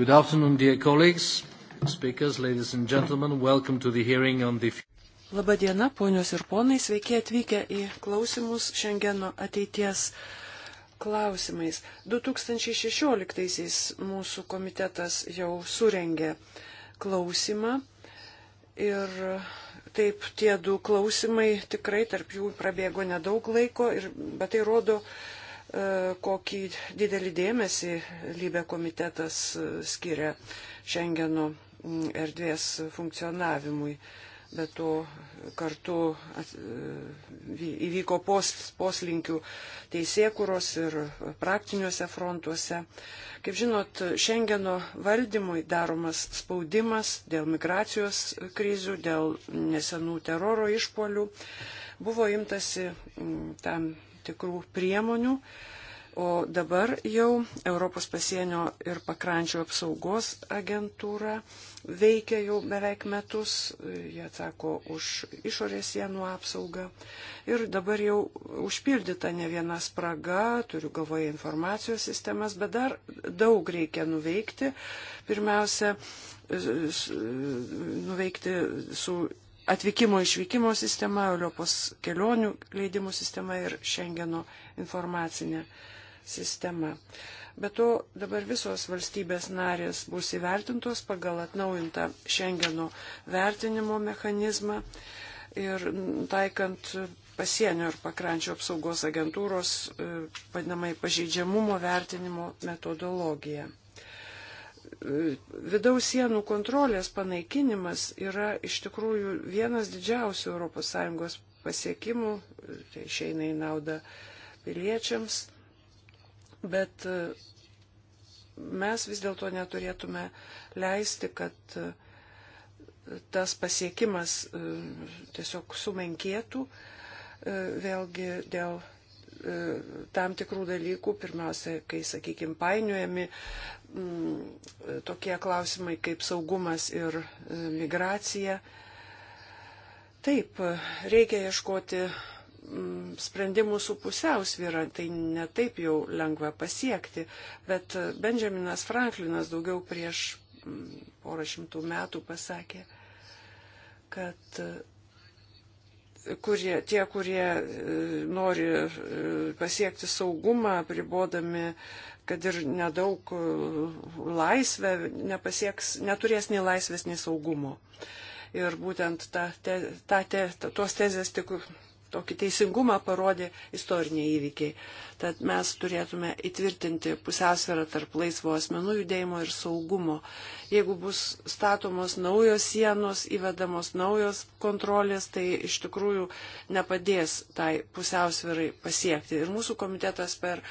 Good afternoon, dear colleagues, speakers, ladies and gentlemen. Welcome to the hearing on the. Labą dieną, ponios ir ponai, sveiki atvykę į klausimus Šengeno ateities klausimais. 2016-aisiais mūsų komitetas jau surengė klausimą ir taip tie du klausimai tikrai tarp jų prabėgo nedaug laiko, ir, bet tai rodo, E, kokį didelį dėmesį lybė komitetas e, skiria Šengeno erdvės funkcionavimui. Bet to kartu e, įvyko pos, poslinkių teisėkuros ir praktiniuose frontuose. Kaip žinot, Šengeno valdymui daromas spaudimas dėl migracijos krizių, dėl nesenų teroro išpolių. Buvo imtasi tam tikrų priemonių. O dabar jau Europos pasienio ir pakrančių apsaugos agentūra veikia jau beveik metus, jie atsako už išorės sienų apsaugą. Ir dabar jau užpildyta ne viena spraga, turiu galvoje informacijos sistemas, bet dar daug reikia nuveikti. Pirmiausia, nuveikti su atvykimo išvykimo sistema, Europos kelionių leidimų sistema ir Schengeno informacinė sistema. Bet to dabar visos valstybės narės bus įvertintos pagal atnaujintą Schengeno vertinimo mechanizmą ir taikant pasienio ir pakrančio apsaugos agentūros e, vadinamai pažeidžiamumo vertinimo metodologiją vidaus sienų kontrolės panaikinimas yra iš tikrųjų vienas didžiausių ES pasiekimų, tai išeina į naudą piliečiams, bet e, mes vis dėlto neturėtume leisti, kad e, tas pasiekimas e, tiesiog sumenkėtų vėlgi dėl tam tikrų dalykų, pirmiausia, kai, sakykime, painiojami Mm, tokie klausimai kaip saugumas ir e, migracija. Taip, reikia ieškoti mm, sprendimų su pusiausvyra, tai netaip jau lengva pasiekti, bet Benjaminas Franklinas daugiau prieš mm, porą šimtų metų pasakė, kad e, kurie, tie, kurie e, nori pasiekti saugumą, pribodami kad ir nedaug e, laisvę nepasieks, neturės nei laisvės, nei saugumo. Ir būtent ta, te, ta, te, ta, tos tezės tik tokį teisingumą parodė istoriniai įvykiai. Tad mes turėtume įtvirtinti pusiausvėrą tarp laisvo asmenų judėjimo ir saugumo. Jeigu bus statomos naujos sienos, įvedamos naujos kontrolės, tai iš tikrųjų nepadės tai pusiausvėrai pasiekti. Ir mūsų komitetas per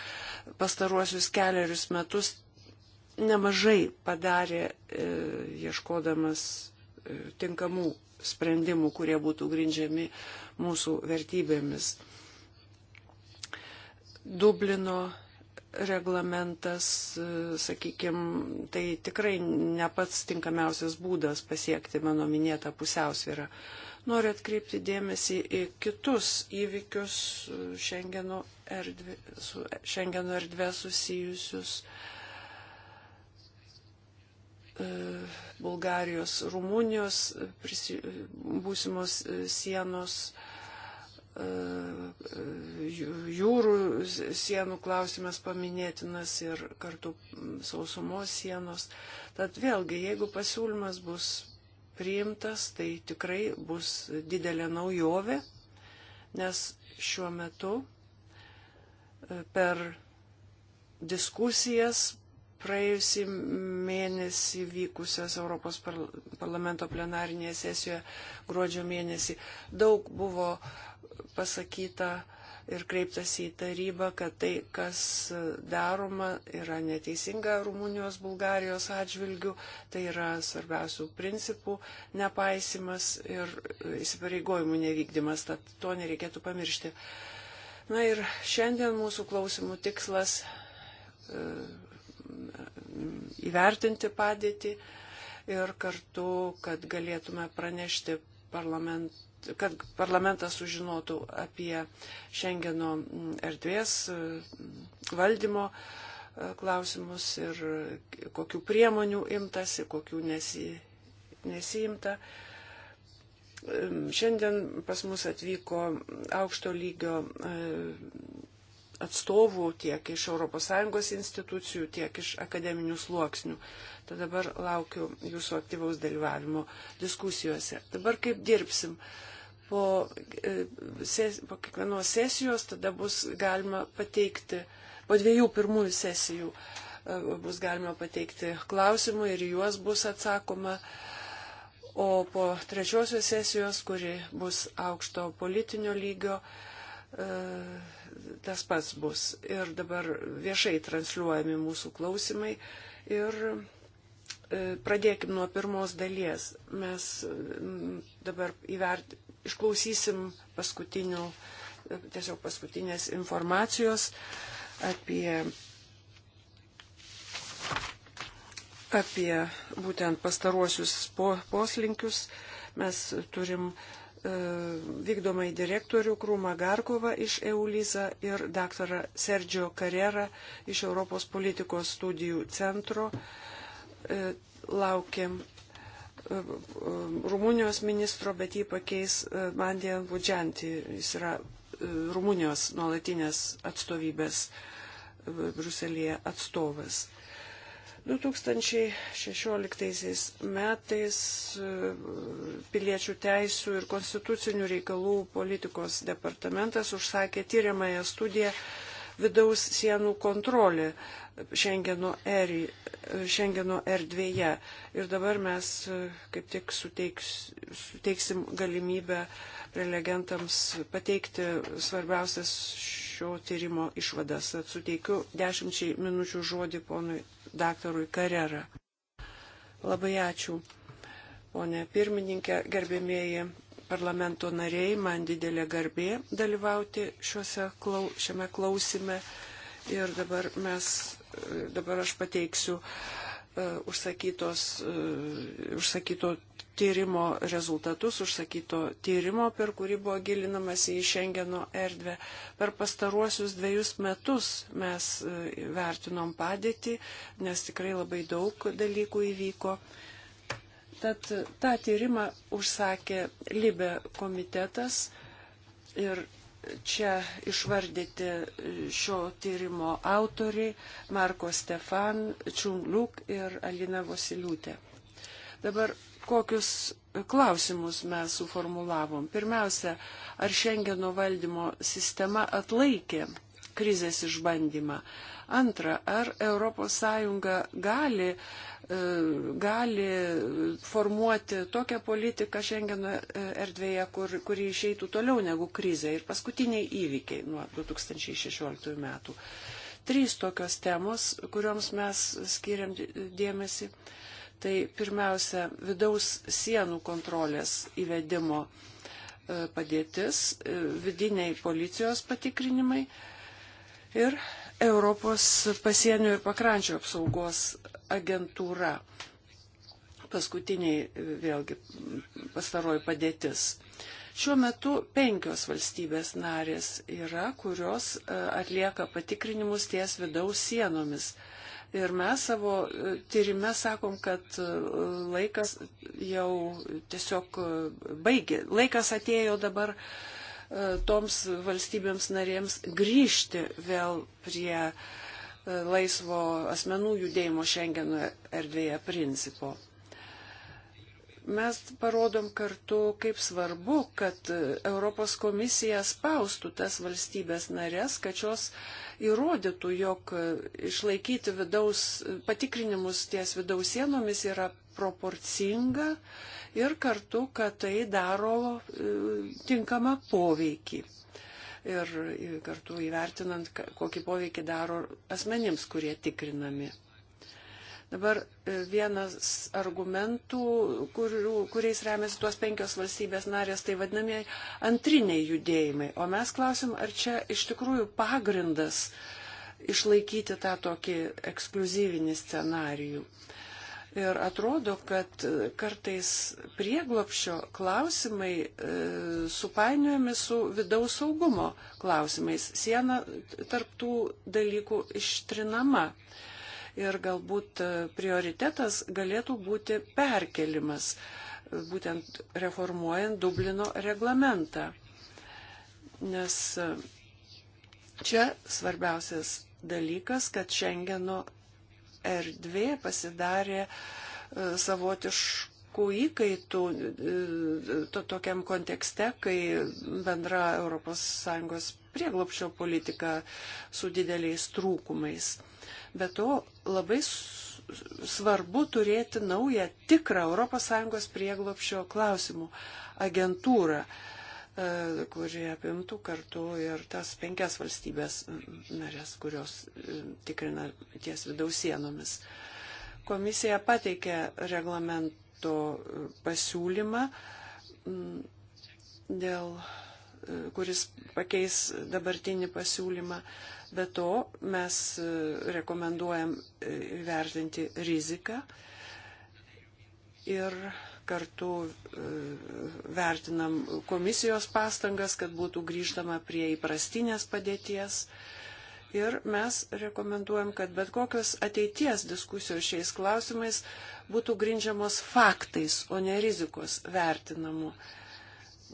pastaruosius keliarius metus nemažai padarė, e, ieškodamas e, tinkamų sprendimų, kurie būtų grindžiami mūsų vertybėmis. Dublino reglamentas, sakykime, tai tikrai ne pats tinkamiausias būdas pasiekti mano minėtą pusiausvyrą. Noriu atkreipti dėmesį į kitus įvykius Šengeno erdvė, su Šengeno erdvė susijusius. Uh, E, Bulgarijos, Rumunijos e, prisi, e, būsimos sienos, jūrų sienų klausimas paminėtinas ir kartu sausumos sienos. Tad vėlgi, jeigu pasiūlymas bus priimtas, tai tikrai bus didelė naujovė, nes šiuo metu per diskusijas praėjusį mėnesį vykusios Europos parlamento plenarinėje sesijoje gruodžio mėnesį. Daug buvo pasakyta ir kreiptasi į tarybą, kad tai, kas daroma, yra neteisinga Rumunijos, Bulgarijos atžvilgių, tai yra svarbiausių principų nepaisimas ir įsipareigojimų nevykdymas, tad to nereikėtų pamiršti. Na ir šiandien mūsų klausimų tikslas e, įvertinti padėtį ir kartu, kad galėtume pranešti parlament, kad parlamentas sužinotų apie Šengeno erdvės mm, valdymo e, klausimus ir kokių priemonių imtasi, kokių nesi, nesiimta. Šiandien pas mus atvyko aukšto lygio e, atstovų tiek iš ES institucijų, tiek iš akademinių sluoksnių. Tad dabar laukiu jūsų aktyvaus dalyvavimo diskusijose. Dabar kaip dirbsim? Po, e, ses, po kiekvienos sesijos tada bus galima pateikti, po dviejų pirmųjų sesijų e, bus galima pateikti klausimų ir juos bus atsakoma. O po trečiosios sesijos, kuri bus aukšto politinio lygio, e, tas pats bus. Ir dabar viešai transliuojami mūsų klausimai. Ir e, pradėkim nuo pirmos dalies. Mes dabar įvert, išklausysim paskutinių, e, tiesiog paskutinės informacijos apie, apie būtent pastaruosius po, poslinkius. Mes turim uh, E, vykdomai direktorių Krūmą Garkovą iš EULISA ir daktarą Sergio Carrera iš Europos politikos studijų centro. E, laukiam e, Rumunijos ministro, bet jį pakeis Mandijan Budžianti. Jis yra Rumunijos nuolatinės atstovybės Bruselėje atstovas. 2016 metais e, piliečių teisų ir konstitucinių reikalų politikos departamentas užsakė tyriamąją studiją vidaus sienų kontrolė Šengeno, eri, Šengeno erdvėje. Ir dabar mes e, kaip tik suteiks, suteiksim galimybę prelegentams pateikti svarbiausias šio tyrimo išvadas. Suteikiu dešimčiai minučių žodį ponui daktarui Karerą. Labai ačiū, ponė pirmininkė, gerbėmėji parlamento nariai, man didelė garbė dalyvauti šiuose, šiame klausime. Ir dabar mes, dabar aš pateiksiu uh, E, užsakytos, e, užsakyto tyrimo rezultatus, užsakyto tyrimo, per kurį buvo gilinamas į Šengeno erdvę. Per pastaruosius dviejus metus mes e, vertinom padėtį, nes tikrai labai daug dalykų įvyko. Tad tą tyrimą užsakė Libe komitetas ir čia išvardyti šio tyrimo autoriai Marko Stefan, Čungliuk ir Alina Vosiliūtė. Dabar kokius klausimus mes suformulavom. Pirmiausia, ar Šengeno valdymo sistema atlaikė krizės išbandymą. Antra, ar ES gali, e, gali formuoti tokią politiką šiandieno e, erdvėje, kur, kuri išeitų toliau negu krizė ir paskutiniai įvykiai nuo 2016 metų. Trys tokios temos, kurioms mes skiriam dėmesį. Tai pirmiausia, vidaus sienų kontrolės įvedimo e, padėtis, vidiniai policijos patikrinimai, ir Europos pasienio ir pakrančio apsaugos agentūra. Paskutiniai vėlgi pastaroji padėtis. Šiuo metu penkios valstybės narės yra, kurios e, atlieka patikrinimus ties vidaus sienomis. Ir mes savo e, tyrimę sakom, kad e, laikas jau tiesiog baigė. Laikas atėjo dabar uh, E, toms valstybėms narėms grįžti vėl prie e, laisvo asmenų judėjimo Schengeno erdvėje principo. Mes parodom kartu, kaip svarbu, kad Europos komisija spaustų tas valstybės narės, kad jos įrodytų, jog išlaikyti vidaus patikrinimus ties vidaus sienomis yra proporcinga ir kartu, kad tai daro e, tinkamą poveikį. Ir e, kartu įvertinant, kokį poveikį daro asmenims, kurie tikrinami. Dabar e, vienas argumentų, kurių, kuriais remiasi tuos penkios valstybės narės, tai vadinamieji antriniai judėjimai. O mes klausim, ar čia iš tikrųjų pagrindas išlaikyti tą tokį ekskluzyvinį scenarijų. Uh, Ir atrodo, kad e, kartais prieglopšio klausimai e, supainiojami su vidaus saugumo klausimais. Siena tarptų dalykų ištrinama. Ir galbūt e, prioritetas galėtų būti perkelimas, e, būtent reformuojant Dublino reglamentą. Nes čia svarbiausias dalykas, kad Šengeno erdvė pasidarė e, savotiškų taškų įkaitų e, to, tokiam kontekste, kai bendra ES prieglopščio politika su dideliais trūkumais. Be to labai svarbu turėti naują tikrą ES prieglopščio klausimų agentūrą. E, kuri apimtų kartu ir tas penkias valstybės narės, kurios e, tikrina ties vidaus sienomis. Komisija pateikė reglamento e, pasiūlymą, dėl, kuris pakeis dabartinį pasiūlymą. Be to mes rekomenduojam įvertinti riziką ir kartu e, vertinam komisijos pastangas, kad būtų grįžtama prie įprastinės padėties. Ir mes rekomenduojam, kad bet kokios ateities diskusijos šiais klausimais būtų grindžiamos faktais, o ne rizikos vertinamu.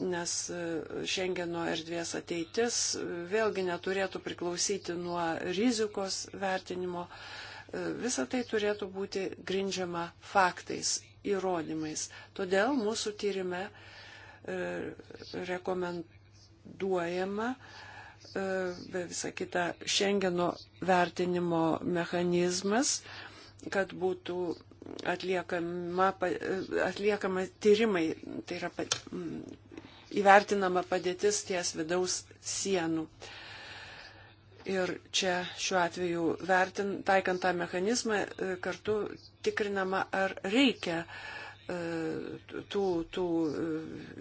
Nes e, Šengeno erdvės ateitis e, vėlgi neturėtų priklausyti nuo rizikos vertinimo. Visą tai turėtų būti grindžiama faktais įrodymais. Todėl mūsų tyrime e, rekomenduojama e, be visą kitą Šengeno vertinimo mechanizmas, kad būtų atliekama, e, atliekama tyrimai, tai yra mm, įvertinama padėtis ties vidaus sienų. Ir čia šiuo atveju vertin, taikant tą mechanizmą kartu tikrinama, ar reikia e, tų, tų e,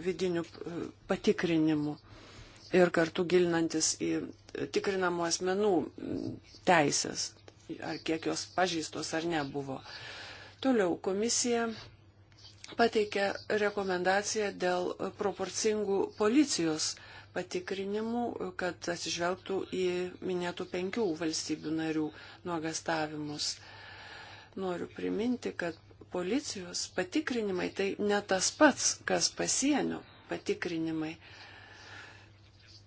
vidinių e, patikrinimų ir kartu gilinantis į tikrinamų asmenų teisės, ar kiek jos pažįstos ar nebuvo. Toliau komisija pateikė rekomendaciją dėl proporcingų policijos patikrinimų, kad atsižvelgtų į minėtų penkių valstybių narių nuogastavimus. Noriu priminti, kad policijos patikrinimai tai ne tas pats, kas pasienio patikrinimai.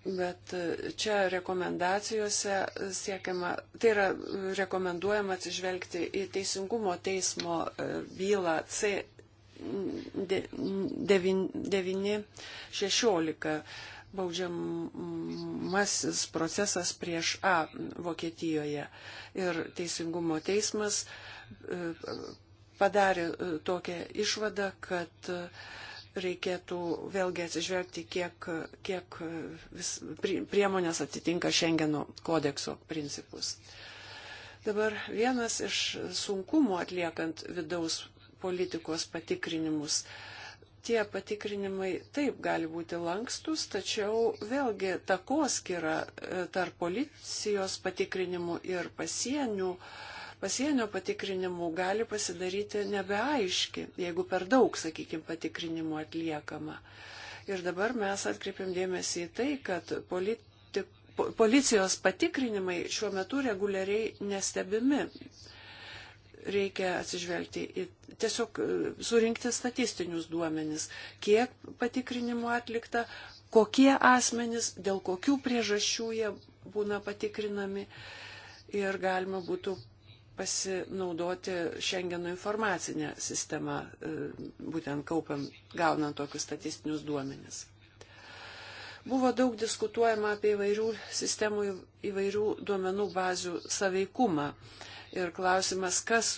Bet e, čia rekomendacijose siekiama, tai yra e, rekomenduojama atsižvelgti į Teisingumo teismo e, bylą C916 baudžiamasis procesas prieš A Vokietijoje. Ir Teisingumo teismas uh, padarė e, tokią išvadą, kad e, reikėtų vėlgi atsižvelgti, kiek, kiek e, vis, priemonės atitinka Šengeno kodekso principus. Dabar vienas iš sunkumų atliekant vidaus politikos patikrinimus. Tie patikrinimai taip gali būti lankstus, tačiau vėlgi takoskira tarp policijos patikrinimų ir pasienių uh, pasienio patikrinimų gali pasidaryti nebeaiški, jeigu per daug, sakykime, patikrinimų atliekama. Ir dabar mes atkreipiam dėmesį į tai, kad politi, policijos patikrinimai šiuo metu reguliariai nestebimi. Reikia atsižvelgti į tiesiog e, surinkti statistinius duomenis, kiek patikrinimų atlikta, kokie asmenys, dėl kokių priežasčių jie būna patikrinami ir galima būtų pasinaudoti Schengeno informacinę sistemą, e, būtent kaupiant, gaunant tokius statistinius duomenis. Buvo daug diskutuojama apie įvairių sistemų, įvairių duomenų bazių saveikumą. Ir klausimas, kas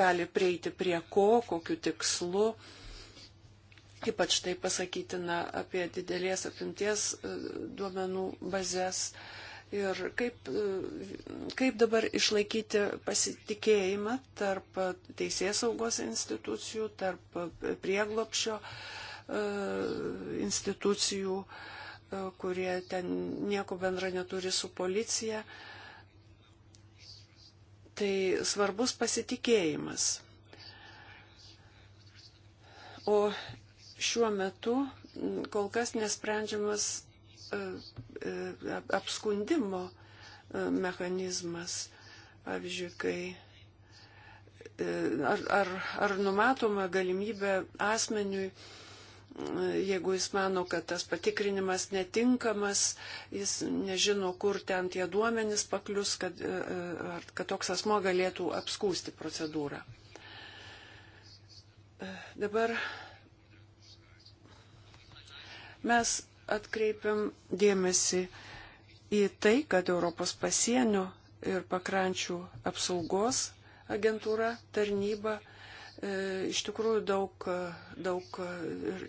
gali prieiti prie ko, kokiu tikslu. Ypač tai pasakytina apie didelės apimties e, duomenų bazės. Uh, Ir kaip, kaip dabar išlaikyti pasitikėjimą tarp teisėsaugos institucijų, tarp prieglopšio e, institucijų, e, kurie ten nieko bendra neturi su policija. Tai svarbus pasitikėjimas. O šiuo metu kol kas nesprendžiamas apskundimo e, mechanizmas. Pavyzdžiui, kai e, ar, ar, ar numatoma galimybė asmeniui, e, jeigu jis mano, kad tas patikrinimas netinkamas, jis nežino, kur ten tie duomenys paklius, kad, ar, kad toks asmo galėtų apskūsti procedūrą. Dabar mes atkreipiam dėmesį į tai, kad Europos pasienio ir pakrančių apsaugos agentūra, tarnyba e, iš tikrųjų daug, daug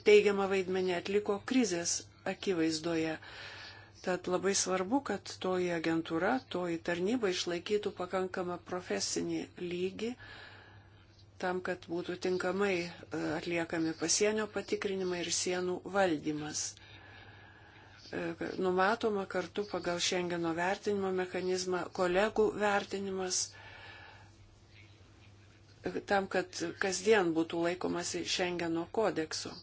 teigiamą vaidmenį atliko krizės akivaizdoje. Tad labai svarbu, kad toji agentūra, toji tarnyba išlaikytų pakankamą profesinį lygį tam, kad būtų tinkamai e, atliekami pasienio patikrinimai ir sienų valdymas. E, numatoma kartu pagal Šengeno vertinimo mechanizmą, kolegų vertinimas, e, tam, kad kasdien būtų laikomasi Šengeno kodeksu.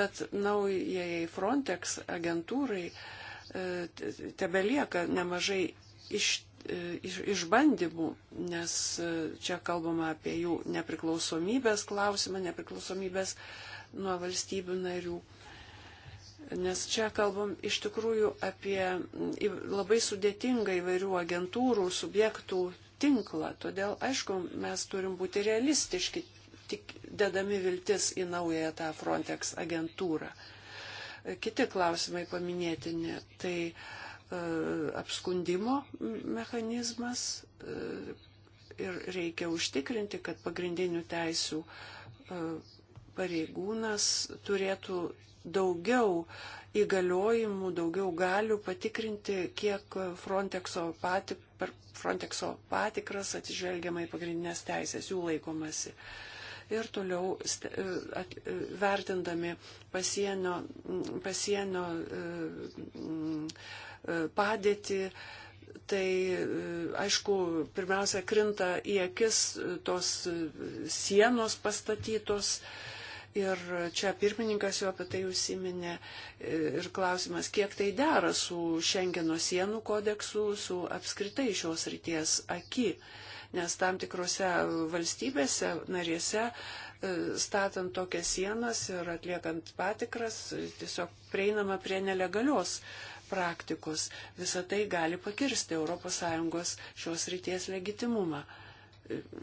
Bet naujai Frontex agentūrai e, tebelieka nemažai iš, iš, išbandymų, nes čia kalbama apie jų nepriklausomybės klausimą, nepriklausomybės nuo valstybių narių Nes čia kalbam iš tikrųjų apie labai sudėtingą įvairių agentūrų, subjektų tinklą. Todėl, aišku, mes turim būti realistiški, tik dedami viltis į naująją tą Frontex agentūrą. Kiti klausimai paminėtini. Tai e, apskundimo mechanizmas e, ir reikia užtikrinti, kad pagrindinių teisių e, pareigūnas turėtų daugiau įgaliojimų, daugiau galių patikrinti, kiek Frontexo, pati, per Frontexo patikras atsižvelgiama į pagrindinės teisės, jų laikomasi. Ir toliau e, at, e, vertindami pasienio, pasienio e, padėtį, tai aišku, pirmiausia, krinta į akis tos sienos pastatytos, Ir čia pirmininkas jau apie tai užsiminė ir klausimas, kiek tai dera su Šengeno sienų kodeksu, su apskritai šios ryties aki, nes tam tikrose valstybėse narėse e, statant tokias sienas ir atliekant patikras, tiesiog prieinama prie nelegalios praktikos. Visą tai gali pakirsti ES šios ryties legitimumą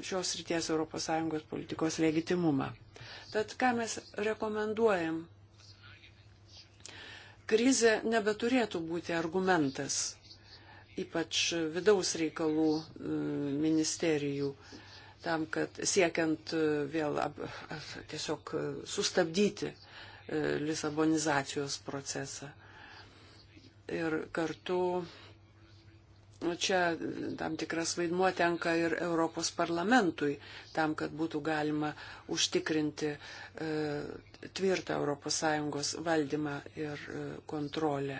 šios ryties ES politikos legitimumą. Tad ką mes rekomenduojam? Krizė nebeturėtų būti argumentas, ypač vidaus reikalų e, ministerijų, tam, kad siekiant e, vėl ab, tiesiog e, sustabdyti Lisabonizacijos procesą. Ir kartu Nu, čia tam tikras vaidmuo tenka ir Europos parlamentui, tam, kad būtų galima užtikrinti e, tvirtą ES valdymą ir e, kontrolę.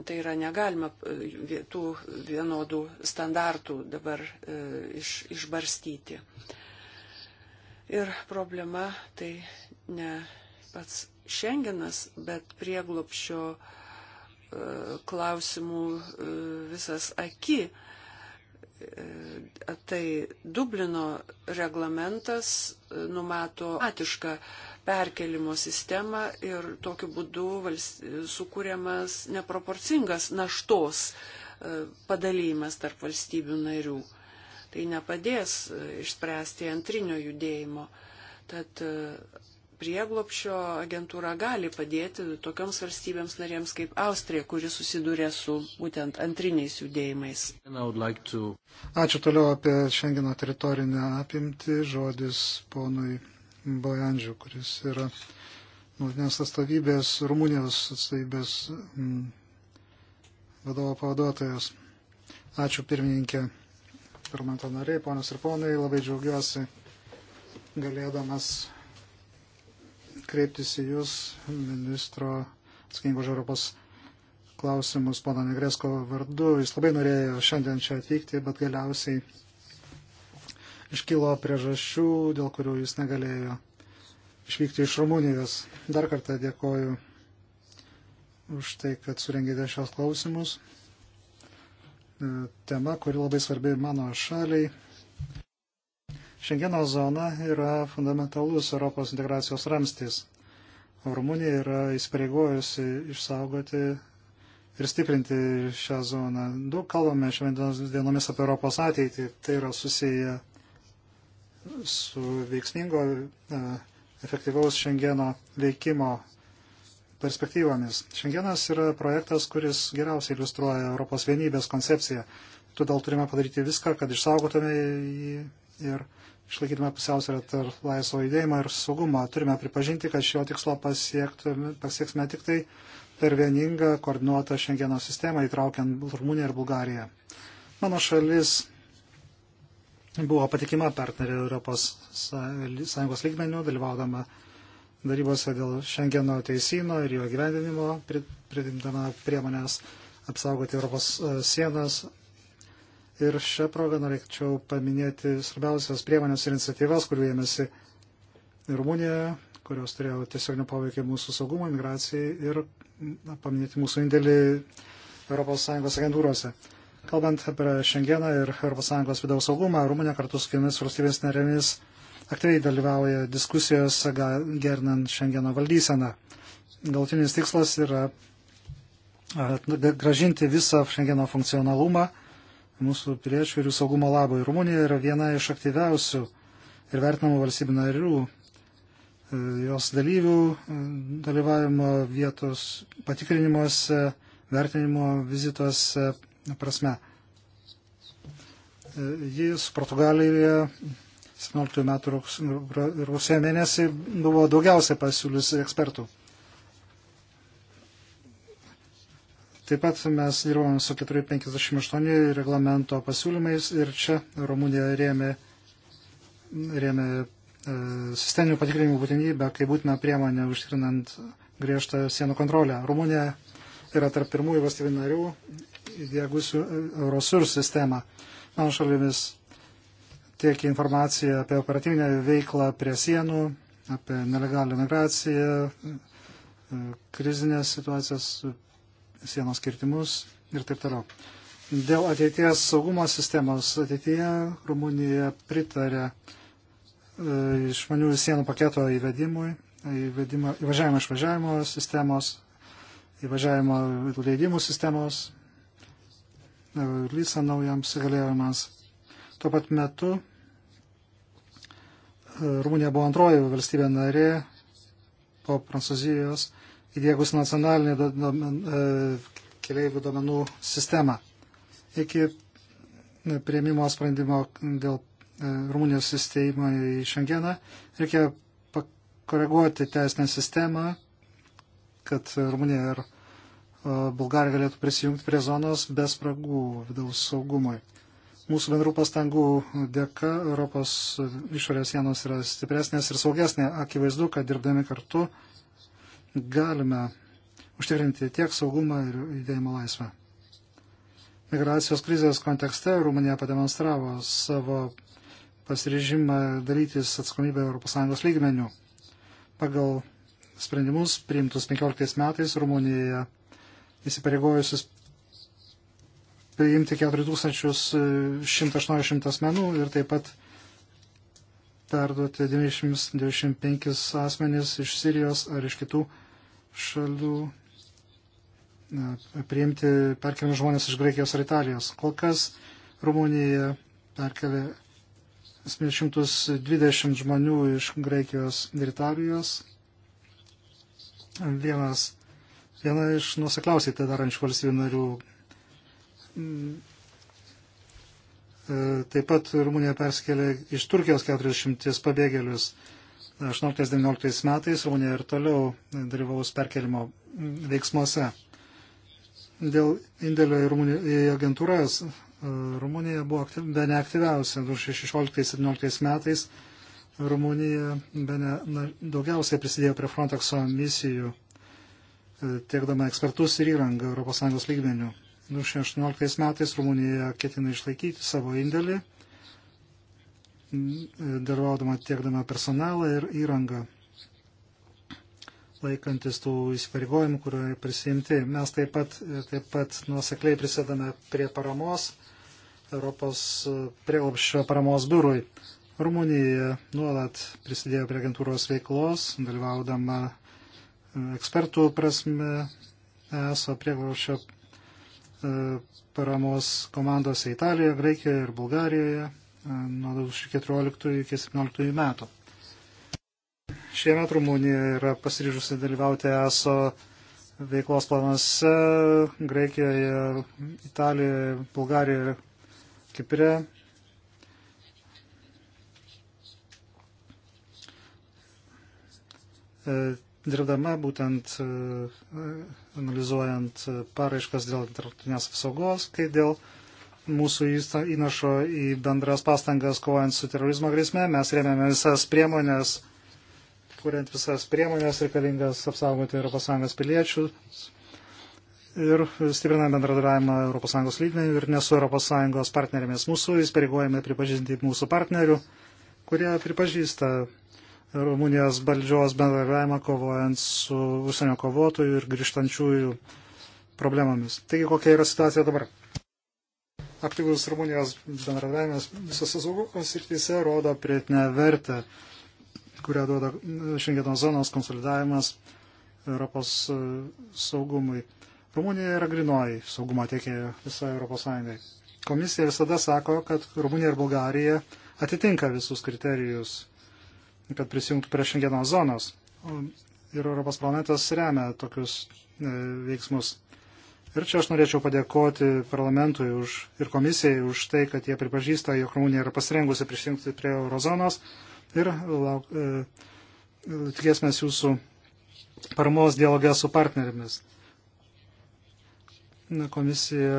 Tai yra negalima e, tų vienodų standartų dabar e, iš, išbarstyti. Ir problema tai ne pats Šengenas, bet prieglopšio e, klausimų e, visas aki. E, tai Dublino reglamentas e, numato atišką perkelimo sistemą ir tokiu būdu sukūriamas neproporcingas naštos padalymas tarp valstybių narių. Tai nepadės išspręsti antrinio judėjimo. Tad prieglopšio agentūra gali padėti tokioms valstybėms narėms kaip Austrija, kuri susidūrė su būtent antriniais judėjimais. Like to... Ačiū toliau apie Šengeno teritorinę apimtį. Žodis ponui Bojandžiu, kuris yra nuotinės atstovybės, Rumunijos atstovybės m, mm, vadovo pavaduotojas. Ačiū pirmininkė, parlamento nariai, ponas ir ponai, labai džiaugiuosi galėdamas kreiptis į Jūs, ministro atsakingo už Europos klausimus, pono Negresko vardu. Jis labai norėjo šiandien čia atvykti, bet galiausiai iškilo priežasčių, dėl kurių jis negalėjo išvykti iš Rumunijos. Dar kartą dėkoju už tai, kad surengėte šios klausimus. Tema, kuri labai svarbi mano šaliai Šengeno zona yra fundamentalus Europos integracijos ramstis. Rumunija yra įsipareigojusi išsaugoti ir stiprinti šią zoną. Daug kalbame šiandienos dienomis apie Europos ateitį. Tai yra susiję su veiksmingo, e, efektyvaus Šengeno veikimo perspektyvomis. Šengenas yra projektas, kuris geriausiai iliustruoja Europos vienybės koncepciją. Todėl turime padaryti viską, kad išsaugotume jį ir išlaikytume pusiausvyrą tarp laisvo judėjimo ir saugumo. Turime pripažinti, kad šio tikslo pasieksime tik tai per vieningą koordinuotą šengeno sistemą, įtraukiant Rumuniją ir Bulgariją. Mano šalis buvo patikima partnerė Europos Sąjungos lygmenių, dalyvaudama darybose dėl šengeno teisino ir jo gyvendinimo, pridimdama priemonės apsaugoti Europos e, sienas Ir šią progą norėčiau paminėti svarbiausias priemonės ir iniciatyvas, kurių ėmėsi Rumunija, kurios turėjo tiesioginį poveikį mūsų saugumui, migracijai ir na, paminėti mūsų indėlį ES agentūrose. Kalbant apie Šengeną ir ES vidaus saugumą, Rumunija kartu su kitomis valstybės narėmis aktyviai dalyvauja diskusijose gernant Šengeno valdyseną. Galtinis tikslas yra nu, gražinti visą Šengeno funkcionalumą mūsų piliečių ir jų saugumo labui. Rumunija yra viena iš aktyviausių ir vertinamų valstybių narių. E, jos dalyvių e, dalyvavimo vietos patikrinimuose, vertinimo vizituose prasme. E, Jis Portugalijoje 17 metų rugsėjo mėnesį buvo daugiausia pasiūlius ekspertų. Taip pat mes dirbame su 458 reglamento pasiūlymais ir čia Rumunija rėmė, rėmė e, sisteminių patikrinimų būtinybę, kai būtina priemonė užtikrinant griežtą sienų kontrolę. Rumunija yra tarp pirmųjų valstybių narių įdėgusių Eurosur sistemą. Mano šalimis tiek informacija apie operatyvinę veiklą prie sienų, apie nelegalią migraciją, e, krizinės situacijas, sienos kirtimus ir taip toliau. Dėl ateities saugumo sistemos ateityje Rumunija pritarė e, išmaniųjų sienų paketo įvedimui, įvedimo, įvažiavimo išvažiavimo sistemos, įvažiavimo leidimų sistemos, lysa e, naujams galėjimas. Tuo pat metu e, Rumunija buvo antroji valstybė narė po Prancūzijos, įdėgus nacionalinį domen, e, keliaivių domenų sistemą. Iki e, prieimimo sprendimo dėl e, Rumunijos įsteigimo į Šengeną reikia pakoreguoti teisinę sistemą, kad Rumunija ir Bulgarija galėtų prisijungti prie zonos be spragų vidaus saugumui. Mūsų bendrų pastangų dėka Europos išorės sienos yra stipresnės ir saugesnė. Akivaizdu, kad dirbdami kartu galime užtikrinti tiek saugumą ir judėjimo laisvę. Migracijos krizės kontekste Rumunija pademonstravo savo pasiryžimą dalytis atsakomybę ES lygmenių. Pagal sprendimus priimtus 15 metais Rumunijoje įsipareigojusius priimti 4180 asmenų ir taip pat perduoti 995 asmenys iš Sirijos ar iš kitų šalių priimti perkeliamus žmonės iš Graikijos ar Italijos. Kol kas Rumunija perkelė 720 žmonių iš Graikijos ir Italijos. Vienas, viena iš nusekliausiai tai darančių valstybių narių. Mm, e, taip pat Rumunija perskelė iš Turkijos 40 pabėgėlius. 18-19 metais Rumunija ir toliau dalyvaus perkelimo veiksmuose. Dėl indėlio į, Rumuniją, į agentūras e, Rumunija buvo aktyv, be neaktyviausia 2016-2017 metais. Rumunija bene na, daugiausiai prisidėjo prie Frontexo misijų, e, tiekdama ekspertus ir įrangą ES lygmenių. 2018 metais Rumunija ketina išlaikyti savo indėlį dalyvaudama tiekdama personalą ir įrangą, laikantis tų įsipareigojimų, kurio prisimti. Mes taip pat, taip pat nuosekliai prisėdame prie paramos Europos prieglapščio paramos biurui. Rumunija nuolat prisidėjo prie agentūros veiklos, dalyvaudama e, ekspertų prasme ESO prieglapščio e, paramos komandose Italijoje, Graikijoje ir Bulgarijoje nuo 2014 iki 2017 metų. Šiemet Rumunija yra pasiryžusi dalyvauti ESO veiklos planuose Graikijoje, Italijoje, Bulgarijoje, Kipre. E, dirbdama būtent e, analizuojant e, paraiškas dėl tarptautinės apsaugos, kai dėl uh, mūsų įnašo į bendras pastangas kovojant su terorizmo grėsme. Mes rėmėme visas priemonės, kuriant visas priemonės reikalingas apsaugoti ES piliečių ir stipriname bendradarbiavimą ES lygmenių ir ne su ES partnerėmis. Mūsų įsipareigojame pripažinti mūsų partnerių, kurie pripažįsta Rumunijos valdžios bendradarbiavimą kovojant su užsienio kovotojų ir grįžtančiųjų problemomis. Taigi kokia yra situacija dabar? aktyvus Rumunijos bendradavimas visose saugos srityse rodo prietinę vertę, kurią duoda e, Šengeno zonos konsolidavimas Europos e, saugumui. Rumunija yra grinoji saugumo tiekėja visoje Europos Sąjungai. Komisija visada sako, kad Rumunija ir Bulgarija atitinka visus kriterijus, kad prisijungtų prie Šengeno zonos. Ir Europos planetas remia tokius e, veiksmus. Ir čia aš norėčiau padėkoti parlamentui už, ir komisijai už tai, kad jie pripažįsta, jog Rumunija yra pasirengusi prisijungti prie eurozonos. Ir lauk, e, tikėsime jūsų paramos dialogę su partnerėmis. Na, komisija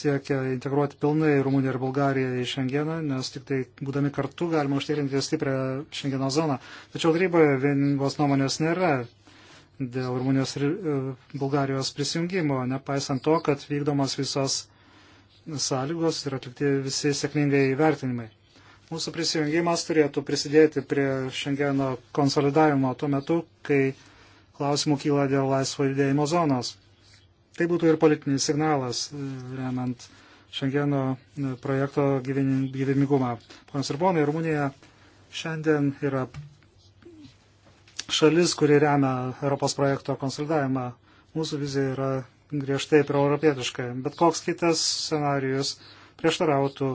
siekia integruoti pilnai Rumuniją ir Bulgariją į Šengeną, nes tik tai būdami kartu galima užtikrinti stiprią Šengeno zoną. Tačiau taryboje vieningos nuomonės nėra dėl Rumunijos ir e, Bulgarijos prisijungimo, nepaisant to, kad vykdomos visos sąlygos ir atlikti visi sėkmingai įvertinimai. Mūsų prisijungimas turėtų prisidėti prie Šengeno konsolidavimo tuo metu, kai klausimų kyla dėl laisvo judėjimo zonos. Tai būtų ir politinis signalas, e, remiant Šengeno e, projekto gyvenimigumą. Ponas ir ponai, Rumunija šiandien yra šalis, kuri remia Europos projekto konsolidavimą. Mūsų vizija yra griežtai proeuropietiška. Bet koks kitas scenarius prieštarautų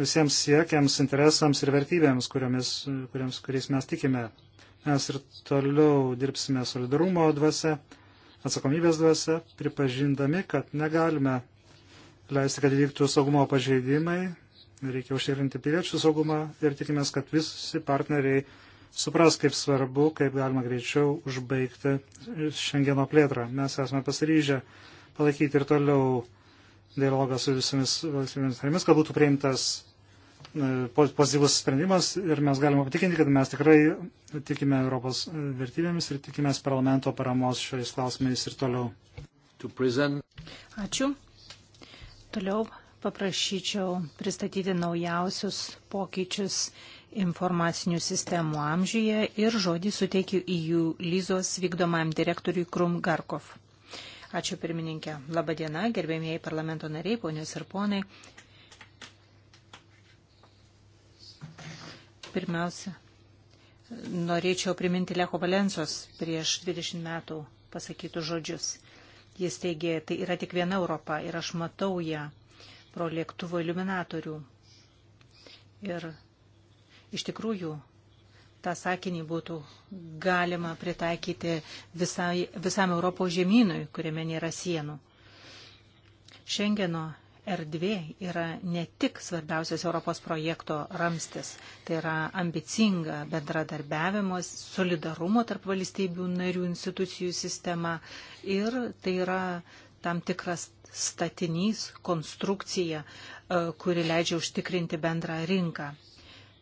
visiems siekiams, interesams ir vertybėms, kuriomis, kuriems, kuriais mes tikime. Mes ir toliau dirbsime solidarumo dvasia, atsakomybės dvasia, pripažindami, kad negalime leisti, kad vyktų saugumo pažeidimai, reikia užtikrinti piliečių saugumą ir tikimės, kad visi partneriai supras, kaip svarbu, kaip galima greičiau užbaigti Šengeno plėtrą. Mes esame pasiryžę palaikyti ir toliau dialogą su visomis valstybėmis narėmis, kad būtų priimtas e, pozityvus sprendimas ir mes galime patikinti, kad mes tikrai tikime Europos vertybėmis ir tikimės parlamento paramos šiais klausimais ir toliau. Ačiū. Toliau paprašyčiau pristatyti naujausius pokyčius informacinių sistemų amžiuje ir žodį suteikiu į jų lyzos vykdomam direktoriui Krum Garkov. Ačiū pirmininkė. Labadiena, gerbėmėjai parlamento nariai, ponios ir ponai. Pirmiausia, norėčiau priminti Lecho Valensos prieš 20 metų pasakytų žodžius. Jis teigė, tai yra tik viena Europa ir aš matau ją pro lėktuvo iluminatorių. Ir Iš tikrųjų, tą sakinį būtų galima pritaikyti visai, visam Europos žemynui, kuriame nėra sienų. Šengeno erdvė yra ne tik svarbiausias Europos projekto ramstis, tai yra ambicinga bendradarbiavimo, solidarumo tarp valstybių narių institucijų sistema ir tai yra tam tikras statinys, konstrukcija, e, kuri leidžia užtikrinti bendrą rinką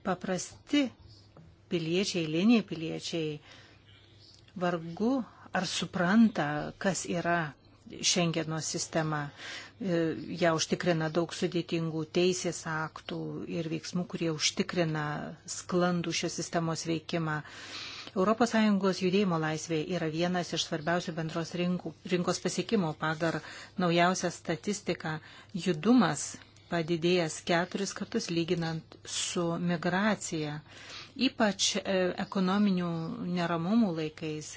paprasti piliečiai, eiliniai piliečiai vargu ar supranta, kas yra Šengeno sistema. E, ja užtikrina daug sudėtingų teisės aktų ir veiksmų, kurie užtikrina sklandų šios sistemos veikimą. ES judėjimo laisvė yra vienas iš svarbiausių bendros rinkų, rinkos pasiekimų. Pagal naujausią statistiką judumas padidėjęs keturis kartus lyginant su migracija. Ypač e, ekonominių neramumų laikais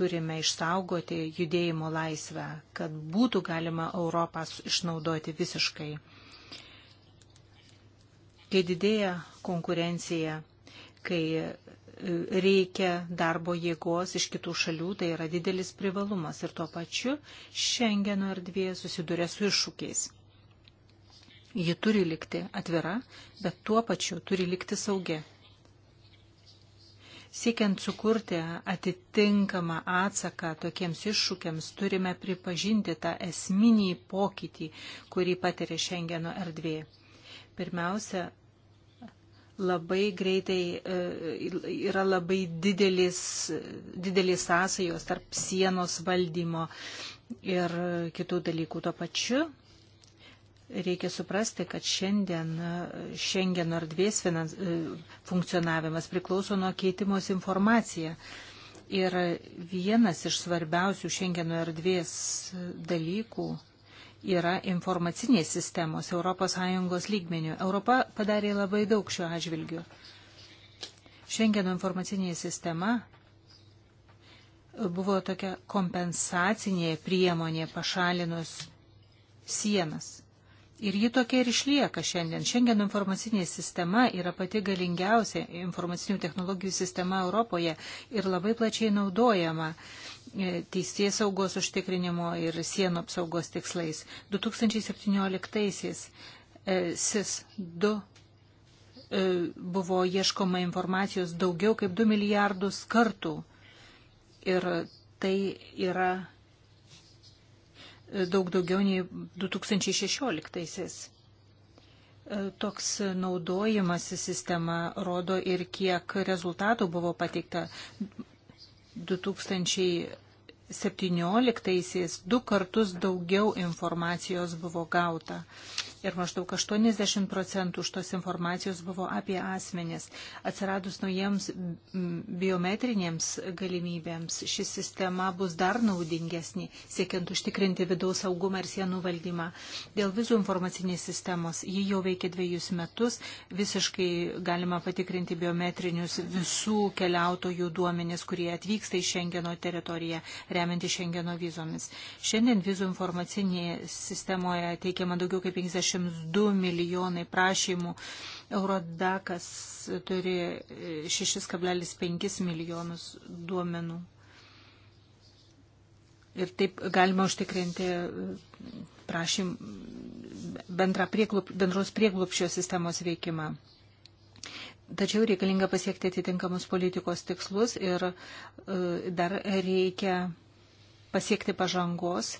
turime išsaugoti judėjimo laisvę, kad būtų galima Europą išnaudoti visiškai. Kai didėja konkurencija, kai e, reikia darbo jėgos iš kitų šalių, tai yra didelis privalumas ir tuo pačiu Šengeno erdvė susiduria su iššūkiais. Ji turi likti atvira, bet tuo pačiu turi likti saugi. Siekiant sukurti atitinkamą atsaką tokiems iššūkiams, turime pripažinti tą esminį pokytį, kurį patiria Šengeno erdvė. Pirmiausia, labai greitai e, yra labai didelis, didelis sąsajos tarp sienos valdymo ir kitų dalykų. Tuo pačiu Reikia suprasti, kad šiandien e, Schengeno erdvės finans, e, funkcionavimas priklauso nuo keitimos informacija. Ir vienas iš svarbiausių Schengeno erdvės dalykų yra informacinės sistemos ES lygmenių. Europa padarė labai daug šiuo atžvilgiu. Schengeno informacinė sistema buvo tokia kompensacinė priemonė pašalinus sienas. Ir ji tokia ir išlieka šiandien. Šiandien informacinė sistema yra pati galingiausia informacinių technologijų sistema Europoje ir labai plačiai naudojama e, teisės saugos užtikrinimo ir sienų apsaugos tikslais. 2017-aisiais e, SIS 2 e, buvo ieškoma informacijos daugiau kaip 2 milijardus kartų. Ir tai yra daug daugiau nei 2016-aisiais. E, toks naudojimas į sistemą rodo ir kiek rezultatų buvo pateikta 2017-aisiais. Du kartus daugiau informacijos buvo gauta ir maždaug 80 procentų už tos informacijos buvo apie asmenis. Atsiradus naujiems biometrinėms galimybėms, ši sistema bus dar naudingesnė, siekiant užtikrinti vidaus saugumą ir sienų valdymą. Dėl vizų informacinės sistemos, ji jau veikia dviejus metus, visiškai galima patikrinti biometrinius visų keliautojų duomenis, kurie atvyksta į Šengeno teritoriją, remianti Šengeno vizomis. Šiandien vizų informacinėje sistemoje teikiama daugiau kaip 50 42 milijonai prašymų, Eurodakas turi 6,5 e, milijonus duomenų. Ir taip galima užtikrinti e, prašym, prieglup, bendros prieglupščio sistemos veikimą. Tačiau reikalinga pasiekti atitinkamus politikos tikslus ir e, dar reikia pasiekti pažangos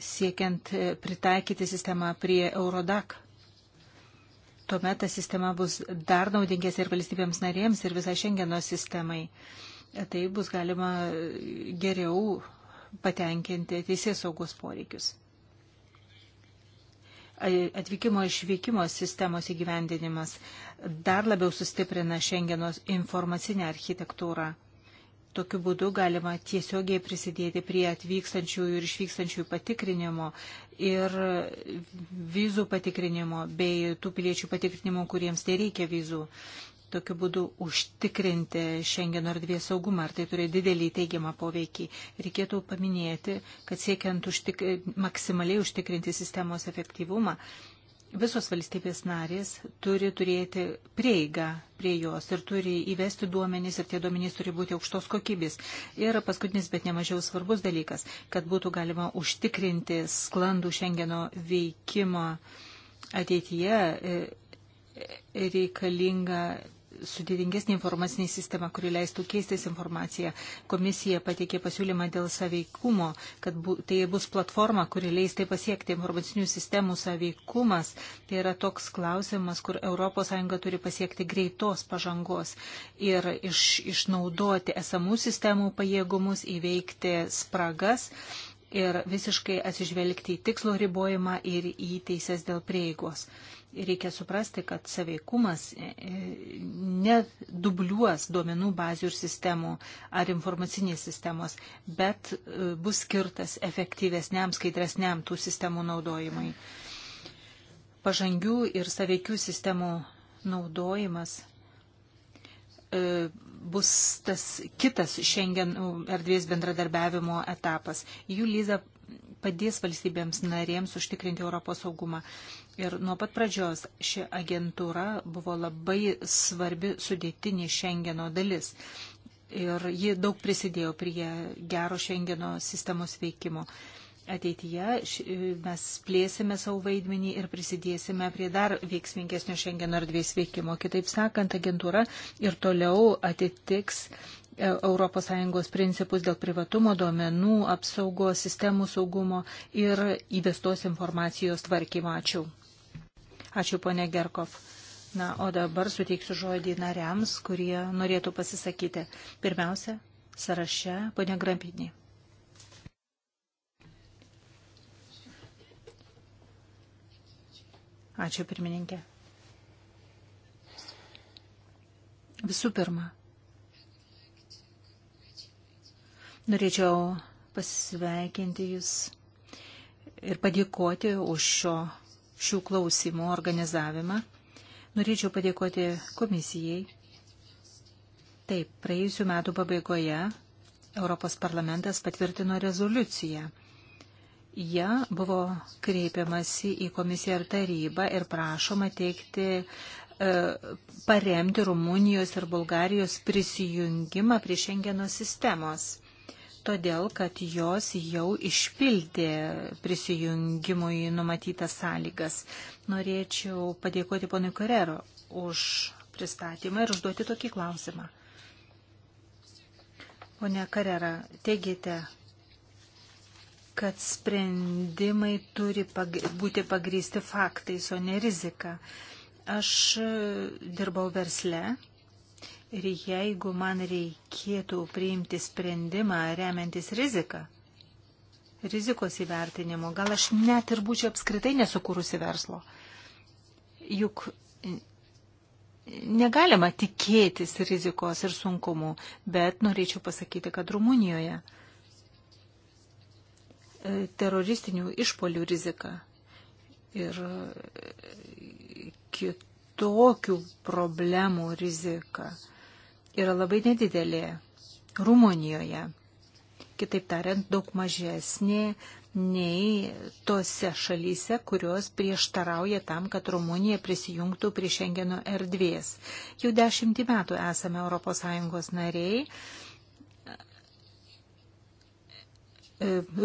siekiant e, pritaikyti sistemą prie Eurodac. Tuomet ta sistema bus dar naudingesnė ir valstybėms narėms, ir visai Šengeno sistemai. Tai bus galima e, geriau patenkinti teisės saugos poreikius. Atvykimo išvykimo sistemos įgyvendinimas dar labiau sustiprina Šengeno informacinę architektūrą Tokiu būdu galima tiesiogiai prisidėti prie atvykstančiųjų ir išvykstančiųjų patikrinimo ir vizų patikrinimo bei tų piliečių patikrinimo, kuriems nereikia vizų. Tokiu būdu užtikrinti Šengeno erdvės saugumą, ar tai turi didelį teigiamą poveikį. Reikėtų paminėti, kad siekiant užtik... maksimaliai užtikrinti sistemos efektyvumą, visos valstybės narės turi turėti prieigą prie jos ir turi įvesti duomenys ir tie duomenys turi būti aukštos kokybės. Ir paskutinis, bet nemažiau svarbus dalykas, kad būtų galima užtikrinti sklandų Šengeno veikimą ateityje e, e, reikalinga sudėtingesnė informacinė sistema, kuri leistų keistis informaciją. Komisija pateikė pasiūlymą dėl saveikumo, kad bu, tai bus platforma, kuri leis tai pasiekti. Informacinių sistemų saveikumas tai yra toks klausimas, kur ES turi pasiekti greitos pažangos ir iš, išnaudoti esamų sistemų pajėgumus, įveikti spragas ir visiškai atsižvelgti į tikslo ribojimą ir į teises dėl prieigos reikia suprasti, kad saveikumas e, e, nedubliuos duomenų bazių ir sistemų ar informacinės sistemos, bet e, bus skirtas efektyvesniam, skaidresniam tų sistemų naudojimui. Pažangių ir saveikių sistemų naudojimas bus tas kitas šiandien erdvės bendradarbiavimo etapas. Jų lyza padės valstybėms narėms užtikrinti Europos saugumą. Ir nuo pat pradžios ši agentūra buvo labai svarbi sudėtinė Šengeno dalis. Ir ji daug prisidėjo prie gero Šengeno sistemos veikimo. Ateityje mes plėsime savo vaidmenį ir prisidėsime prie dar veiksmingesnio Šengeno erdvės veikimo. Kitaip sakant, agentūra ir toliau atitiks ES principus dėl privatumo duomenų, apsaugos, sistemų saugumo ir įvestos informacijos tvarkymo. Ačiū. Ačiū, ponė Gerkov. Na, o dabar suteiksiu žodį nariams, kurie norėtų pasisakyti. Pirmiausia, sąraše, ponė Grampinė. Ačiū, pirmininkė. Visų pirma, Norėčiau pasveikinti Jūs ir padėkoti už šio, šių klausimų organizavimą. Norėčiau padėkoti komisijai. Taip, praėjusiu metu pabaigoje Europos parlamentas patvirtino rezoliuciją. Ja buvo kreipiamasi į komisiją ir tarybą ir prašoma teikti e, paremti Rumunijos ir Bulgarijos prisijungimą prie Šengeno sistemos todėl kad jos jau išpildė prisijungimui numatytas sąlygas. Norėčiau padėkoti ponui Karero už pristatymą ir užduoti tokį klausimą. Pone Karera, teigite, kad sprendimai turi pag būti pagrįsti faktais, o ne rizika. Aš dirbau versle Ir jeigu man reikėtų priimti sprendimą remiantis riziką, rizikos įvertinimu, gal aš net ir būčiau apskritai nesukūrusi verslo. Juk negalima tikėtis rizikos ir sunkumų, bet norėčiau pasakyti, kad Rumunijoje e, teroristinių išpolių rizika ir e, kitokių problemų rizika yra labai nedidelė Rumunijoje. Kitaip tariant, daug mažesnė nei tose šalyse, kurios prieštarauja tam, kad Rumunija prisijungtų prie Šengeno erdvės. Jau dešimtį metų esame ES nariai.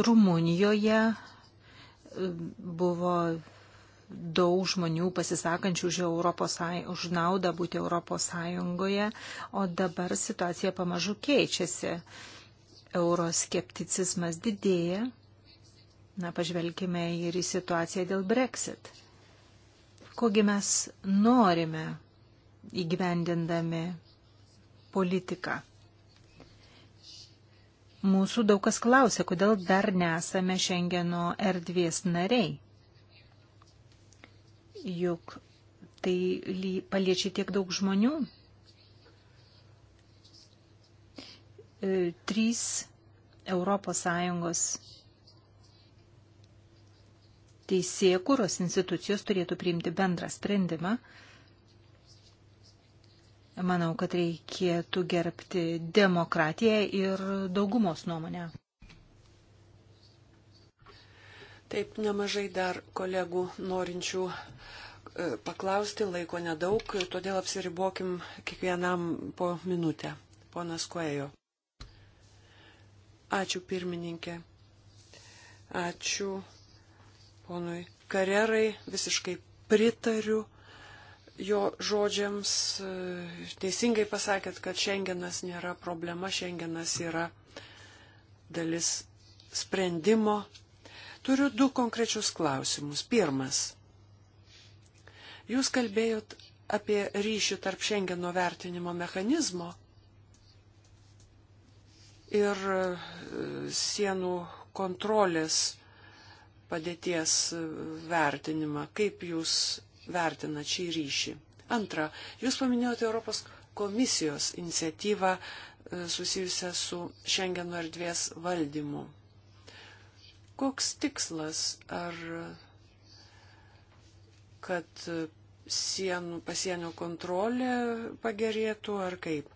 Rumunijoje e, buvo daug žmonių pasisakančių už, Europos, už naudą būti Europos Sąjungoje, o dabar situacija pamažu keičiasi. Euroskepticizmas didėja. Na, pažvelkime ir į situaciją dėl Brexit. Kogi mes norime įgyvendindami politiką? Mūsų daug kas klausia, kodėl dar nesame Šengeno erdvės nariai juk tai paliečia tiek daug žmonių. E, trys Europos Sąjungos teisėkuros institucijos turėtų priimti bendrą sprendimą. Manau, kad reikėtų gerbti demokratiją ir daugumos nuomonę. Taip nemažai dar kolegų norinčių e, paklausti, laiko nedaug, todėl apsiribokim kiekvienam po minutę. Ponas Koejo. Ačiū pirmininkė. Ačiū ponui Karerai. Visiškai pritariu jo žodžiams. E, teisingai pasakėt, kad šiandienas nėra problema, šiandienas yra dalis sprendimo Turiu du konkrečius klausimus. Pirmas. Jūs kalbėjot apie ryšį tarp Šengeno vertinimo mechanizmo ir e, sienų kontrolės padėties e, vertinimą. Kaip jūs vertinat šį ryšį? Antra, jūs paminėjote Europos komisijos iniciatyvą e, susijusią su Šengeno erdvės valdymu. Koks tikslas? Ar kad sienų, pasienio kontrolė pagerėtų ar kaip?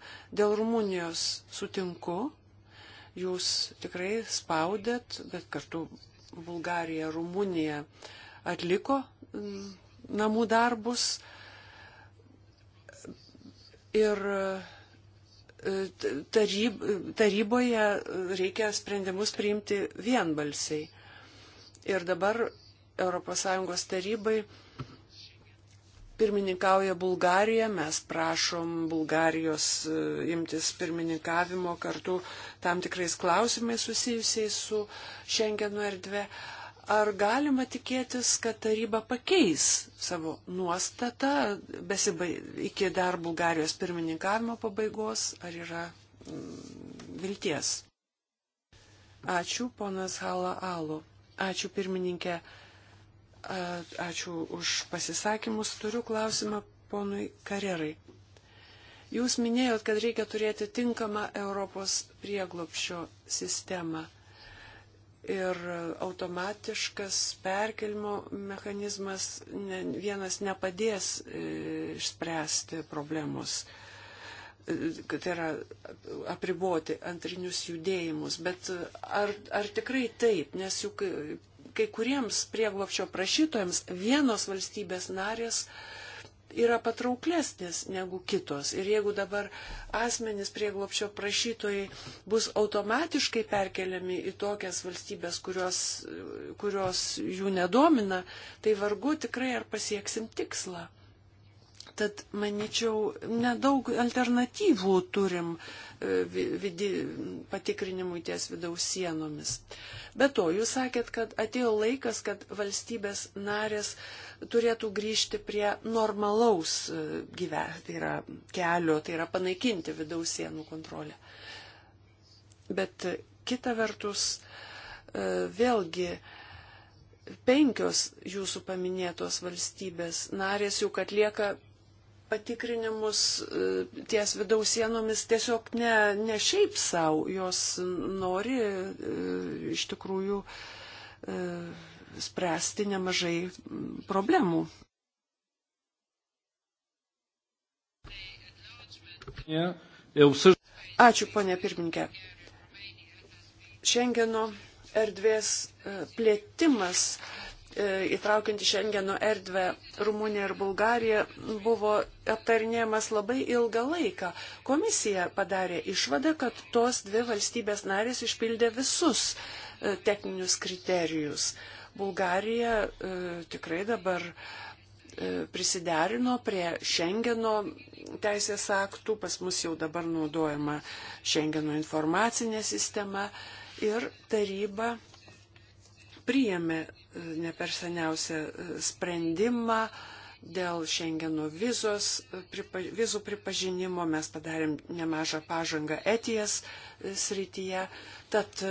Dėl Rumunijos sutinku, jūs tikrai spaudėt, bet kartu Bulgarija, Rumunija atliko mm, namų darbus. Ir e, taryb, taryboje reikia sprendimus priimti vienbalsiai. Ir dabar ES tarybai pirmininkauja Bulgarija, mes prašom Bulgarijos e, imtis pirmininkavimo kartu tam tikrais klausimais susijusiais su Schengeno erdvė. Ar galima tikėtis, kad taryba pakeis savo nuostatą besiba, iki dar Bulgarijos pirmininkavimo pabaigos, ar yra mm, vilties? Ačiū, ponas Hala Alu. Ačiū pirmininkė. Ačiū už pasisakymus. Turiu klausimą ponui Karerai. Jūs minėjot, kad reikia turėti tinkamą Europos prieglopšio sistemą ir automatiškas perkelimo mechanizmas ne, vienas nepadės e, išspręsti problemus. E, kad tai yra apriboti antrinius judėjimus, bet e, ar, ar tikrai taip, nes juk kai kuriems prieglopščio prašytojams vienos valstybės narės yra patrauklesnės negu kitos. Ir jeigu dabar asmenys prieglopščio prašytojai bus automatiškai perkeliami į tokias valstybės, kurios, kurios jų nedomina, tai vargu tikrai ar pasieksim tikslą. Tad, manyčiau, nedaug alternatyvų turim e, vidi, patikrinimui ties vidaus sienomis. Be to, jūs sakėt, kad atėjo laikas, kad valstybės narės turėtų grįžti prie normalaus e, gyvenimo, tai yra kelio, tai yra panaikinti vidaus sienų kontrolę. Bet e, kita vertus, vėlgi, penkios jūsų paminėtos valstybės narės juk atlieka patikrinimus e, ties vidaus sienomis tiesiog ne, ne šiaip savo, jos nori e, iš tikrųjų e, spręsti nemažai problemų. Ačiū, ponė pirmininkė. Šengeno erdvės plėtimas E, įtraukiant į Šengeno erdvę Rumuniją ir Bulgariją, buvo aptarinėjamas labai ilgą laiką. Komisija padarė išvadą, kad tos dvi valstybės narės išpildė visus e, techninius kriterijus. Bulgarija e, tikrai dabar e, prisiderino prie Šengeno teisės aktų, pas mus jau dabar naudojama Šengeno informacinė sistema ir taryba priėmė e, ne per seniausią e, sprendimą dėl Schengeno vizos, e, pripa, vizų pripažinimo. Mes padarėm nemažą pažangą Etijas srityje. Tad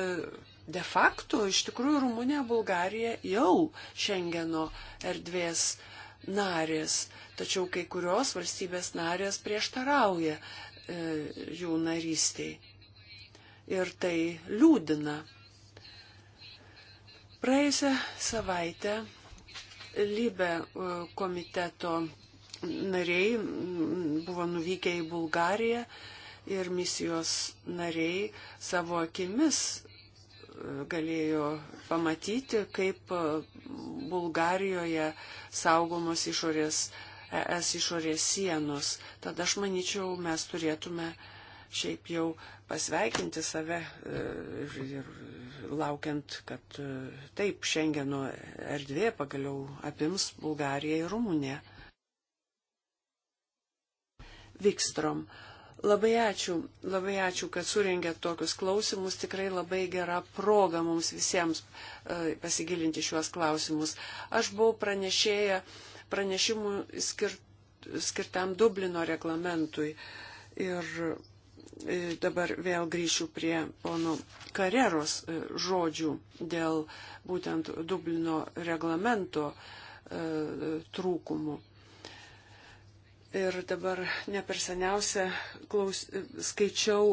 de facto iš tikrųjų Rumunija, Bulgarija jau Schengeno erdvės narės. Tačiau kai kurios valstybės narės prieštarauja e, jų narystiai. Ir tai liūdina. Praėjusią savaitę Libe e, komiteto nariai buvo nuvykę į Bulgariją ir misijos nariai savo akimis e, galėjo pamatyti, kaip e, Bulgarijoje saugomos išorės, ES išorės sienos. Tad aš manyčiau, mes turėtume šiaip jau pasveikinti save e, ir, ir laukiant, kad e, taip Šengeno erdvė pagaliau apims Bulgariją ir Rumuniją. Vikstrom. Labai ačiū, labai ačiū, kad surengėt tokius klausimus. Tikrai labai gera proga mums visiems e, pasigilinti šiuos klausimus. Aš buvau pranešėję pranešimų skirt, skirtam Dublino reglamentui. Ir E, dabar vėl grįšiu prie pono Kareros e, žodžių dėl būtent Dublino reglamento e, trūkumų. Ir dabar ne per seniausia klaus, skaičiau,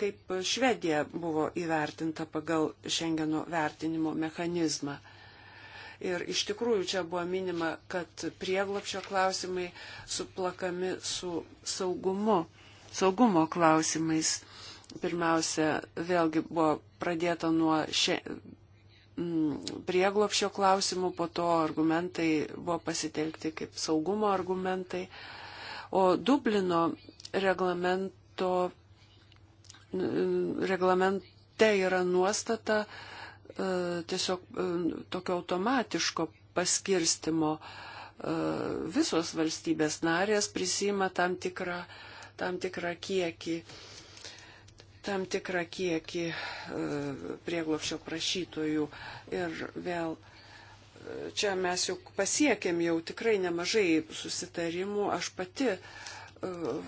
kaip Švedija buvo įvertinta pagal Šengeno vertinimo mechanizmą. Ir iš tikrųjų čia buvo minima, kad prieglapšio klausimai suplakami su saugumu. Uh, saugumo klausimais. Pirmiausia, vėlgi buvo pradėta nuo še, m, mm, prieglopšio klausimų, po to argumentai buvo pasitelkti kaip saugumo argumentai. O Dublino reglamento, reglamente yra nuostata e, tiesiog e, tokio automatiško paskirstimo. E, visos valstybės narės prisima tam tikrą uh, tam tikrą kiekį tam tikrą kiekį e, prieglopščio prašytojų ir vėl e, čia mes jau pasiekėm jau tikrai nemažai susitarimų. Aš pati e,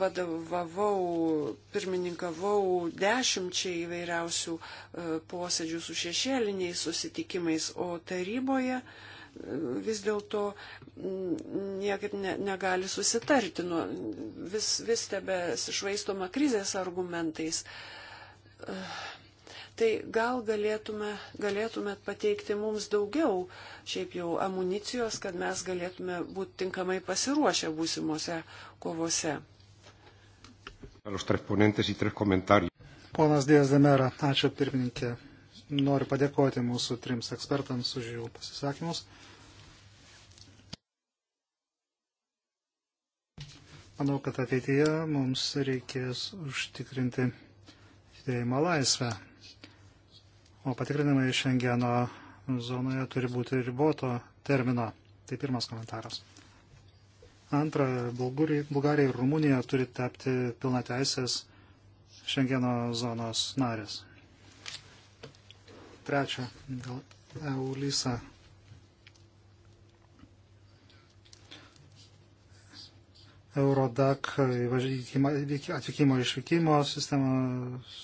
vadovavau, pirmininkavau dešimčiai įvairiausių posėdžių su šešėliniais susitikimais, o taryboje uh, vis dėlto niekaip ne, negali susitarti, nu, vis, vis tebe išvaistoma krizės argumentais. Tai gal galėtume, galėtumėt pateikti mums daugiau šiaip jau amunicijos, kad mes galėtume būti tinkamai pasiruošę būsimose kovose. Ponas Dėjas Demera, ačiū pirmininkė noriu padėkoti mūsų trims ekspertams už jų pasisakymus. Manau, kad ateityje mums reikės užtikrinti judėjimo laisvę. O patikrinimai Šengeno zonoje turi būti riboto termino. Tai pirmas komentaras. Antra, Bulgarija ir Rumunija turi tapti pilnateisės Šengeno zonos narės. 23 dėl EULISA. Eurodac atvykimo išvykimo sistemos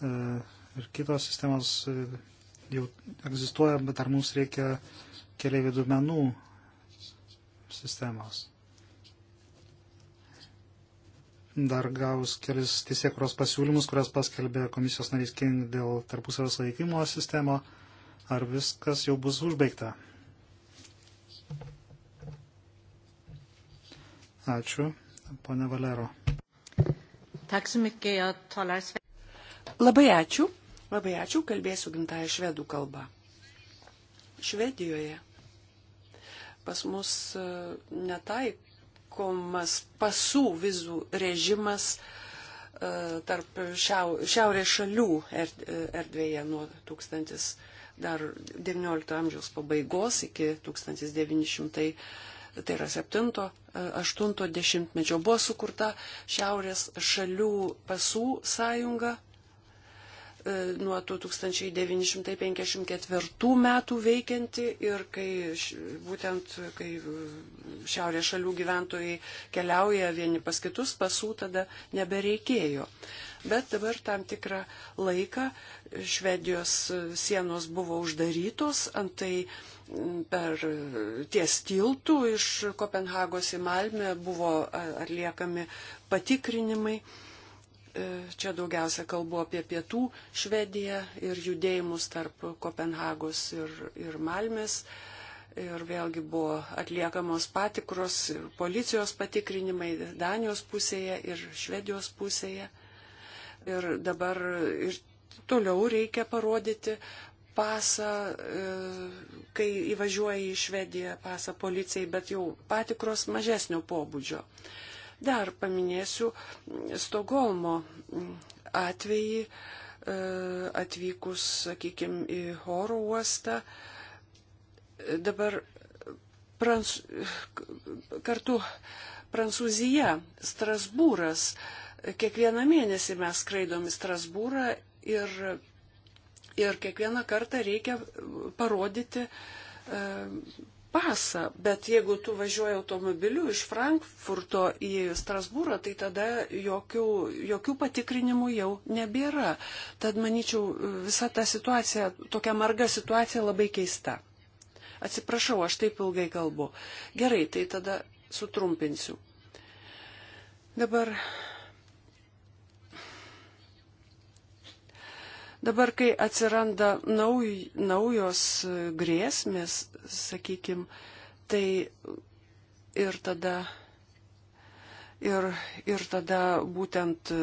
e, ir kitos sistemos e, jau egzistuoja, bet ar mums reikia keliaivių duomenų sistemos. dar gaus kelis teisėkuros pasiūlymus, kurias paskelbė komisijos narys King dėl tarpusavio laikymo sistemo. Ar viskas jau bus užbaigta? Ačiū. Pone Valero. Labai ačiū. Labai ačiū. Kalbėsiu gimtąją švedų kalbą. Švedijoje pas mus e, netaip taikomas pasų vizų režimas e, tarp šiaurės šalių erdvėje nuo 1000 dar 19 amžiaus pabaigos iki 1900 tai yra 7-8 e, dešimtmečio buvo sukurta šiaurės šalių pasų sąjunga, E, nuo 1954 metų veikianti ir kai būtent, kai šiaurės šalių gyventojai keliauja vieni pas kitus, pasų tada nebereikėjo. Bet dabar tam tikrą laiką Švedijos sienos buvo uždarytos, antai per ties tiltų iš Kopenhagos į Malmę buvo atliekami patikrinimai. E, čia daugiausia kalbu apie pietų Švediją ir judėjimus tarp Kopenhagos ir, ir Malmės. Ir vėlgi buvo atliekamos patikros ir policijos patikrinimai Danijos pusėje ir Švedijos pusėje. Ir dabar ir toliau reikia parodyti pasą, e, kai įvažiuoji į Švediją, pasą policijai, bet jau patikros mažesnio pobūdžio. Dar paminėsiu Stogolmo atvejį e, atvykus, sakykime, į oro uostą. Dabar prans, kartu Prancūzija, Strasbūras. Kiekvieną mėnesį mes skraidom į Strasbūrą ir, ir kiekvieną kartą reikia parodyti e, pasą, bet jeigu tu važiuoji automobiliu iš Frankfurto į Strasbūrą, tai tada jokių, jokių patikrinimų jau nebėra. Tad manyčiau, visa ta situacija, tokia marga situacija labai keista. Atsiprašau, aš taip ilgai kalbu. Gerai, tai tada sutrumpinsiu. Dabar Dabar, kai atsiranda nauj, naujos grėsmės, sakykime, tai ir tada, ir, ir tada būtent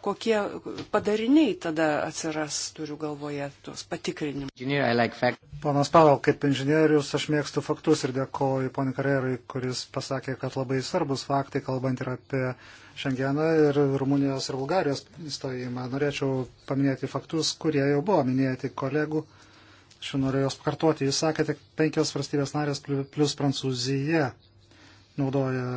kokie padariniai tada atsiras, turiu galvoje, tuos patikrinimus. Like Ponas Pavel, kaip inžinierius, aš mėgstu faktus ir dėkoju ponui Karjerui, kuris pasakė, kad labai svarbus faktai, kalbant ir apie Šengeną ir Rumunijos ir Bulgarijos įstojimą. Norėčiau paminėti faktus, kurie jau buvo minėti kolegų. Aš norėjau juos pakartoti. Jūs sakėte, penkios valstybės narės plus Prancūzija naudoja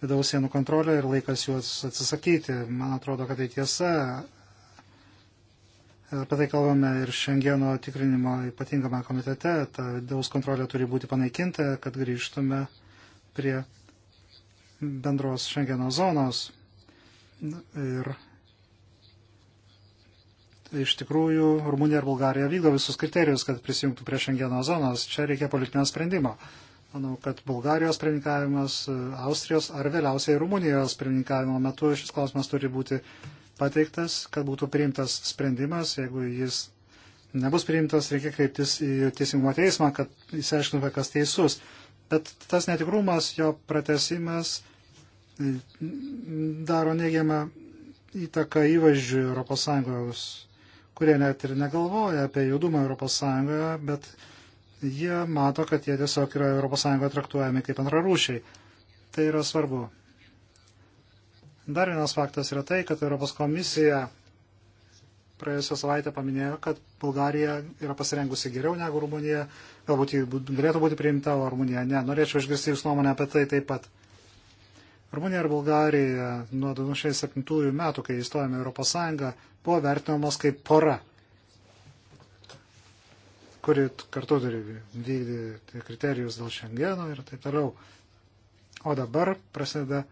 vidaus sienų kontrolę ir laikas juos atsisakyti. Man atrodo, kad tai tiesa. Apie tai kalbame ir šiandieno tikrinimo ypatingame komitete. Ta vidaus kontrolė turi būti panaikinta, kad grįžtume prie bendros šiandieno zonos. Ir iš tikrųjų Rumunija ir Bulgarija vykdo visus kriterijus, kad prisijungtų prie šiandieno zonos. Čia reikia politinio sprendimo. Manau, kad Bulgarijos pirmininkavimas, Austrijos ar vėliausiai Rumunijos pirmininkavimo metu šis klausimas turi būti pateiktas, kad būtų priimtas sprendimas. Jeigu jis nebus priimtas, reikia kreiptis į teisingumo teismą, kad įsiaiškintume, kas teisus. Bet tas netikrumas, jo pratesimas daro neigiamą įtaką įvaizdžių ES, kurie net ir negalvoja apie judumą ES, bet jie mato, kad jie tiesiog yra ES traktuojami kaip antrarūšiai. Tai yra svarbu. Dar vienas faktas yra tai, kad Europos komisija praėjusią savaitę paminėjo, kad Bulgarija yra pasirengusi geriau negu Rumunija. Galbūt jį galėtų būti priimta, o Rumunija ne. Norėčiau išgirsti Jūsų nuomonę apie tai taip pat. Rumunija ir Bulgarija nuo 2007 metų, kai įstojame Europos Sąjungą, buvo vertinamos kaip pora kuri kartu turi vykdyti kriterijus dėl šengeno ir taip toliau. O dabar prasideda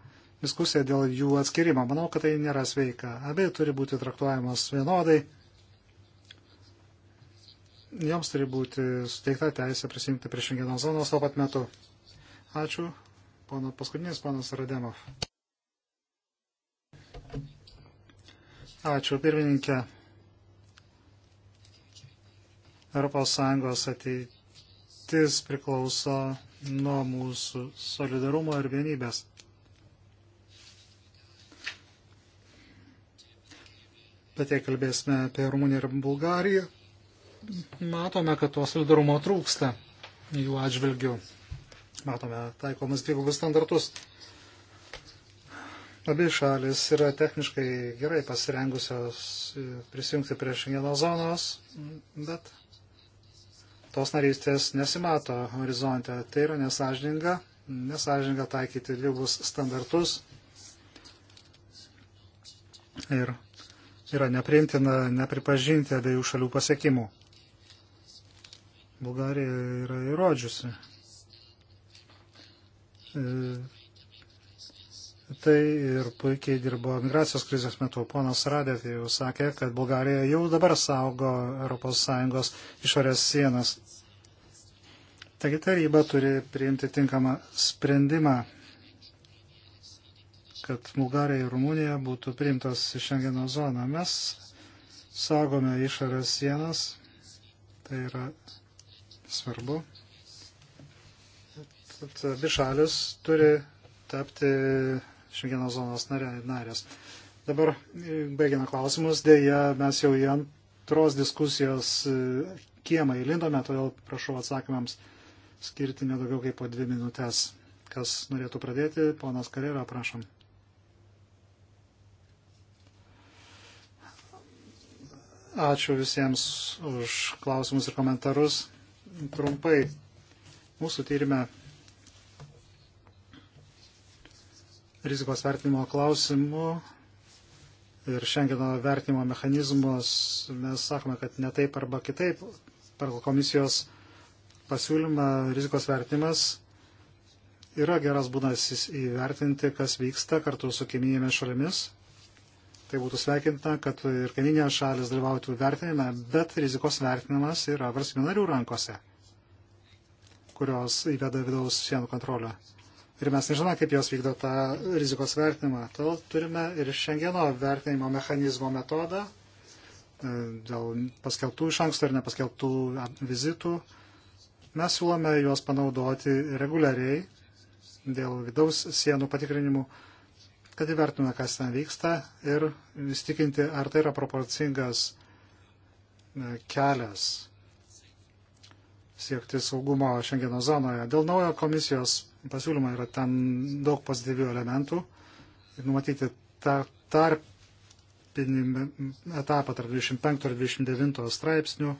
diskusija dėl jų atskirimo. Manau, kad tai nėra sveika. Abi turi būti traktuojamos vienodai. Joms turi būti suteikta teisė prisijungti prie šengeno zonos tuo pat metu. Ačiū. Pono, paskutinis ponas Rademov. Ačiū, pirmininkė. ES ateitis priklauso nuo mūsų solidarumo ir vienybės. Bet jei kalbėsime apie Rumuniją ir Bulgariją, matome, kad to solidarumo trūksta jų atžvilgių. Matome taikomus dvigubus standartus. Abi šalis yra techniškai gerai pasirengusios prisijungti prie Šengeno zonos, bet tos narystės nesimato horizonte. Tai yra nesažininga, nesažininga taikyti dvigubus standartus ir yra nepriimtina nepripažinti abiejų šalių pasiekimų. Bulgarija yra įrodžiusi tai ir puikiai dirbo migracijos krizės metu. Ponas Radėt jau sakė, kad Bulgarija jau dabar saugo ES išorės sienas. Taigi taryba turi priimti tinkamą sprendimą, kad Bulgarija ir Rumunija būtų priimtos į Šengeno zoną. Mes saugome išorės sienas, tai yra svarbu. Tad abi šalis turi tapti Šengeno zonos narės. Dabar e, baigiame klausimus. Deja, mes jau į antros diskusijos e, kiemą įlindome, todėl prašau atsakymams skirti nedaugiau kaip po dvi minutės. Kas norėtų pradėti, ponas Karjera, prašom. Ačiū visiems už klausimus ir komentarus. Trumpai, mūsų tyrimė rizikos vertinimo klausimų ir šiandieno vertinimo mechanizmus mes sakome, kad ne taip arba kitaip. Pagal komisijos pasiūlymą rizikos vertinimas yra geras būdas įvertinti, kas vyksta kartu su kaiminėmis šalimis. Tai būtų sveikintina, kad ir kaiminės šalis dalyvautų vertinime, bet rizikos vertinimas yra valstybių narių rankose, kurios įveda vidaus sienų kontrolę ir mes nežinome, kaip jos vykdo tą rizikos vertinimą. Tol turime ir šengeno vertinimo mechanizmo metodą e, dėl paskelbtų iš anksto ir nepaskelbtų vizitų. Mes siūlome juos panaudoti reguliariai dėl vidaus sienų patikrinimų, kad įvertume, kas ten vyksta ir įstikinti, ar tai yra proporcingas e, kelias siekti saugumo Šengeno zonoje. Dėl naujo komisijos pasiūlymą, yra ten daug pozityvių elementų ir numatyti tą tarpinį etapą tarp 25 ir 29 straipsnių.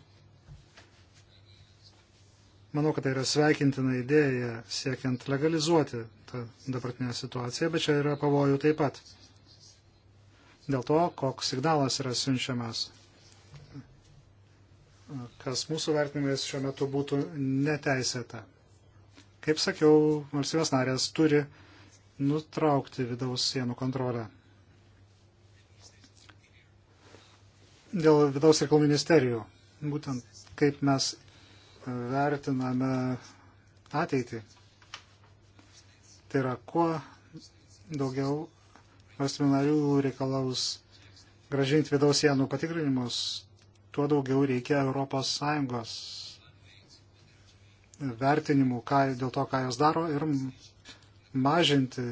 Manau, kad tai yra sveikintina idėja siekiant legalizuoti tą dabartinę situaciją, bet čia yra pavojų taip pat. Dėl to, koks signalas yra siunčiamas kas mūsų vertinimais šiuo metu būtų neteisėta. Kaip sakiau, valstybės narės turi nutraukti vidaus sienų kontrolę. Dėl vidaus reikalų ministerijų, būtent kaip mes e, vertiname ateitį. Tai yra, kuo daugiau valstybių narių reikalaus gražinti vidaus sienų patikrinimus, tuo daugiau reikia Europos Sąjungos vertinimų ką, dėl to, ką jos daro ir mažinti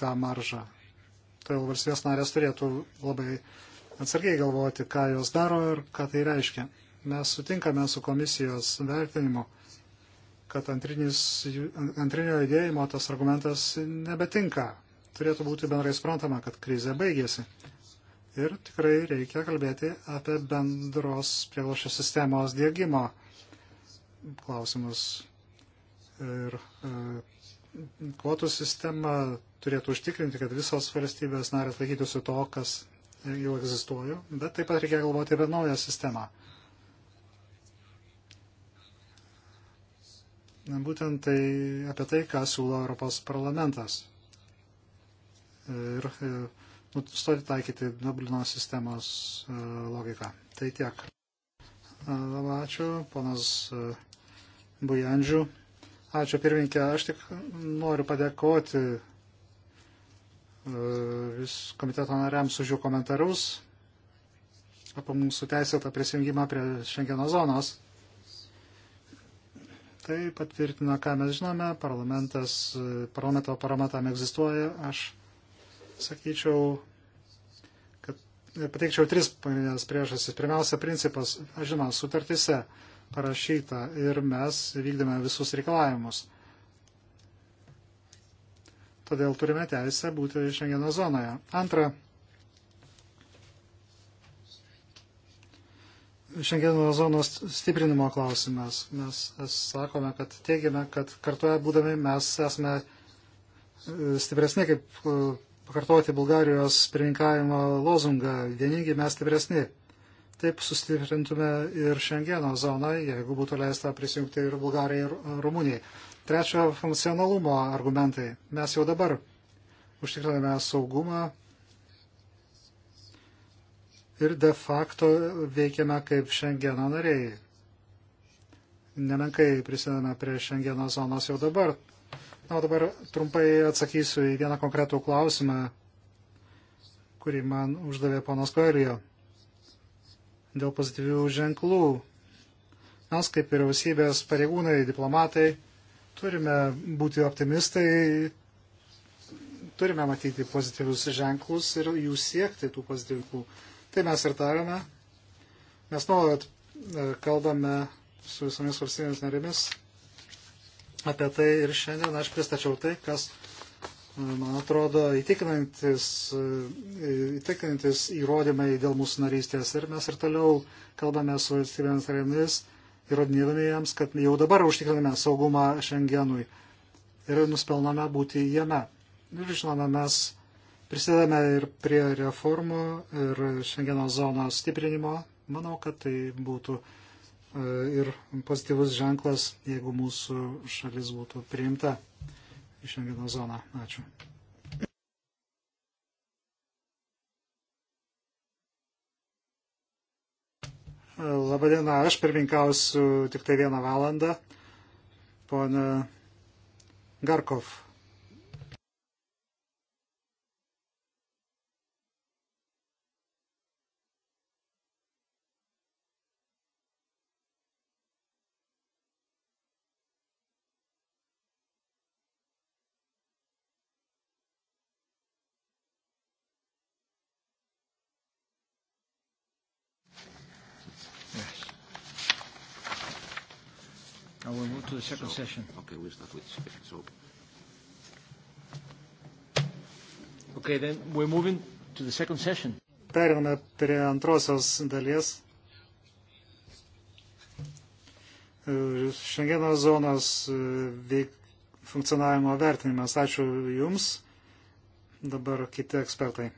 tą maržą. Todėl tai valstybės narės turėtų labai atsargiai galvoti, ką jos daro ir ką tai reiškia. Mes sutinkame su komisijos vertinimu, kad antrinis, antrinio judėjimo tas argumentas nebetinka. Turėtų būti bendrai suprantama, kad krizė baigėsi. Ir tikrai reikia kalbėti apie bendros prieglošio sistemos dėgymą klausimus. Ir e, kvotų sistema turėtų užtikrinti, kad visos valstybės narės laikytųsi to, kas jau egzistuoja, bet taip pat reikia galvoti apie naują sistemą. Būtent tai, apie tai, ką siūlo Europos parlamentas. Ir e, nustoti taikyti Dublino sistemos e, logiką. Tai tiek. Labai ačiū, ponas Bujandžių. Ačiū pirmininkė, aš tik noriu padėkoti e, vis komiteto nariams už jų komentarus apie mūsų teisėtą prisijungimą prie Šengeno zonos. Tai patvirtina, ką mes žinome, parlamentas, e, parlamento parama tam egzistuoja. Aš sakyčiau, kad pateikčiau tris pagrindinės priežasis. Pirmiausia, principas, aš žinau, sutartise parašyta ir mes vykdėme visus reikalavimus. Todėl turime teisę būti Šengeno zonoje. Antra, Šengeno zonos stiprinimo klausimas. Mes sakome, kad teigiame, kad kartuoja būdami mes esame e, stipresni, kaip e, pakartoti Bulgarijos pirmininkavimo lozungą, vieningi mes stipresni. Taip sustiprintume ir Šengeno zoną, jeigu būtų leista prisijungti ir Bulgarijai, ir Rumunijai. Trečio, funkcionalumo argumentai. Mes jau dabar užtikriname saugumą ir de facto veikiame kaip Šengeno nariai. Nemenkai prisidame prie Šengeno zonos jau dabar. Na, o dabar trumpai atsakysiu į vieną konkretų klausimą, kurį man uždavė ponas Koelijo dėl pozityvių ženklų. Mes kaip vyriausybės pareigūnai, diplomatai turime būti optimistai, turime matyti pozityvius ženklus ir jų siekti tų pozityvių. Tai mes ir darome. Mes nuolat e, kalbame su visomis valstybėmis narėmis apie tai ir šiandien aš pristačiau tai, kas man atrodo, įtikinantis, įtikinantis įrodymai dėl mūsų narystės. Ir mes ir toliau kalbame su valstybėmis narėmis, įrodinėdami jiems, kad jau dabar užtikriname saugumą Šengenui ir nuspelname būti jame. Ir žinoma, mes prisidedame ir prie reformų ir Šengeno zonos stiprinimo. Manau, kad tai būtų e, ir pozityvus ženklas, jeigu mūsų šalis būtų priimta į Šengeno zoną. Ačiū. Labadiena, aš pirminkausiu tik tai vieną valandą. Pone Garkov. Now we'll move to the second so, session. Okay, we'll start with Spain. So. Okay, then we're moving to the second session. Perėjome prie antrosios dalies. Šengeno zonos e, veik, funkcionavimo vertinimas. Ačiū Jums. Dabar kiti ekspertai.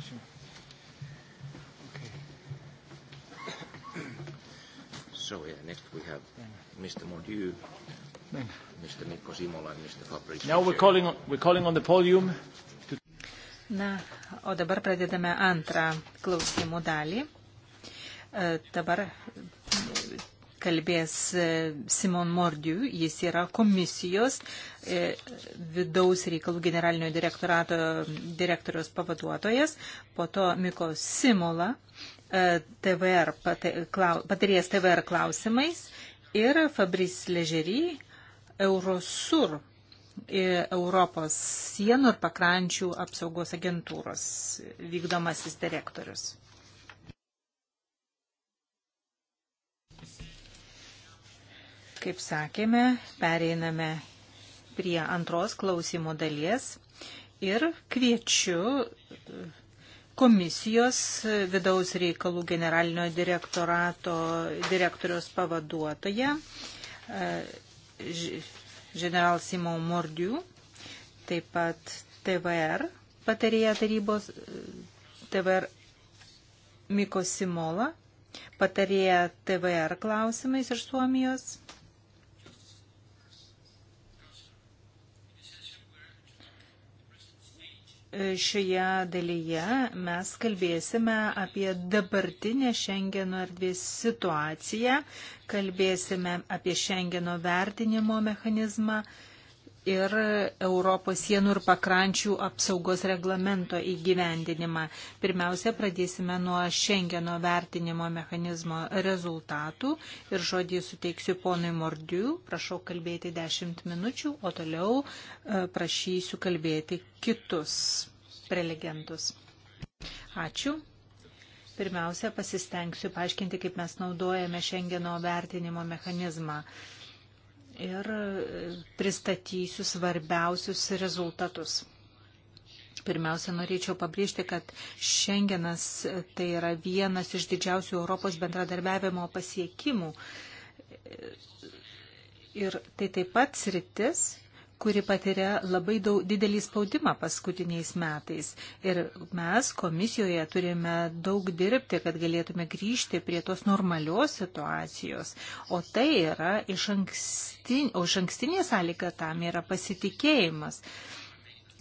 So yeah, next we have Mr. Mordieu, Mr. Mikko Simola and Mr. Fabrice. Now we're calling on, we're calling on the podium. To... Na, o dabar pradedame antrą klausimų dalį. E, dabar kalbės e, Simon Mordiu, jis yra komisijos e, vidaus reikalų generalinio direktorato direktorius pavaduotojas, po to Miko Simula, e, TVR, patarėjas TVR klausimais ir Fabrice Ležery, Eurosur, Europos sienų ir pakrančių apsaugos agentūros vykdomasis direktorius. Kaip sakėme, pereiname prie antros klausimo dalies ir kviečiu e, komisijos e, vidaus reikalų generalinio direktorato direktorios pavaduotoja e, general Simon Mordiu, taip pat TVR patarėja tarybos TVR Miko Simola, patarėja TVR klausimais iš Suomijos šioje dalyje mes kalbėsime apie dabartinę Šengeno erdvės situaciją, kalbėsime apie Šengeno vertinimo mechanizmą ir Europos sienų ir pakrančių apsaugos reglamento įgyvendinimą. Pirmiausia, pradėsime nuo Šengeno vertinimo mechanizmo rezultatų ir žodį suteiksiu ponui Mordiu. Prašau kalbėti 10 minučių, o toliau e, prašysiu kalbėti kitus prelegentus. Ačiū. Pirmiausia, pasistengsiu paaiškinti, kaip mes naudojame Šengeno vertinimo mechanizmą ir e, pristatysiu svarbiausius rezultatus. Pirmiausia, norėčiau pabrėžti, kad Šengenas e, tai yra vienas iš didžiausių Europos bendradarbiavimo pasiekimų. E, ir tai taip pat sritis, kuri patiria labai daug didelį spaudimą paskutiniais metais. Ir mes komisijoje turime daug dirbti, kad galėtume grįžti prie tos normalios situacijos. O tai yra iš, ankstin, o iš ankstinė sąlyga tam yra pasitikėjimas. Uh,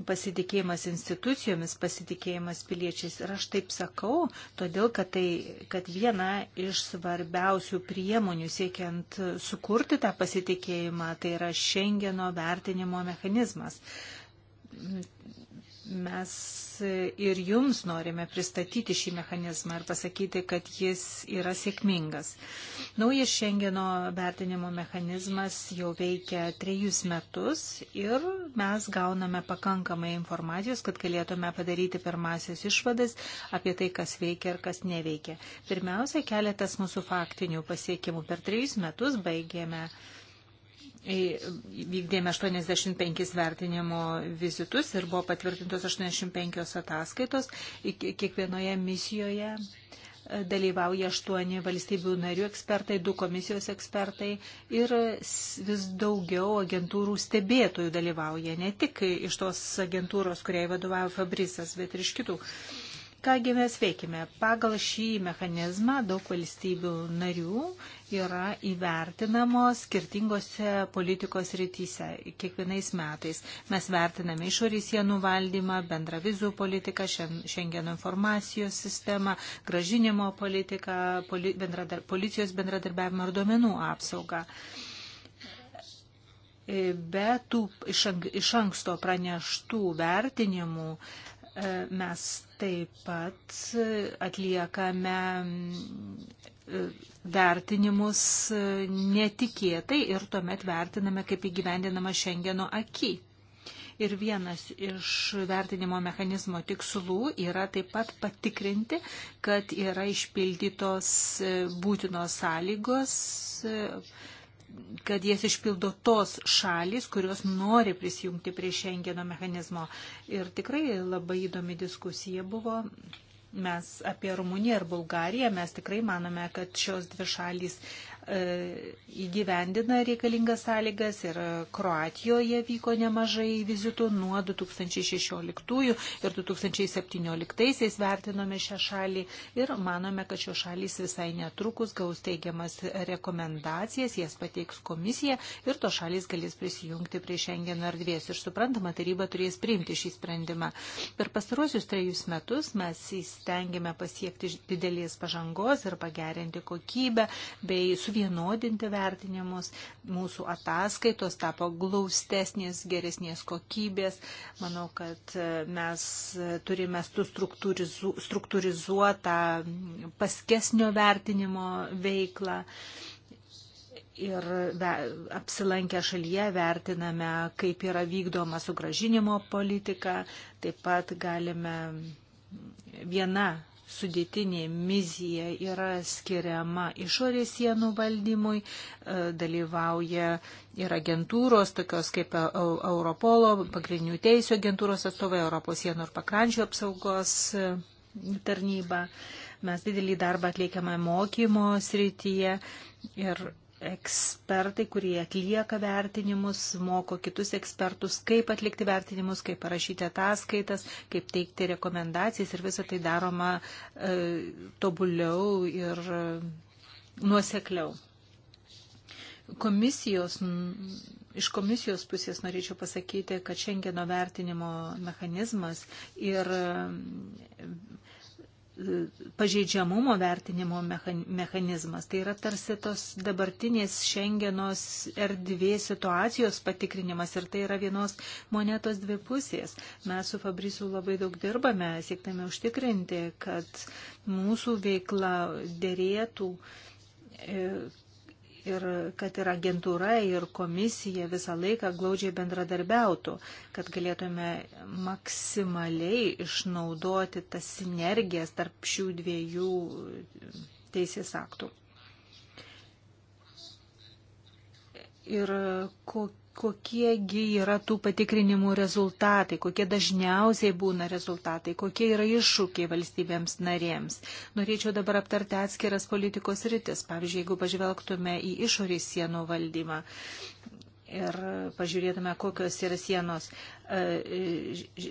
pasitikėjimas institucijomis, pasitikėjimas piliečiais. Ir aš taip sakau, todėl kad tai, kad viena iš svarbiausių priemonių siekiant sukurti tą pasitikėjimą, tai yra Šengeno vertinimo mechanizmas. Mes ir jums norime pristatyti šį mechanizmą ir pasakyti, kad jis yra sėkmingas. Naujas Šengeno vertinimo mechanizmas jau veikia trejus metus ir mes gauname pakankamai informacijos, kad galėtume padaryti pirmasis išvadas apie tai, kas veikia ir kas neveikia. Pirmiausia, keletas mūsų faktinių pasiekimų. Per trejus metus baigėme. Vykdėme 85 vertinimo vizitus ir buvo patvirtintos 85 ataskaitos. Kiekvienoje misijoje e, dalyvauja aštuoni valstybių narių ekspertai, du komisijos ekspertai ir vis daugiau agentūrų stebėtojų dalyvauja, ne tik iš tos agentūros, kuriai vadovavo Fabrisas, bet ir iš kitų. Kągi mes veikime? Pagal šį mechanizmą daug valstybių narių yra įvertinamos skirtingose politikos rytise kiekvienais metais. Mes vertiname išorį sienų valdymą, bendrą vizų politiką, šengeno informacijos sistemą, gražinimo politiką, poli, bendradar, policijos bendradarbiavimą ir duomenų apsaugą. E, be tų iš, iš anksto praneštų vertinimų e, mes taip pat atliekame vertinimus netikėtai ir tuomet vertiname, kaip įgyvendinama Šengeno aki. Ir vienas iš vertinimo mechanizmo tikslų yra taip pat patikrinti, kad yra išpildytos būtinos sąlygos, kad jas išpildo tos šalis, kurios nori prisijungti prie Šengeno mechanizmo. Ir tikrai labai įdomi diskusija buvo mes apie Rumuniją ir Bulgariją, mes tikrai manome, kad šios dvi šalys E, įgyvendina reikalingas sąlygas ir Kroatijoje vyko nemažai vizitų nuo 2016 ir 2017 vertinome šią šalį ir manome, kad šios šalys visai netrukus gaus teigiamas rekomendacijas, jas pateiks komisija ir to šalys galės prisijungti prie Šengeno erdvės ir suprantama, taryba turės priimti šį sprendimą. Per pastaruosius trejus metus mes įstengėme pasiekti didelės pažangos ir pagerinti kokybę bei suvienyti suvienodinti vertinimus, mūsų ataskaitos tapo glaustesnės, geresnės kokybės. Manau, kad e, mes turime struktūrizu, struktūrizuotą paskesnio vertinimo veiklą ir apsilankę šalyje vertiname, kaip yra vykdoma sugražinimo politika, taip pat galime viena sudėtinė misija yra skiriama išorės sienų valdymui, e, dalyvauja ir agentūros, tokios kaip e, e, Europolo, pagrindinių teisų agentūros atstovai, Europos sienų ir pakrančių apsaugos tarnyba. Mes didelį darbą atliekame mokymo srityje ir ekspertai, kurie atlieka vertinimus, moko kitus ekspertus, kaip atlikti vertinimus, kaip parašyti ataskaitas, kaip teikti rekomendacijas ir visą tai daroma e, tobuliau ir e, nuosekliau. Komisijos, iš komisijos pusės norėčiau pasakyti, kad Šengeno vertinimo mechanizmas ir pažeidžiamumo vertinimo mechanizmas. Tai yra tarsi tos dabartinės Šengenos erdvės situacijos patikrinimas ir tai yra vienos monetos dvi pusės. Mes su Fabrisu labai daug dirbame, siektame užtikrinti, kad mūsų veikla dėrėtų e, ir kad ir agentūra, ir komisija visą laiką glaudžiai bendradarbiautų, kad galėtume maksimaliai išnaudoti tas sinergijas tarp šių dviejų teisės aktų. ir kokiegi yra tų patikrinimų rezultatai, kokie dažniausiai būna rezultatai, kokie yra iššūkiai valstybėms narėms. Norėčiau dabar aptarti atskiras politikos rytis, pavyzdžiui, jeigu pažvelgtume į išorės sienų valdymą. Ir pažiūrėtume, kokios yra sienos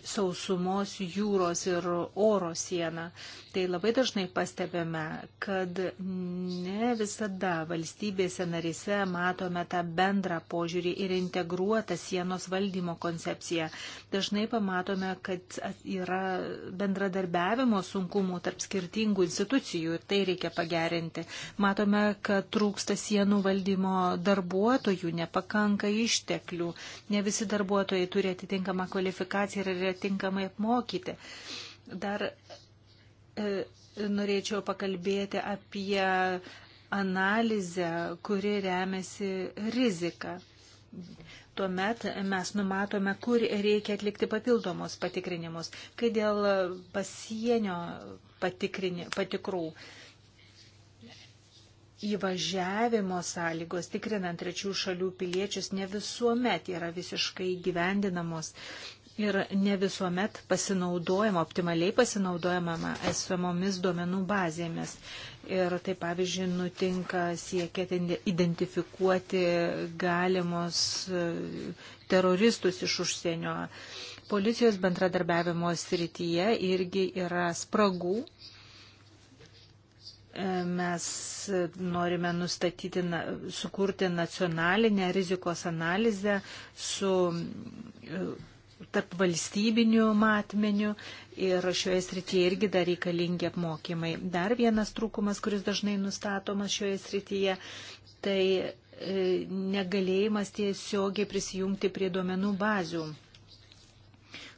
sausumos, jūros ir oro sieną. Tai labai dažnai pastebime, kad ne visada valstybėse narise matome tą bendrą požiūrį ir integruotą sienos valdymo koncepciją. Dažnai pamatome, kad yra bendradarbiavimo sunkumų tarp skirtingų institucijų ir tai reikia pagerinti. Matome, kad trūksta sienų valdymo darbuotojų, nepakanka išteklių, ne visi darbuotojai turi atitinkamą tinkamą kvalifikaciją ir yra tinkamai apmokyti. Dar e, norėčiau pakalbėti apie analizę, kuri remiasi rizika. Tuomet mes numatome, kur reikia atlikti papildomus patikrinimus. Kai dėl pasienio patikrini, patikrų, e, įvažiavimo sąlygos, tikrinant trečių šalių piliečius, ne visuomet yra visiškai gyvendinamos ir ne visuomet pasinaudojama, optimaliai pasinaudojama esamomis duomenų bazėmis. Ir tai, pavyzdžiui, nutinka siekiant identifikuoti galimus e, teroristus iš užsienio. Policijos bendradarbiavimo srityje irgi yra spragų mes norime nustatyti, sukurti nacionalinę rizikos analizę su tarp valstybinių matmenių ir šioje srityje irgi dar reikalingi apmokymai. Dar vienas trūkumas, kuris dažnai nustatomas šioje srityje, tai e, negalėjimas tiesiogiai prisijungti prie duomenų bazių.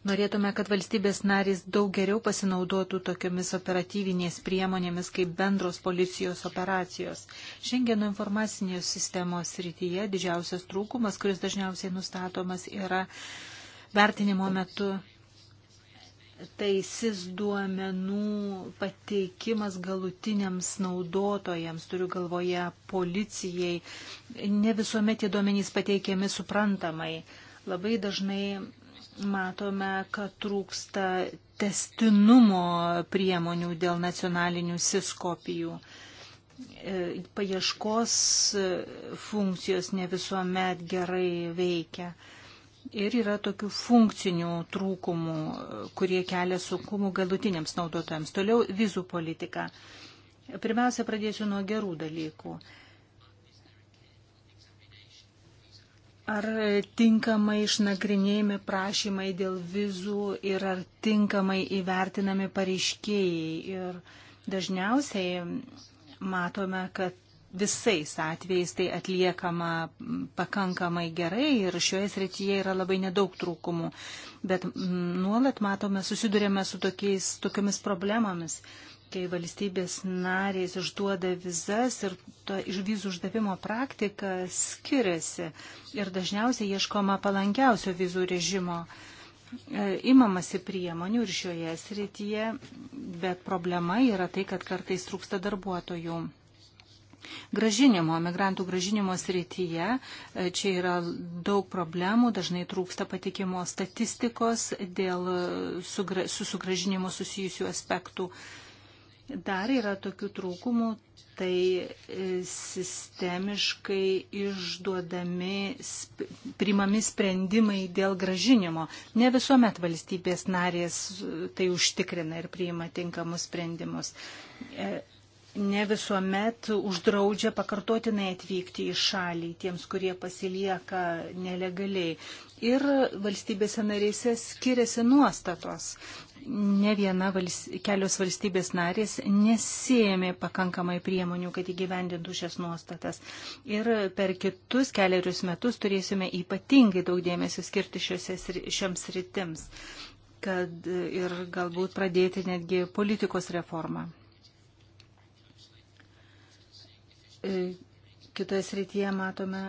Norėtume, kad valstybės narys daug geriau pasinaudotų tokiomis operatyvinės priemonėmis kaip bendros policijos operacijos. Šengeno informacinės sistemos rytyje didžiausias trūkumas, kuris dažniausiai nustatomas, yra vertinimo metu tai SIS duomenų pateikimas galutiniams naudotojams, turiu galvoje policijai, ne visuomet tie duomenys pateikiami suprantamai. Labai dažnai Matome, kad trūksta testinumo priemonių dėl nacionalinių siskopijų. E, paieškos funkcijos ne visuomet gerai veikia. Ir yra tokių funkcinių trūkumų, kurie kelia sunkumų galutiniams naudotojams. Toliau vizų politika. Pirmiausia, pradėsiu nuo gerų dalykų. Ar tinkamai išnagrinėjami prašymai dėl vizų ir ar tinkamai įvertinami pareiškėjai. Ir dažniausiai matome, kad visais atvejais tai atliekama pakankamai gerai ir šioje srityje yra labai nedaug trūkumų. Bet mm, nuolat matome, susidurėme su tokiais, tokiamis problemomis kai valstybės narės išduoda vizas ir to iš vizų uždavimo praktika skiriasi ir dažniausiai ieškoma palankiausio vizų režimo. Įmamasi e, priemonių ir šioje srityje, bet problema yra tai, kad kartais trūksta darbuotojų. Gražinimo, migrantų gražinimo srityje e, čia yra daug problemų, dažnai trūksta patikimo statistikos dėl e, sugra, su sugražinimu susijusių aspektų. Uh, Dar yra tokių trūkumų, tai e, sistemiškai išduodami, primami sprendimai dėl gražinimo. Ne visuomet valstybės narės e, tai užtikrina ir priima tinkamus sprendimus. E, ne visuomet uždraudžia pakartotinai atvykti į šalį tiems, kurie pasilieka nelegaliai ir valstybėse narėse skiriasi nuostatos ne viena vals, kelios valstybės narės nesėmė pakankamai priemonių, kad įgyvendintų šias nuostatas. Ir per kitus keliarius metus turėsime ypatingai daug dėmesio skirti šiose, šioms rytims, kad ir galbūt pradėti netgi politikos reformą. E, kitoje srityje matome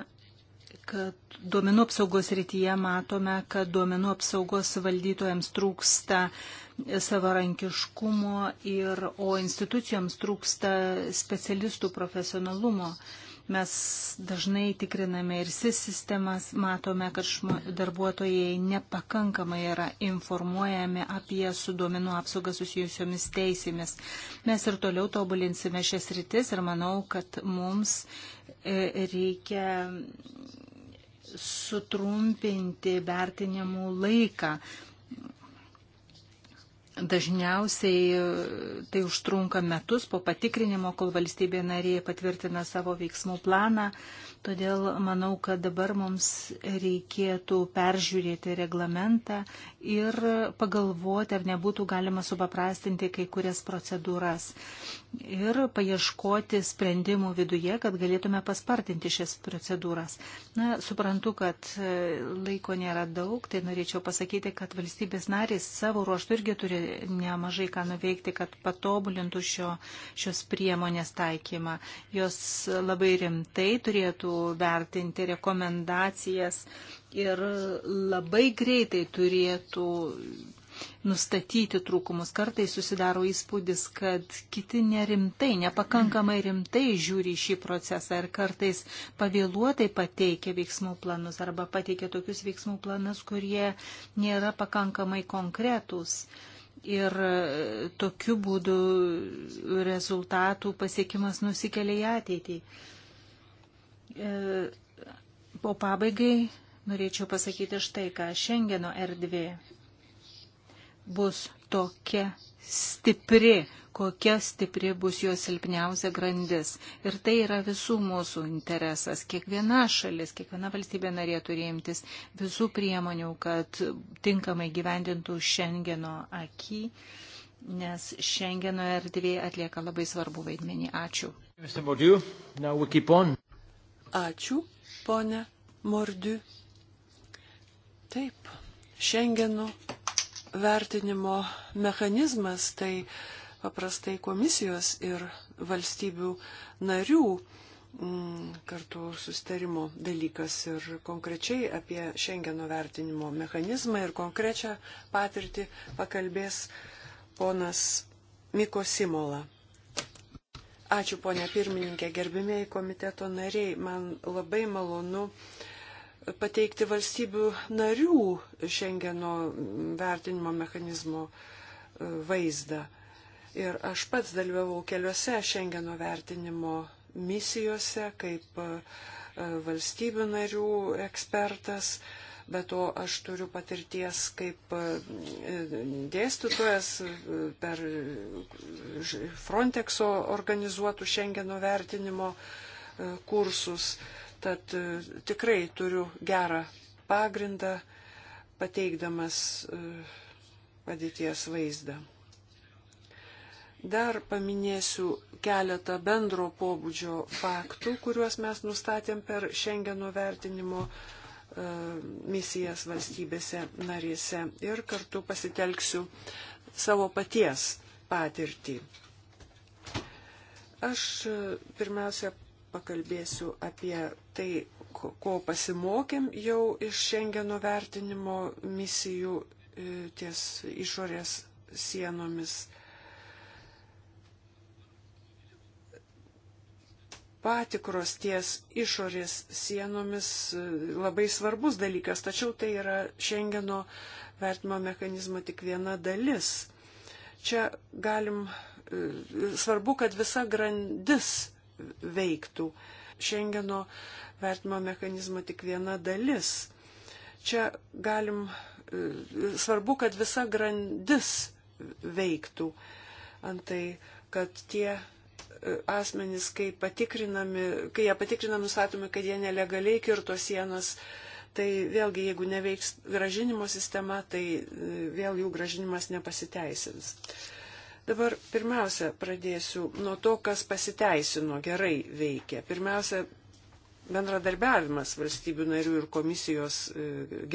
kad duomenų apsaugos rytyje matome, kad duomenų apsaugos valdytojams trūksta savarankiškumo ir, o institucijoms trūksta specialistų profesionalumo. Mes dažnai tikriname ir SIS sistemas, matome, kad darbuotojai nepakankamai yra informuojami apie su duomenų apsauga susijusiomis teisėmis. Mes ir toliau tobulinsime šias rytis ir manau, kad mums e, reikia sutrumpinti vertinimų laiką. Dažniausiai e, tai užtrunka metus po patikrinimo, kol valstybė narė patvirtina savo veiksmų planą. Todėl manau, kad dabar mums reikėtų peržiūrėti reglamentą ir pagalvoti, ar nebūtų galima supaprastinti kai kurias procedūras ir paieškoti sprendimų viduje, kad galėtume paspartinti šias procedūras. Na, suprantu, kad e, laiko nėra daug, tai norėčiau pasakyti, kad valstybės narys savo ruoštų irgi turi nemažai ką nuveikti, kad patobulintų šio, šios priemonės taikymą. Jos labai rimtai turėtų vertinti rekomendacijas ir labai greitai turėtų nustatyti trūkumus. Kartai susidaro įspūdis, kad kiti nerimtai, nepakankamai rimtai žiūri šį procesą ir kartais pavėluotai pateikia veiksmų planus arba pateikia tokius veiksmų planus, kurie nėra pakankamai konkretūs. Ir tokiu būdu rezultatų pasiekimas nusikelia į ateitį. E, po pabaigai Norėčiau pasakyti štai, ką Šengeno erdvė bus tokia stipri, kokia stipri bus jos silpniausia grandis. Ir tai yra visų mūsų interesas. Kiekviena šalis, kiekviena valstybė narė turi imtis visų priemonių, kad tinkamai gyvendintų Šengeno akį, nes Šengeno erdvė atlieka labai svarbu vaidmenį. Ačiū. Ačiū, ponė Mordiu. Taip, Šengeno vertinimo mechanizmas tai paprastai komisijos ir valstybių narių mm, kartu sustarimo dalykas ir konkrečiai apie Šengeno vertinimo mechanizmą ir konkrečią patirtį pakalbės ponas Miko Simola. Ačiū, ponė pirmininkė, gerbimieji komiteto nariai, man labai malonu uh, pateikti valstybių narių Šengeno vertinimo mechanizmo e, vaizdą. Ir aš pats dalyvavau keliose Šengeno vertinimo misijose kaip e, valstybių narių ekspertas, bet to aš turiu patirties kaip e, dėstytojas per Frontexo organizuotų Šengeno vertinimo kursus. Tad e, tikrai turiu gerą pagrindą pateikdamas e, padėties vaizdą. Dar paminėsiu keletą bendro pobūdžio faktų, kuriuos mes nustatėm per Šengeno vertinimo e, misijas valstybėse narėse ir kartu pasitelksiu savo paties patirtį. Aš pirmiausia pakalbėsiu apie tai, ko pasimokėm jau iš Šengeno vertinimo misijų e, ties išorės sienomis. Patikros ties išorės sienomis e, labai svarbus dalykas, tačiau tai yra Šengeno vertimo mechanizmo tik viena dalis. Čia galim, e, svarbu, kad visa grandis veiktų. Šengeno vertimo mechanizmo tik viena dalis. Čia galim, e, svarbu, kad visa grandis veiktų. Antai, kad tie e, asmenys, kai, kai jie patikrinami, nustatomi, kad jie nelegaliai kirto sienas, tai vėlgi, jeigu neveiks gražinimo sistema, tai e, vėl jų gražinimas nepasiteisins. Dabar pirmiausia pradėsiu nuo to, kas pasiteisino, gerai veikia. Pirmiausia, bendradarbiavimas valstybių narių ir komisijos e,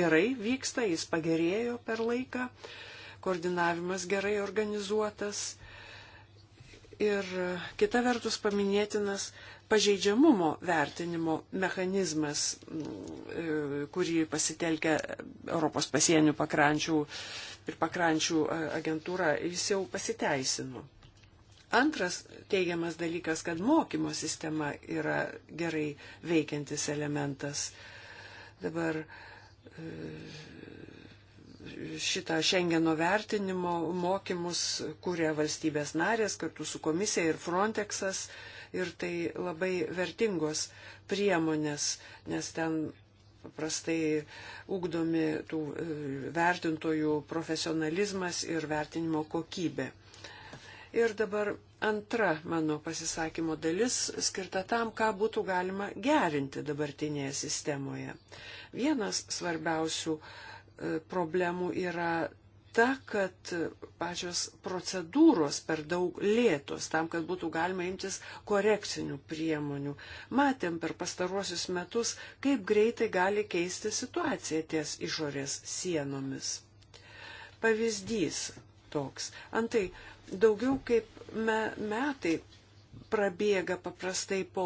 gerai vyksta, jis pagerėjo per laiką, koordinavimas gerai organizuotas Ir kita vertus paminėtinas pažeidžiamumo vertinimo mechanizmas, mm, e, kurį pasitelkia Europos pasienių pakrančių ir pakrančių e, agentūra, jis jau pasiteisino. Antras teigiamas dalykas, kad mokymo sistema yra gerai veikiantis elementas. Dabar e, šitą Schengeno vertinimo mokymus kūrė valstybės narės kartu su komisija ir Frontexas. Ir tai labai vertingos priemonės, nes ten paprastai ugdomi tų e, vertintojų profesionalizmas ir vertinimo kokybė. Ir dabar antra mano pasisakymo dalis skirta tam, ką būtų galima gerinti dabartinėje sistemoje. Vienas svarbiausių uh, E, problemų yra ta, kad pačios procedūros per daug lėtos tam, kad būtų galima imtis korekcinių priemonių. Matėm per pastaruosius metus, kaip greitai gali keisti situacija ties išorės sienomis. Pavyzdys toks. Antai, daugiau kaip me, metai prabėga paprastai po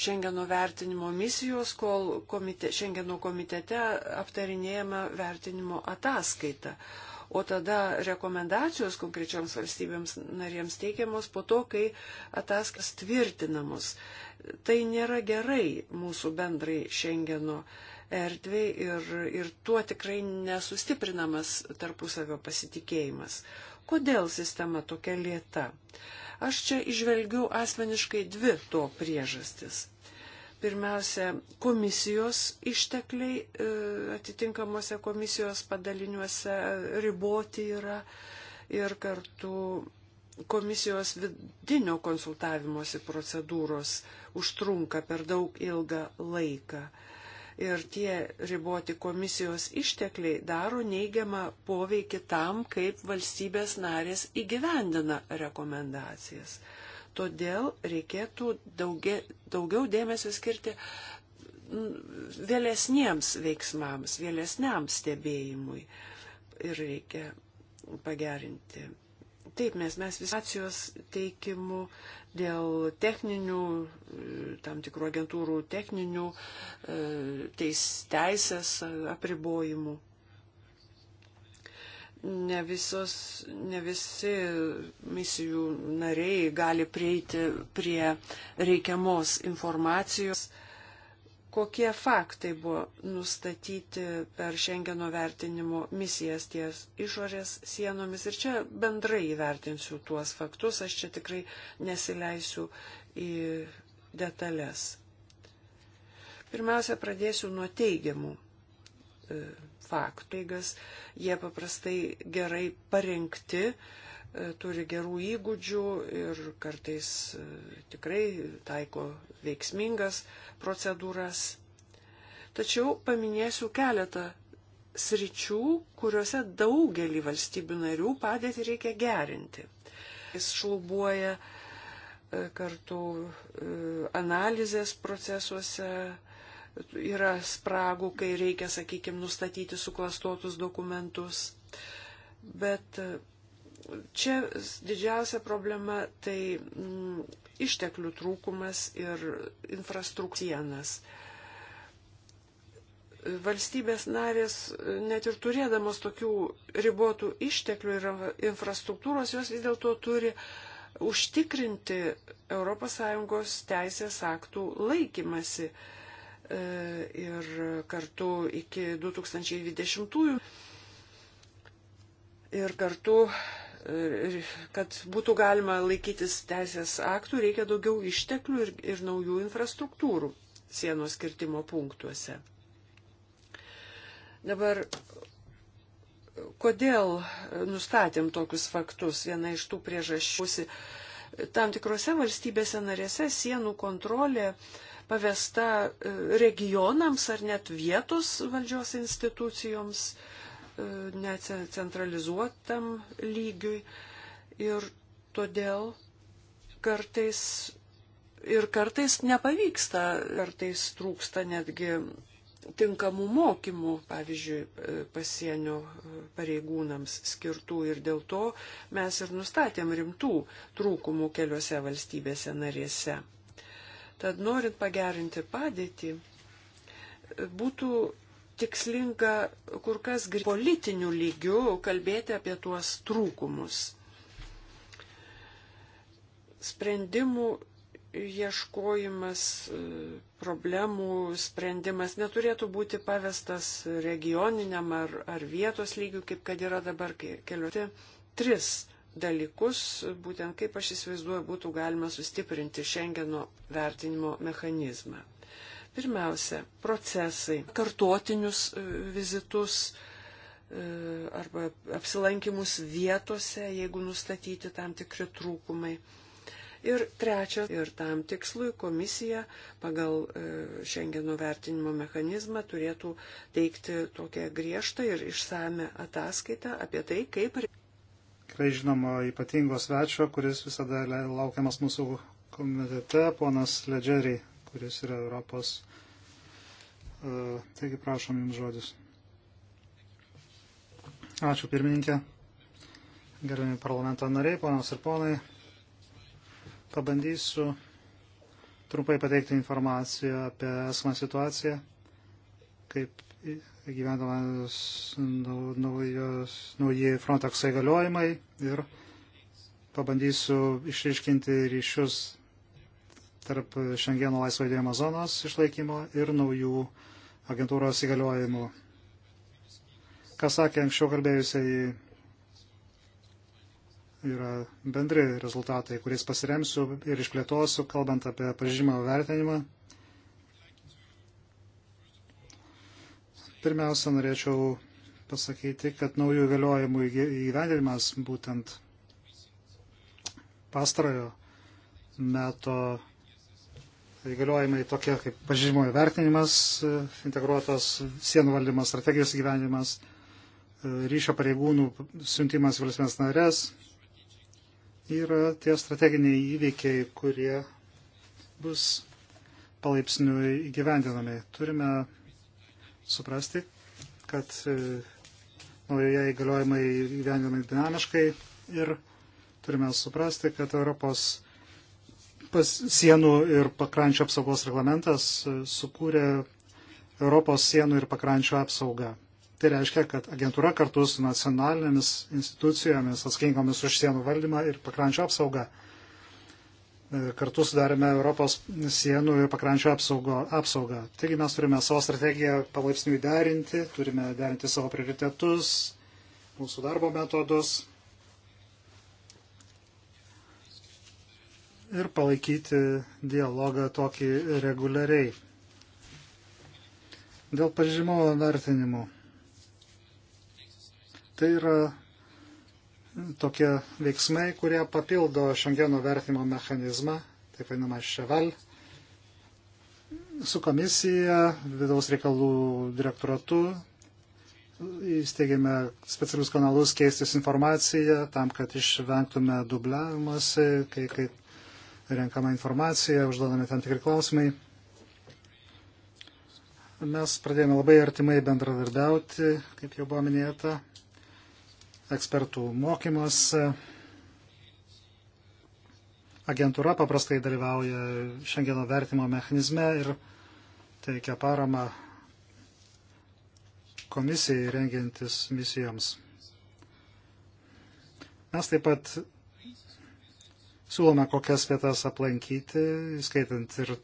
Šengeno vertinimo misijos, kol komite, Šengeno komitete aptarinėjama vertinimo ataskaita. O tada rekomendacijos konkrečioms valstybėms narėms teikiamos po to, kai ataskas tvirtinamos. Tai nėra gerai mūsų bendrai Šengeno erdvė ir, ir tuo tikrai nesustiprinamas tarpusavio pasitikėjimas. Kodėl sistema tokia lieta? Uh, Aš čia išvelgiu asmeniškai dvi to priežastis. Pirmiausia, komisijos ištekliai e, atitinkamuose komisijos padaliniuose riboti yra ir kartu komisijos vidinio konsultavimosi procedūros užtrunka per daug ilgą laiką ir tie riboti komisijos ištekliai daro neigiamą poveikį tam, kaip valstybės narės įgyvendina rekomendacijas. Todėl reikėtų daugia, daugiau dėmesio skirti vėlesniems veiksmams, vėlesniam stebėjimui ir reikia pagerinti. Taip, mes, mes visacijos teikimų dėl techninių, tam tikrų agentūrų techninių e, teis, teisės apribojimų. Ne, visos, ne visi misijų nariai gali prieiti prie reikiamos informacijos kokie faktai buvo nustatyti per Šengeno vertinimo misijas ties išorės sienomis. Ir čia bendrai įvertinsiu tuos faktus, aš čia tikrai nesileisiu į detalės. Pirmiausia, pradėsiu nuo teigiamų e, faktų. Teigas, jie paprastai gerai parengti, E, turi gerų įgūdžių ir kartais e, tikrai taiko veiksmingas procedūras. Tačiau paminėsiu keletą sričių, kuriuose daugelį valstybių narių padėtį reikia gerinti. Jis šlubuoja e, kartu analizės procesuose, yra spragų, kai reikia, sakykime, nustatyti suklastotus dokumentus. Bet Čia didžiausia problema tai m, mm, išteklių trūkumas ir infrastruktūrienas. Valstybės narės, e, net ir turėdamos tokių ribotų išteklių ir infrastruktūros, jos vis dėlto turi užtikrinti ES teisės aktų laikymasi e, ir kartu iki 2020 ir kartu kad būtų galima laikytis teisės aktų, reikia daugiau išteklių ir, ir naujų infrastruktūrų sienos kirtimo punktuose. Dabar, kodėl nustatėm tokius faktus? Viena iš tų priežasčių. Tam tikrose valstybėse narėse sienų kontrolė pavesta e, regionams ar net vietos valdžios institucijoms necentralizuotam lygiui ir todėl kartais ir kartais nepavyksta, kartais trūksta netgi tinkamų mokymų, pavyzdžiui, pasienio pareigūnams skirtų ir dėl to mes ir nustatėm rimtų trūkumų keliose valstybėse narėse. Tad norint pagerinti padėtį, būtų tikslinga kur kas politinių lygių kalbėti apie tuos trūkumus. Sprendimų ieškojimas, e, problemų sprendimas neturėtų būti pavestas regioniniam ar, ar vietos lygių, kaip kad yra dabar keliuoti. Tris dalykus, būtent kaip aš įsivaizduoju, būtų galima sustiprinti Šengeno vertinimo mechanizmą. Pirmiausia, procesai, kartuotinius e, vizitus e, arba apsilankimus vietose, jeigu nustatyti tam tikri trūkumai. Ir trečia, ir tam tikslui komisija pagal e, Šengeno vertinimo mechanizmą turėtų teikti tokią griežtą ir išsame ataskaitą apie tai, kaip. Tikrai žinoma, ypatingo svečio, kuris visada laukiamas mūsų komitete, ponas Ledžeriai kuris yra Europos. E, taigi prašom jums žodis. Ačiū pirmininkė. Gerbiami parlamento nariai, ponos ir ponai. Pabandysiu trumpai pateikti informaciją apie esamą situaciją, kaip gyvendamas nauji Frontex įgaliojimai ir pabandysiu išriškinti ryšius tarp Šengeno laisvo judėjimo zonos išlaikymo ir naujų agentūros įgaliojimų. Ką sakė anksčiau kalbėjusiai, yra bendri rezultatai, kuriais pasiremsiu ir išplėtosiu, kalbant apie pažymą vertinimą. Pirmiausia, norėčiau pasakyti, kad naujų įgaliojimų įgyvendinimas būtent pastarojo meto įgaliojimai tokie kaip pažymimo įvertinimas, e, integruotos sienų valdymas, strategijos gyvenimas, e, ryšio pareigūnų siuntimas valstybės narės. Yra tie strateginiai įveikiai, kurie bus palaipsniui įgyvendinami. Turime suprasti, kad e, naujoje įgaliojimai įgyvendinami dinamiškai ir turime suprasti, kad Europos pas, sienų ir pakrančio apsaugos reglamentas e, sukūrė Europos sienų ir pakrančio apsaugą. Tai reiškia, kad agentūra kartu su nacionalinėmis institucijomis atsakingomis už sienų valdymą ir pakrančio apsaugą e, kartu sudarėme Europos sienų ir pakrančio apsaugo, apsaugą. Taigi mes turime savo strategiją palaipsniui derinti, turime derinti savo prioritetus, mūsų darbo metodus, ir palaikyti dialogą tokį reguliariai. Dėl pažymo vertinimų. Tai yra tokie veiksmai, kurie papildo šengeno vertinimo mechanizmą, taip vadinamą ševal, su komisija, vidaus reikalų direktoratu. Įsteigėme specialius kanalus keistis informaciją tam, kad išvengtume dubliavimuose, kai, kai renkama informacija, užduodami tam tikri klausimai. Mes pradėjome labai artimai bendradarbiauti, kaip jau buvo minėta, ekspertų mokymuose. Agentūra paprastai dalyvauja šiandieno vertimo mechanizme ir teikia paramą komisijai rengiantis misijoms. Mes taip pat Siūlome, kokias vietas aplankyti, skaitant ir e,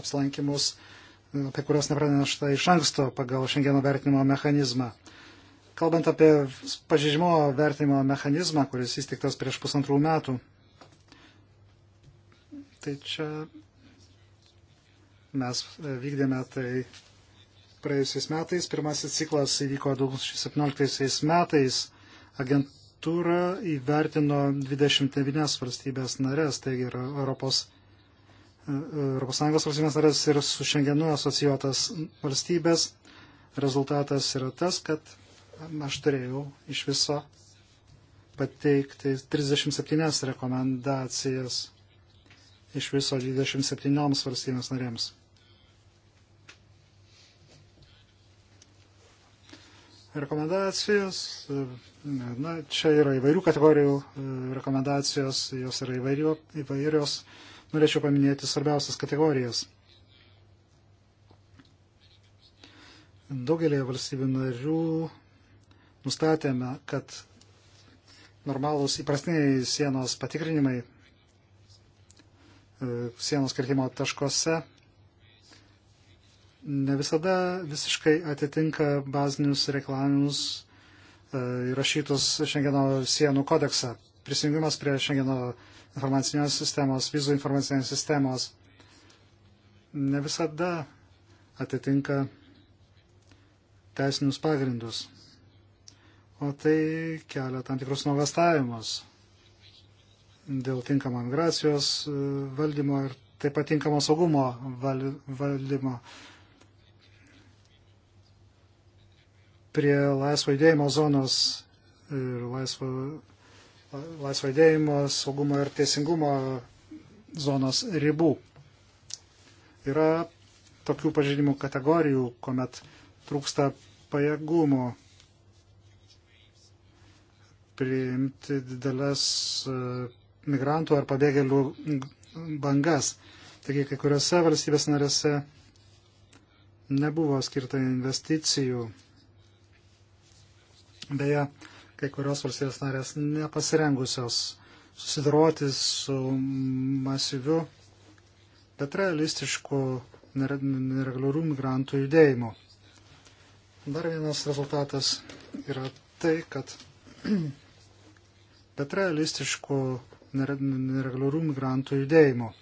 apsilankimus, e, apie kurios nepranešta iš anksto pagal šiandieno vertinimo mechanizmą. Kalbant apie pažeidžimo vertinimo mechanizmą, kuris įstiktas prieš pusantrų metų, tai čia mes e, vykdėme tai praėjusiais metais. Pirmasis ciklas įvyko 2017 metais. Agent, turą įvertino 29 valstybės narės, taigi yra Europos, e, Europos Sąjungos valstybės narės ir su Šengenu asocijuotas valstybės. Rezultatas yra tas, kad aš turėjau iš viso pateikti 37 rekomendacijas iš viso 27 valstybės narėms. rekomendacijos. Na, čia yra įvairių kategorijų e, rekomendacijos, jos yra įvairių, įvairios. Norėčiau paminėti svarbiausias kategorijas. Daugelėje valstybių narių nustatėme, kad normalūs įprastiniai sienos patikrinimai e, sienos kirtimo taškose ne visada visiškai atitinka bazinius reikalavimus e, įrašytus Šengeno sienų kodeksą. Prisijungimas prie Šengeno informacinės sistemos, vizų informacinės sistemos ne visada atitinka teisinius pagrindus. O tai kelia tam tikrus nuogastavimus dėl tinkamo migracijos e, valdymo ir taip pat tinkamo saugumo valdymo. prie laisvo judėjimo zonos ir laisvo, laisvo judėjimo, saugumo ir teisingumo zonos ribų. Yra tokių pažeidimų kategorijų, kuomet trūksta pajėgumų priimti didelės e, migrantų ar pabėgėlių bangas. Taigi kai kuriuose valstybės narėse nebuvo skirta investicijų Beje, kai kurios valstybės narės nepasirengusios susidoroti su masyviu, bet realistišku nereguliarių migrantų judėjimu. Dar vienas rezultatas yra tai, kad bet realistiškų nereguliarių migrantų judėjimo.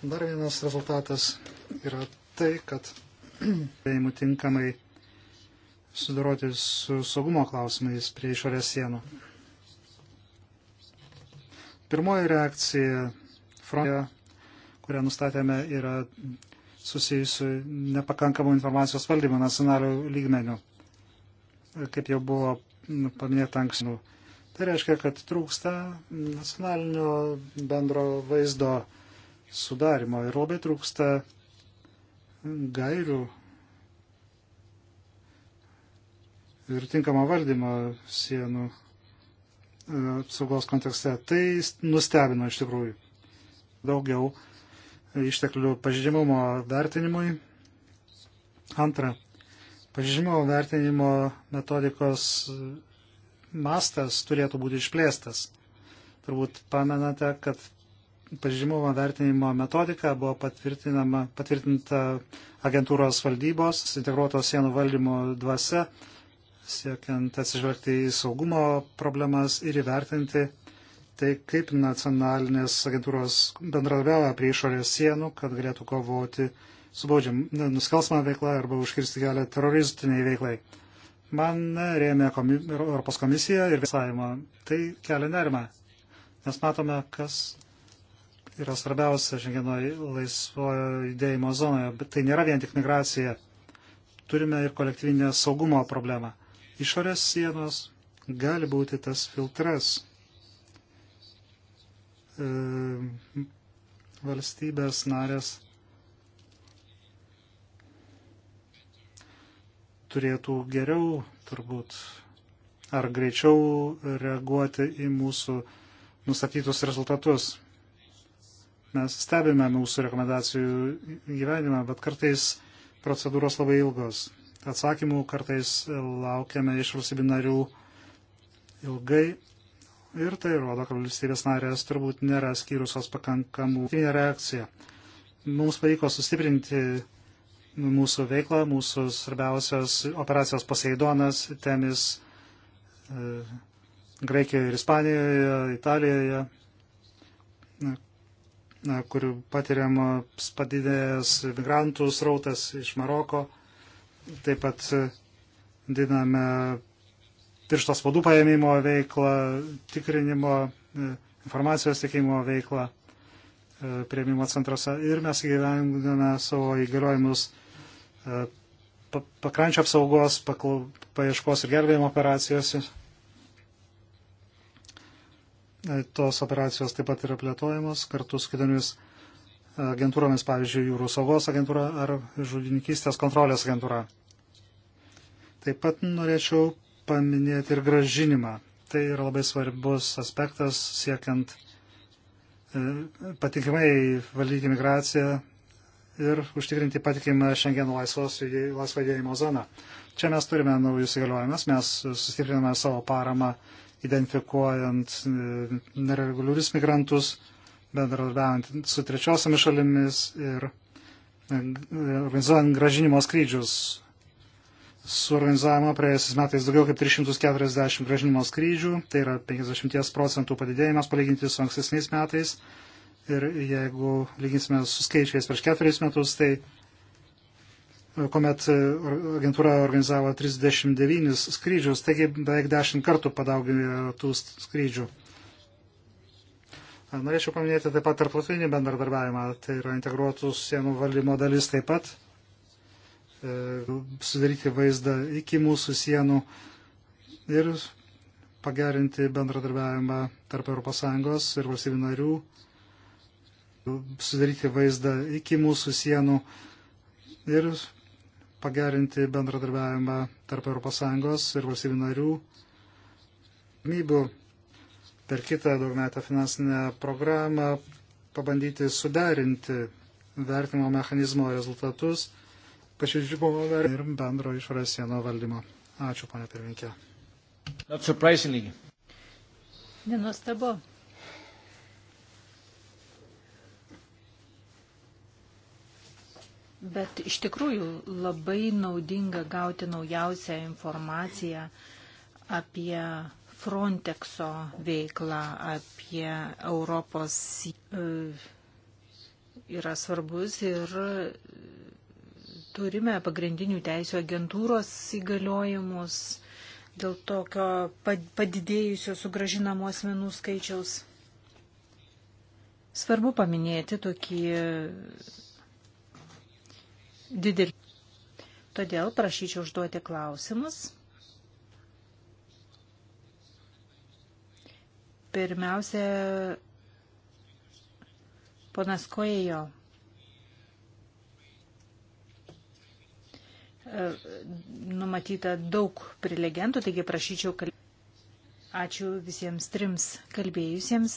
Dar vienas rezultatas yra tai, kad judėjimų tinkamai sudaroti su saugumo klausimais prie išorės sienų. Pirmoji reakcija fronte, kurią nustatėme, yra susijusiu nepakankamų informacijos valdymo nacionalių lygmenių, kaip jau buvo paminėta anksčiau. Tai reiškia, kad trūksta nacionalinio bendro vaizdo sudarimo ir labai trūksta gairių ir tinkamą valdymą sienų e, apsaugos kontekste. Tai nustebino iš tikrųjų daugiau išteklių pažydimumo vertinimui. Antra, pažydimumo vertinimo metodikos mastas turėtų būti išplėstas. Turbūt pamenate, kad pažymumo vertinimo metodika buvo patvirtinta agentūros valdybos, integruotos sienų valdymo dvasia siekiant atsižvelgti į saugumo problemas ir įvertinti tai, kaip nacionalinės agentūros bendradarbiavo prie išorės sienų, kad galėtų kovoti su baudžiam nusikalstama veikla arba užkirsti kelią teroristiniai veiklai. Man rėmė komi Europos komisija ir visavimą. Tai kelia nerima, nes matome, kas yra svarbiausia šiandieno laisvojo judėjimo zonoje. Bet tai nėra vien tik migracija. Turime ir kolektyvinę saugumo problemą. Išorės sienos gali būti tas filtras e, valstybės narės turėtų geriau turbūt ar greičiau reaguoti į mūsų nustatytus rezultatus. Mes stebime mūsų rekomendacijų gyvenimą, bet kartais procedūros labai ilgos atsakymų kartais laukiame iš valstybių narių ilgai ir tai rodo, kad valstybės narės turbūt nėra skyrusios pakankamų reakciją. Mums pavyko sustiprinti mūsų veiklą, mūsų svarbiausios operacijos Poseidonas, Temis, e, Graikijoje ir Ispanijoje, Italijoje, e, kur patiriamas padidėjęs migrantų srautas iš Maroko Taip pat didiname tirštos vadų paėmimo veiklą, tikrinimo, e, informacijos tikėjimo veiklą e, prieimimo centruose ir mes gyvename savo įgaliojimus e, pakrančio apsaugos, paklau, paieškos ir gelbėjimo operacijose. Tos operacijos taip pat yra plėtojamos kartu su kitomis agentūromis, pavyzdžiui, jūrų saugos agentūra ar žudininkystės kontrolės agentūra. Taip pat norėčiau paminėti ir gražinimą. Tai yra labai svarbus aspektas siekiant e, patikimai valdyti migraciją ir užtikrinti patikimą šiandien laisvos judėjimo zoną. Čia mes turime naujus įgaliojimus, mes sustipriname savo paramą identifikuojant e, nereguliarius migrantus, bendradarbiaujant su trečiosiamis šalimis ir e, organizuojant gražinimo skrydžius suorganizavome praėjusiais metais daugiau kaip 340 gražinimo skrydžių, tai yra 50 procentų padidėjimas palyginti su ankstesniais metais. Ir jeigu lyginsime su skaičiais prieš ketverius metus, tai e, kuomet e, agentūra organizavo 39 skrydžius, taigi beveik 10 kartų padaugėjo tų skrydžių. Norėčiau paminėti taip pat tarptautinį bendradarbiavimą, tai yra integruotų sienų valdymo dalis taip pat E, sudaryti vaizdą iki mūsų sienų ir pagerinti bendradarbiavimą tarp ES ir valstybių narių, sudaryti vaizdą iki mūsų sienų ir pagerinti bendradarbiavimą tarp ES ir valstybių narių. Mybių per kitą daugmetę finansinę programą pabandyti suderinti vertinimo mechanizmo rezultatus pažeidžiamumo dar ir bendro išorės sienų valdymo. Ačiū, ponė pirminkė. Nenuostabu. Bet iš tikrųjų labai naudinga gauti naujausią informaciją apie Frontexo veiklą, apie Europos e, yra svarbus ir turime pagrindinių teisų agentūros įgaliojimus dėl tokio padidėjusio sugražinamų asmenų skaičiaus. Svarbu paminėti tokį didelį. Todėl prašyčiau užduoti klausimus. Pirmiausia, ponas Kojo E, numatyta daug prelegentų, taigi prašyčiau kalbėti. Ačiū visiems trims kalbėjusiems.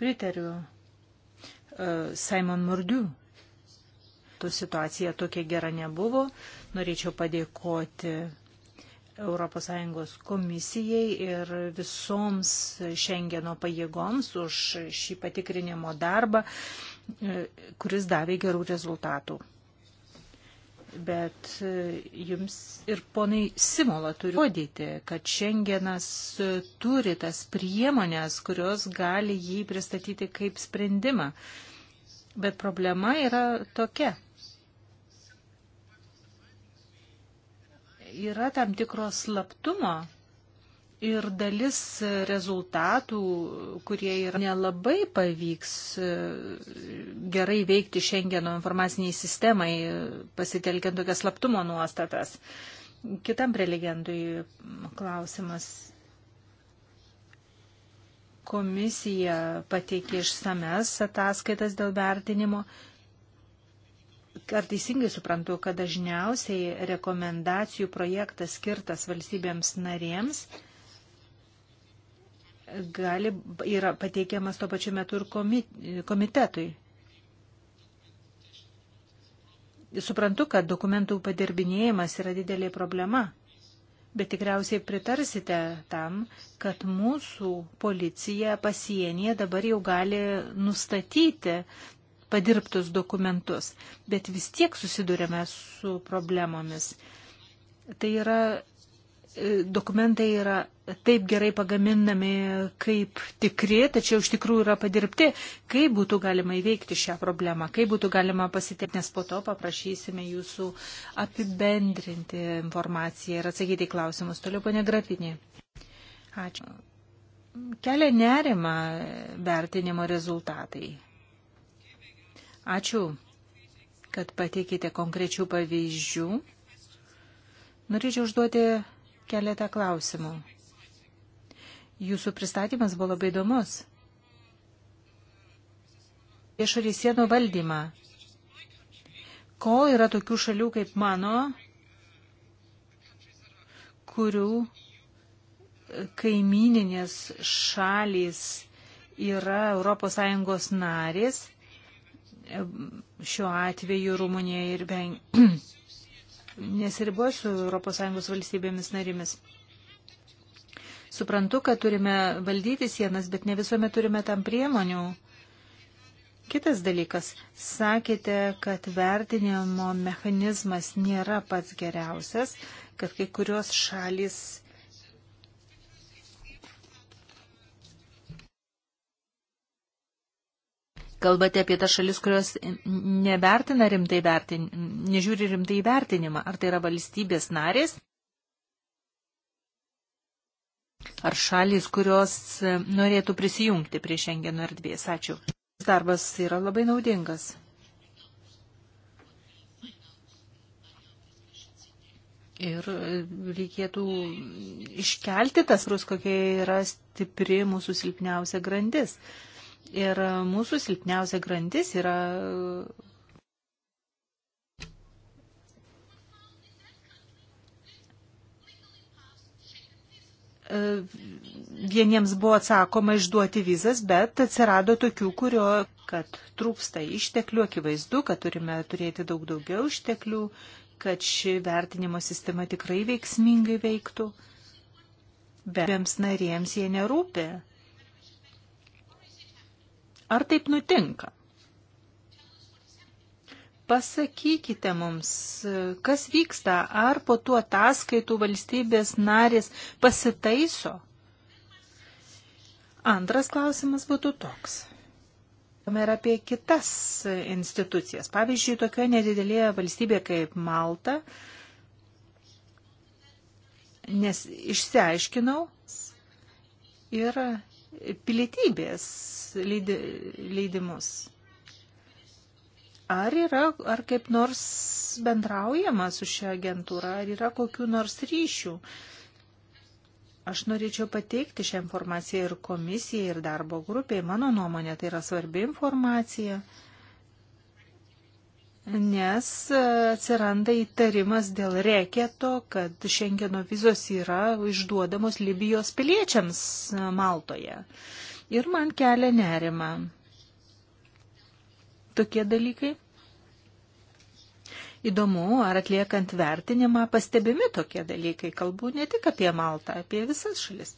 Pritariu e, Simon Murdiu. To situacija tokia gera nebuvo. Norėčiau padėkoti ES komisijai ir visoms Šengeno pajėgoms už šį patikrinimo darbą, e, kuris davė gerų rezultatų bet e, jums ir ponai Simola turi rodyti, kad šiandienas e, turi tas priemonės, kurios gali jį pristatyti kaip sprendimą. Bet problema yra tokia. Yra tam tikros slaptumo ir dalis rezultatų, kurie yra nelabai pavyks e, gerai veikti Šengeno informaciniai sistemai, pasitelkiant tokias slaptumo nuostatas. Kitam prelegentui klausimas. Komisija pateikė išsames ataskaitas dėl vertinimo Ar teisingai suprantu, kad dažniausiai rekomendacijų projektas skirtas valstybėms narėms gali, yra pateikiamas tuo pačiu metu ir komitetui. Suprantu, kad dokumentų padirbinėjimas yra didelė problema, bet tikriausiai pritarsite tam, kad mūsų policija pasienyje dabar jau gali nustatyti padirbtus dokumentus, bet vis tiek susidurėme su problemomis. Tai yra dokumentai yra taip gerai pagaminami kaip tikri, tačiau iš tikrųjų yra padirbti, kaip būtų galima įveikti šią problemą, kaip būtų galima pasitikti, nes po to paprašysime jūsų apibendrinti informaciją ir atsakyti į klausimus. Toliau, ponė Grapinė. Ačiū. Kelia nerima vertinimo rezultatai. Ačiū, kad pateikite konkrečių pavyzdžių. Norėčiau užduoti keletą klausimų. Jūsų pristatymas buvo labai įdomus. Išorės sienų valdymą. Kol yra tokių šalių kaip mano, kurių e, kaimininės šalys yra ES narės, e, šiuo atveju Rumunija ir, Ven... nesiribuoja su ES valstybėmis narimis. Suprantu, kad turime valdyti sienas, bet ne visuomet turime tam priemonių. Kitas dalykas. Sakėte, kad vertinimo mechanizmas nėra pats geriausias, kad kai kurios šalis Kalbate apie tas šalis, kurios nevertina rimtai vertin, nežiūri rimtai vertinimą. Ar tai yra valstybės narės? Ar šalis, kurios e, norėtų prisijungti prie Šengeno erdvės? Ačiū. Darbas yra labai naudingas. Ir e, reikėtų iškelti tas rus, kokia yra stipri mūsų silpniausia grandis. Uh, Ir e, mūsų silpniausia grandis yra e, vieniems buvo atsakoma išduoti vizas, bet atsirado tokių, kurio, kad trūksta išteklių, akivaizdu, kad turime turėti daug daugiau išteklių, kad ši vertinimo sistema tikrai veiksmingai veiktų. Bet jiems narėms jie nerūpė. Ar taip nutinka? Pasakykite mums, kas vyksta, ar po tuo ataskaitų valstybės narės pasitaiso? Antras klausimas būtų toks. Ir apie kitas institucijas. Pavyzdžiui, tokioje nedidelėje valstybėje kaip Malta, nes išsiaiškinau, yra pilietybės leidimus. Ar yra, ar kaip nors bendraujama su šia agentūra, ar yra kokių nors ryšių? Aš norėčiau pateikti šią informaciją ir komisijai, ir darbo grupiai. Mano nuomonė, tai yra svarbi informacija nes e, atsiranda įtarimas dėl reketo, kad Šengeno vizos yra išduodamos Libijos piliečiams e, Maltoje. Ir man kelia nerima. Tokie dalykai. Įdomu, ar atliekant vertinimą pastebimi tokie dalykai. Kalbu ne tik apie Maltą, apie visas šalis.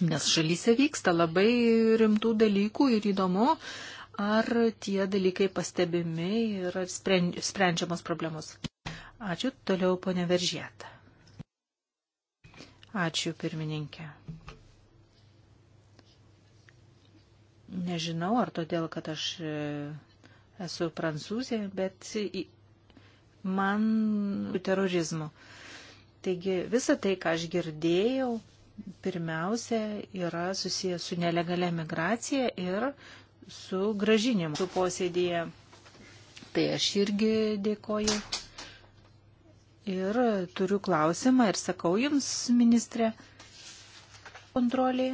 Nes šalyse vyksta labai rimtų dalykų ir įdomu, ar tie dalykai pastebimi ir ar sprendžiamos problemos. Ačiū toliau, ponė Veržėta. Ačiū, pirmininkė. Nežinau, ar todėl, kad aš e, esu prancūzė, bet man terorizmu. Taigi visą tai, ką aš girdėjau, pirmiausia yra susijęs su nelegalia migracija ir su gražinimu. Su posėdėje. Tai aš irgi dėkoju. Ir turiu klausimą ir sakau jums, ministrė, kontrolė,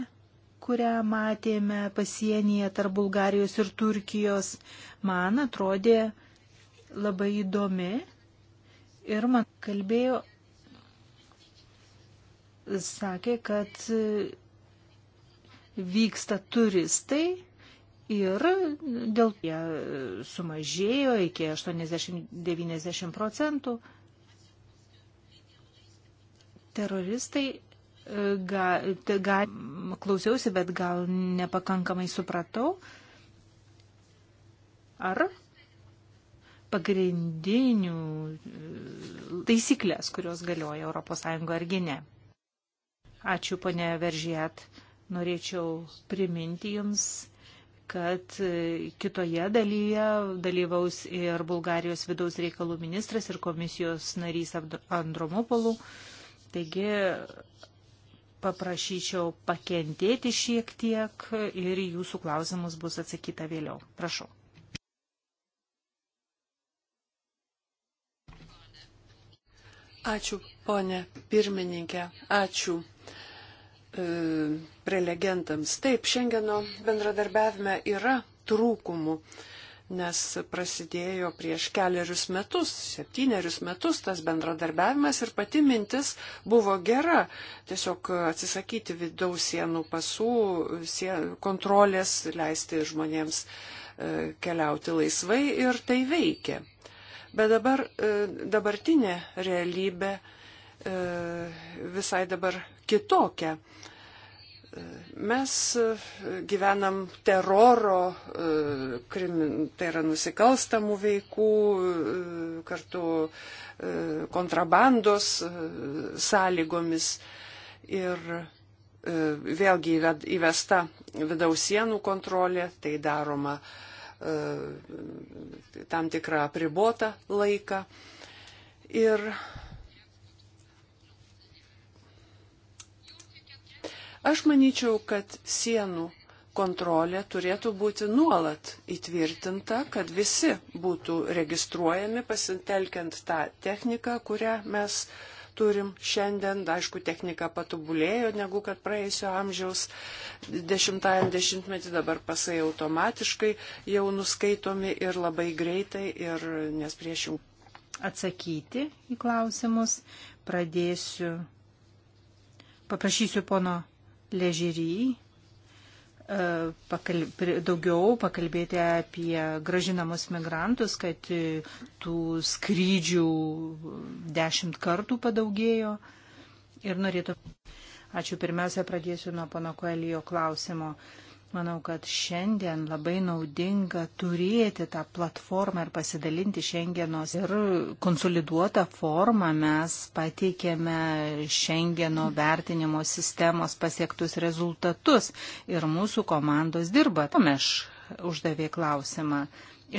kurią matėme pasienyje tarp Bulgarijos ir Turkijos, man atrodė labai įdomi ir man kalbėjo sakė, kad vyksta turistai ir dėl jie sumažėjo iki 80-90 procentų. Teroristai, e, ga, ga, klausiausi, bet gal nepakankamai supratau, ar pagrindinių e, taisyklės, kurios galioja ES argi ne. Ačiū, ponė Veržėt. Norėčiau priminti Jums, kad e, kitoje dalyje dalyvaus ir Bulgarijos vidaus reikalų ministras ir komisijos narys Andromopolų. Taigi paprašyčiau pakentėti šiek tiek ir jūsų klausimus bus atsakyta vėliau. Prašau. Ačiū, ponė pirmininkė. Ačiū E, prelegentams. Taip, Šengeno bendradarbiavime yra trūkumų, nes prasidėjo prieš keliarius metus, septynerius metus tas bendradarbiavimas ir pati mintis buvo gera. Tiesiog atsisakyti vidaus sienų pasų, kontrolės, leisti žmonėms e, keliauti laisvai ir tai veikia. Bet dabar e, dabartinė realybė E, visai dabar kitokia. E, mes e, gyvenam teroro, tai yra nusikalstamų veikų, kartu kontrabandos sąlygomis ir vėlgi įvesta vidaus sienų kontrolė, tai daroma tam tikrą apribotą laiką. Ir Aš manyčiau, kad sienų kontrolė turėtų būti nuolat įtvirtinta, kad visi būtų registruojami pasitelkiant tą techniką, kurią mes turim šiandien. Aišku, technika patobulėjo negu kad praėjusio amžiaus dešimtajam dešimtmetį dabar pasai automatiškai jau nuskaitomi ir labai greitai, ir nes priešim. Atsakyti į klausimus pradėsiu. Paprašysiu pono ležery e, pakalb, daugiau pakalbėti apie gražinamus migrantus, kad e, tų skrydžių dešimt kartų padaugėjo. Ir norėtų. Ačiū. Pirmiausia, pradėsiu nuo pono Koelijo klausimo. Uh, Manau, kad šiandien labai naudinga turėti tą platformą ir pasidalinti Šengenos. Ir konsoliduotą formą mes pateikėme Šengeno vertinimo sistemos pasiektus rezultatus. Ir mūsų komandos dirba. Pameš uždavė klausimą.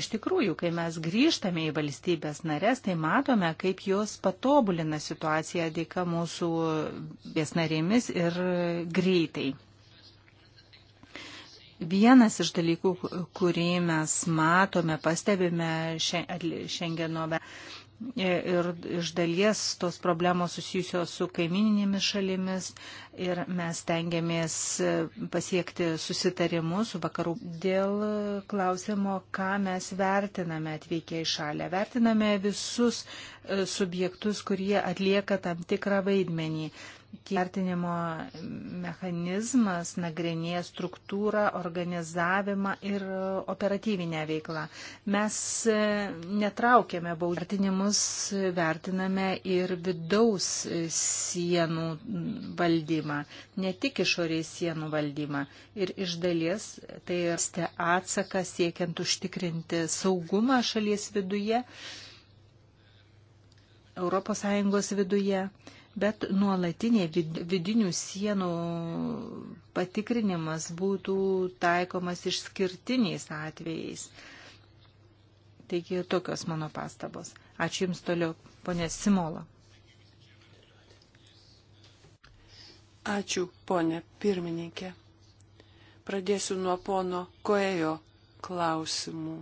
Iš tikrųjų, kai mes grįžtame į valstybės narės, tai matome, kaip jos patobulina situaciją dėka mūsų viesnarėmis ir greitai. Vienas iš dalykų, kurį mes matome, pastebime šiandieno e, ir iš dalies tos problemos susijusios su kaimininėmis šalimis ir mes tengiamės pasiekti susitarimus su vakarų dėl klausimo, ką mes vertiname atvykę į šalį. Vertiname visus e, subjektus, kurie atlieka tam tikrą vaidmenį. Vertinimo mechanizmas nagrinėja struktūrą, organizavimą ir operatyvinę veiklą. Mes netraukėme baudinimus, vertiname ir vidaus sienų valdymą, ne tik išorės sienų valdymą. Ir iš dalies tai yra atsakas siekiant užtikrinti saugumą šalies viduje. ES viduje bet nuolatinė vidinių sienų patikrinimas būtų taikomas išskirtiniais atvejais. Taigi tokios mano pastabos. Ačiū Jums toliau, ponė Simola. Ačiū, ponė pirmininkė. Pradėsiu nuo pono Koejo klausimų.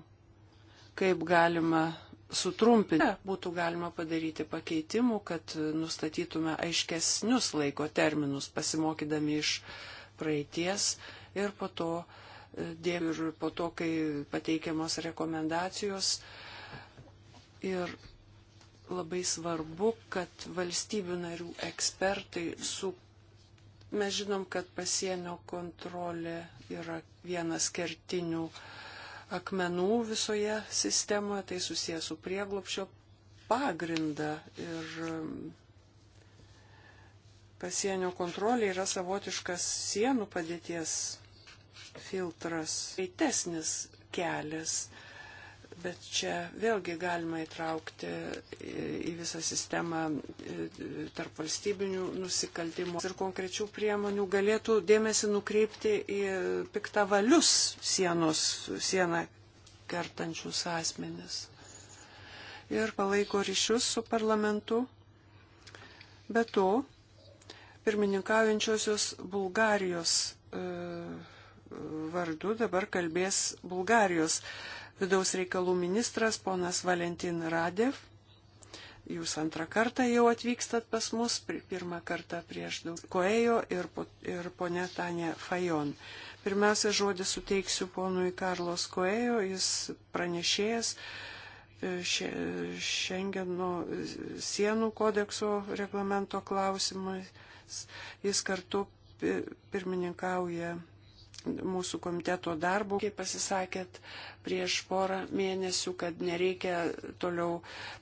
Kaip galima sutrumpinti. Būtų galima padaryti pakeitimų, kad nustatytume aiškesnius laiko terminus, pasimokydami iš praeities ir po to, e, dėvi, ir po to kai pateikiamos rekomendacijos. Ir labai svarbu, kad valstybių narių ekspertai su. Mes žinom, kad pasienio kontrolė yra vienas kertinių uh, akmenų visoje sistemoje, tai susijęs su prieglopšio pagrinda ir um, pasienio kontrolė yra savotiškas sienų padėties filtras, greitesnis kelias Bet čia vėlgi galima įtraukti į visą sistemą tarp valstybinių nusikaltimų ir konkrečių priemonių galėtų dėmesį nukreipti į piktavalius sienos, sieną kertančius asmenis. Ir palaiko ryšius su parlamentu. Be to, pirmininkaujančiosios Bulgarijos e, vardu dabar kalbės Bulgarijos. E, vidaus reikalų ministras ponas Valentin Radev. Jūs antrą kartą jau atvykstat pas mus, pirmą kartą prieš daug koejo ir, po, ir ponė Tanė Fajon. Pirmiausia, žodį suteiksiu ponui Karlos koejo, jis pranešėjas e, Šengeno sienų kodekso reglamento klausimais. Jis kartu pirmininkauja mūsų komiteto darbo, kaip pasisakėt prieš porą mėnesių, kad nereikia toliau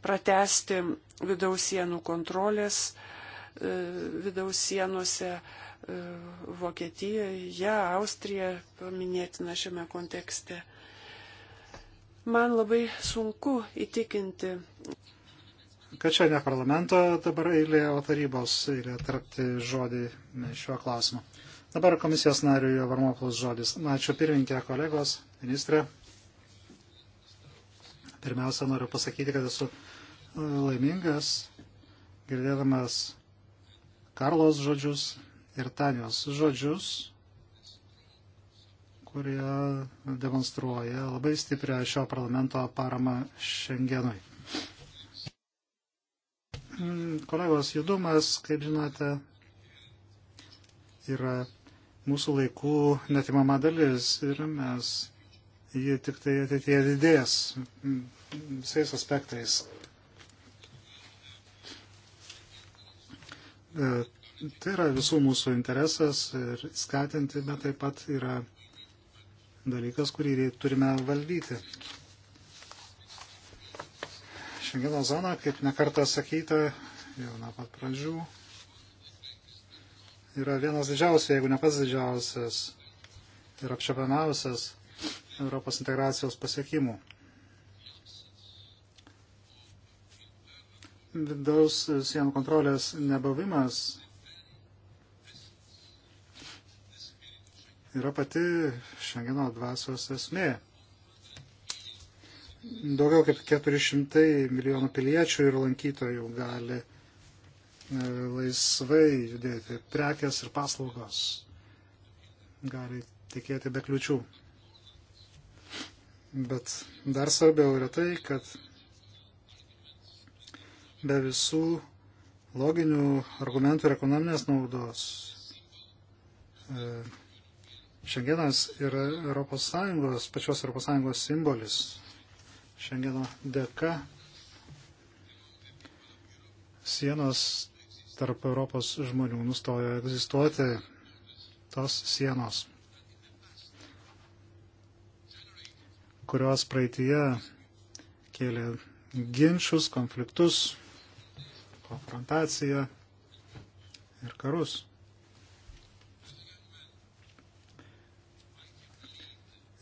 pratesti vidaus sienų kontrolės, e, vidaus sienose e, Vokietija, ja, Austrija paminėtina šiame kontekste. Man labai sunku įtikinti. Kad čia ne parlamento dabar eilė, o tarybos eilė tarpti žodį šiuo klausimu. Dabar komisijos nariui Varmoplos žodis. Ačiū pirmininkė, kolegos, ministrė. Pirmiausia, noriu pasakyti, kad esu e, laimingas, girdėdamas Karlos žodžius ir Tanijos žodžius, kurie demonstruoja labai stiprią šio parlamento paramą Šengenui. Mm, kolegos judumas, kaip žinote, yra mūsų laikų netimama dalis ir mes ji tik tai ateityje didės visais aspektais. E, tai yra visų mūsų interesas ir skatinti, bet taip pat yra dalykas, kurį turime valdyti. Šengeno zona, kaip nekartą sakyta, jau nuo pat pradžių yra vienas didžiausių, jeigu ne pats didžiausias ir apčiopiamiausias Europos integracijos pasiekimų. Vidaus sienų kontrolės nebavimas yra pati Šengeno dvasios esmė. Daugiau kaip 400 milijonų piliečių ir lankytojų gali E, laisvai judėti prekės ir paslaugos gali tikėti be kliučių. Bet dar svarbiau yra tai, kad be visų loginių argumentų ir ekonominės naudos e, šiandienas yra ES, pačios ES simbolis. Šiandieno dėka sienos tarp Europos žmonių nustojo egzistuoti tos sienos, kurios praeitie kėlė ginčius, konfliktus, konfrontaciją ir karus.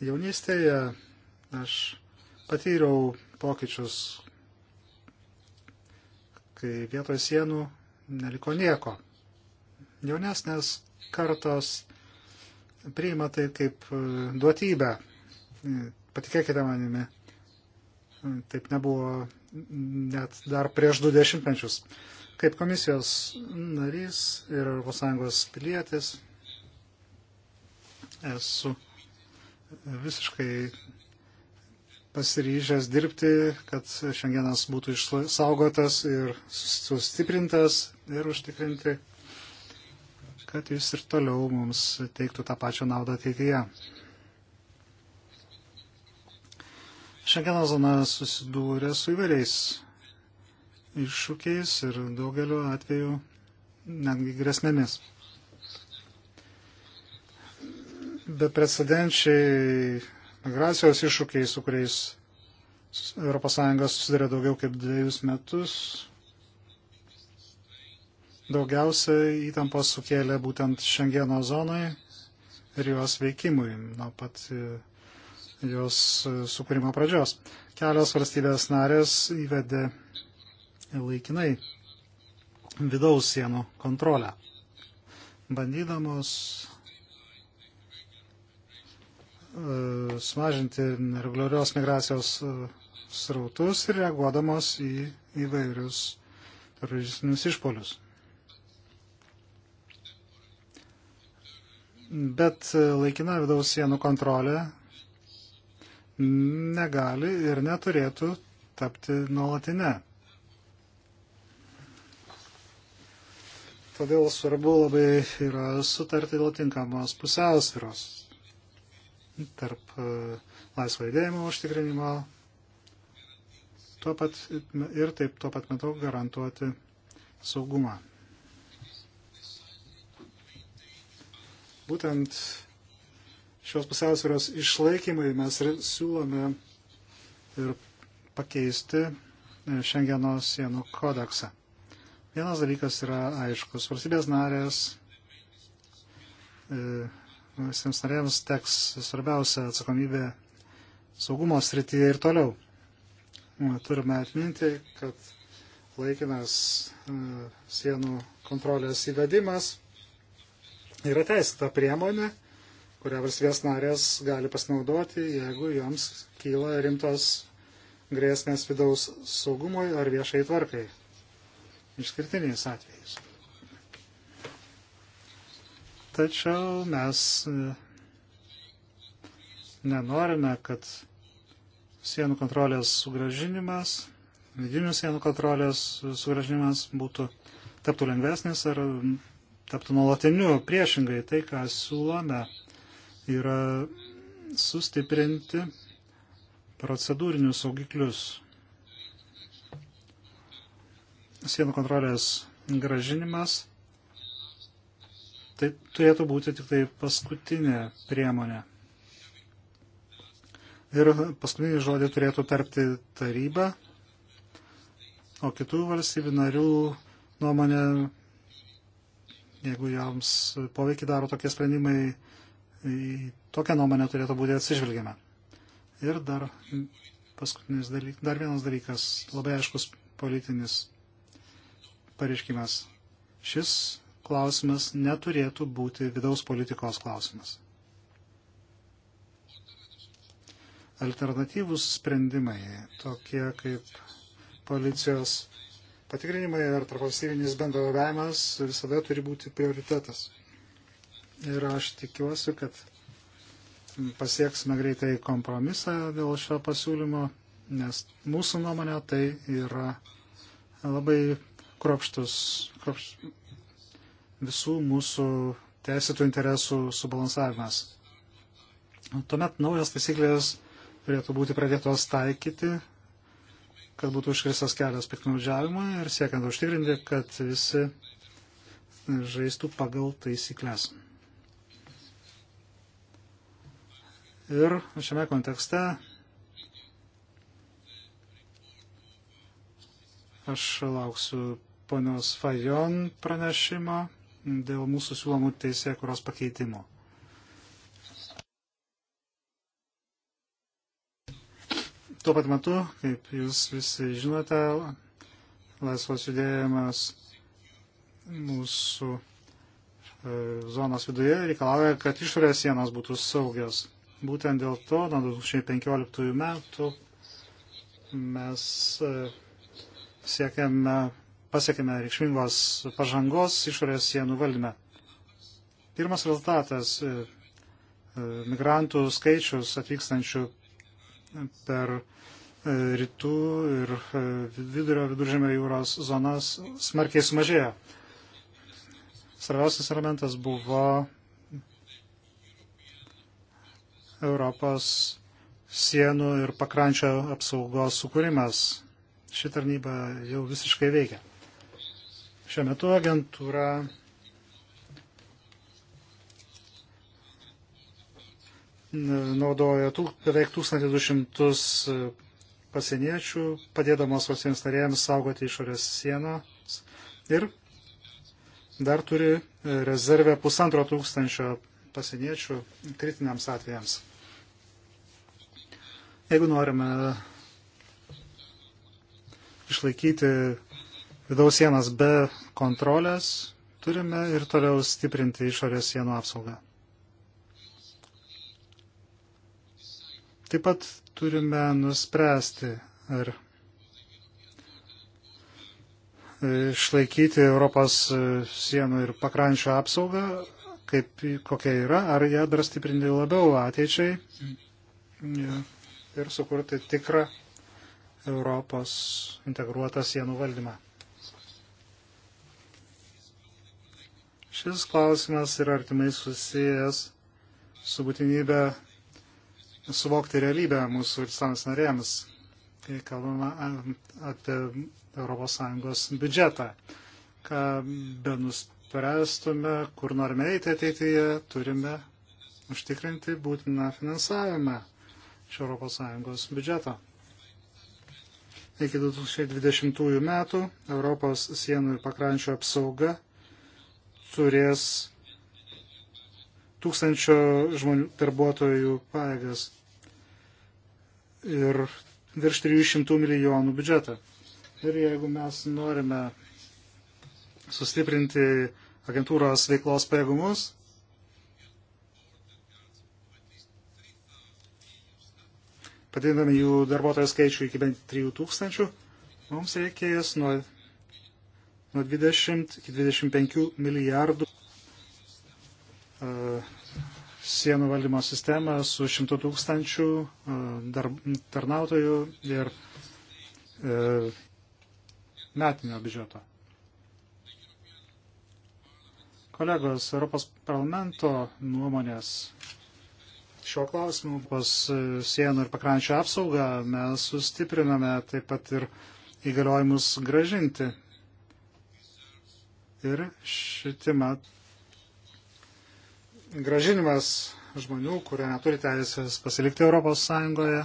Jaunystėje aš patyriau pokyčius, kai vietoj sienų neliko nieko. Jaunesnės kartos priima tai kaip e, duotybę. E, patikėkite manimi, taip nebuvo net dar prieš du dešimtmečius. Kaip komisijos narys ir ES pilietis esu visiškai pasiryžęs dirbti, kad šiandienas būtų išsaugotas ir sustiprintas ir užtikrinti, kad jis ir toliau mums teiktų tą pačią naudą ateityje. Šengeno zona susidūrė su įvairiais iššūkiais ir daugeliu atveju netgi grėsmėmis. Beprecedenčiai Migracijos iššūkiai, su kuriais ES susidarė daugiau kaip dviejus metus, daugiausia įtampos sukėlė būtent Šengeno zonai ir jos veikimui nuo pat e, jos e, sukūrimo pradžios. Kelios valstybės narės įvedė laikinai vidaus sienų kontrolę, bandydamos E, sumažinti nereguliarios migracijos e, srautus ir reaguodamos į įvairius teroristinius išpolius. Bet e, laikina vidaus sienų kontrolė negali ir neturėtų tapti nuolatinę. Todėl svarbu labai yra sutarti dėl tinkamos pusiausviros tarp e, laisvo judėjimo užtikrinimo tuo pat, ir taip tuo pat metu garantuoti saugumą. Būtent šios pusiausvėros išlaikymai mes siūlome ir pakeisti e, Šengeno sienų kodeksą. Vienas dalykas yra aiškus. Varsybės narės e, visiems narėms teks svarbiausia atsakomybė saugumo srityje ir toliau. Turime atminti, kad laikinas e, sienų kontrolės įvedimas yra teisėta priemonė, kurią valstybės narės gali pasinaudoti, jeigu joms kyla rimtos grėsmės vidaus saugumui ar viešai tvarkai. Išskirtiniais atvejais. Tačiau mes e, nenorime, kad sienų kontrolės sugražinimas, vidinių sienų kontrolės sugražinimas būtų taptų lengvesnis ar taptų nuolatiniu. Priešingai, tai, ką siūlome, yra sustiprinti procedūrinius saugiklius sienų kontrolės gražinimas Tai turėtų būti tik tai paskutinė priemonė. Ir paskutinį žodį turėtų tarpti taryba, o kitų valstybių narių nuomonė, jeigu joms poveikį daro tokie sprendimai, į tokią nuomonę turėtų būti atsižvelgiama. Ir dar paskutinis dalykas, dar vienas dalykas, labai aiškus politinis pareiškimas. Šis klausimas neturėtų būti vidaus politikos klausimas. Alternatyvūs sprendimai, tokie kaip policijos patikrinimai ar tarpvalstybinis bendradarbiavimas, visada turi būti prioritetas. Ir aš tikiuosi, kad pasieksime greitai kompromisą dėl šio pasiūlymo, nes mūsų nuomonė tai yra labai kropštus, kropš, visų mūsų teisėtų interesų subalansavimas. Tuomet naujas taisyklės turėtų būti pradėtos taikyti, kad būtų užkristas kelias piknaudžiavimui ir siekiant užtikrinti, kad visi žaistų pagal taisyklės. Ir šiame kontekste aš lauksiu ponios Fajon pranešimo dėl mūsų siūlomų teisėkuros pakeitimų. Tuo pat metu, kaip jūs visi žinote, laisvas judėjimas mūsų e, zonos viduje reikalauja, kad išorės sienos būtų saugios. Būtent dėl to nuo 2015 metų mes e, siekiame pasiekime reikšmingos pažangos išorės sienų valdyme. Pirmas rezultatas e, - e, migrantų skaičius atvykstančių per e, rytų ir vidurio viduržėmio jūros zonas smarkiai sumažėjo. Svarbiausias elementas buvo Europos sienų ir pakrančio apsaugos sukūrimas. Ši tarnyba jau visiškai veikia. Šiuo metu agentūra naudoja tūk, beveik 1200 e, pasieniečių, padėdamos valstybėms narėjams saugoti išorės sienos ir dar turi e, rezervę pusantro tūkstančio pasieniečių kritiniams atvejams. Jeigu norime išlaikyti vidaus sienas be kontrolės, turime ir toliau stiprinti išorės sienų apsaugą. Taip pat turime nuspręsti, ar išlaikyti Europos sienų ir pakrančių apsaugą, kaip kokia yra, ar ją dar stiprinti labiau ateičiai ir sukurti tikrą Europos integruotą sienų valdymą. Šis klausimas yra artimai susijęs su būtinybė suvokti realybę mūsų valstybės narėms, kai kalbama apie ES biudžetą. Ką be nuspręstume, kur norime eiti ateityje, turime užtikrinti būtiną finansavimą iš ES biudžeto. Iki 2020 metų Europos sienų ir pakrančio apsauga turės tūkstančio žmonių darbuotojų pajėgas ir virš 300 milijonų biudžetą. Ir jeigu mes norime sustiprinti agentūros veiklos pajėgumus, padidinami jų darbuotojų skaičių iki bent 3000, mums reikės nuo nuo 20 iki 25 milijardų e, sienų valdymo sistemą su 100 tūkstančių e, tarnautojų ir e, metinio biudžeto. Kolegos, Europos parlamento nuomonės šio klausimu pas sienų ir pakrančio apsaugą mes sustipriname taip pat ir įgaliojimus gražinti Ir šitima gražinimas žmonių, kurie neturi teisės pasilikti Europos Sąjungoje,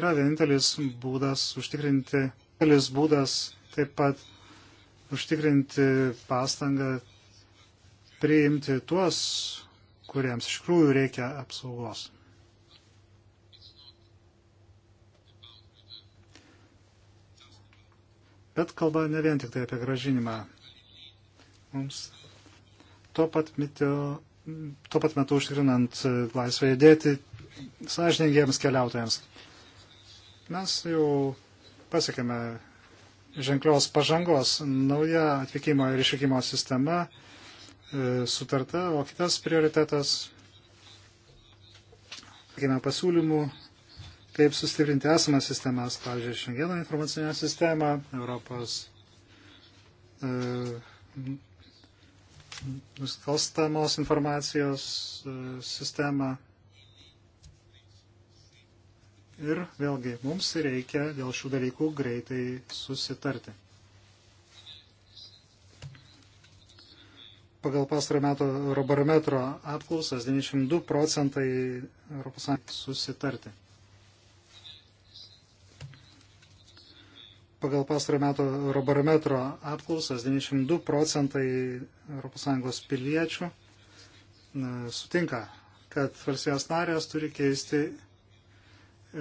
yra vienintelis būdas užtikrinti, vienintelis būdas taip pat užtikrinti pastangą priimti tuos, kuriems iš tikrųjų reikia apsaugos. Bet kalba ne vien tik tai apie gražinimą mums tuo pat, mitio, tuo pat metu užtikrinant laisvę judėti sąžiningiems keliautojams. Mes jau pasiekėme ženklios pažangos nauja atvykimo ir išvykimo sistema e, sutarta, o kitas prioritetas, sakykime, pasiūlymų, kaip sustiprinti esamas sistemas, pavyzdžiui, Šengeno informacinę sistemą, Europos e, nusikalstamos informacijos e, sistemą. Ir vėlgi, mums reikia dėl šių dalykų greitai susitarti. Pagal pastarą metų Eurobarometro apklausas 92 procentai ES susitarti. pagal pastarą metų Eurobarometro apklausas 92 procentai ES piliečių sutinka, kad valstybės narės turi keisti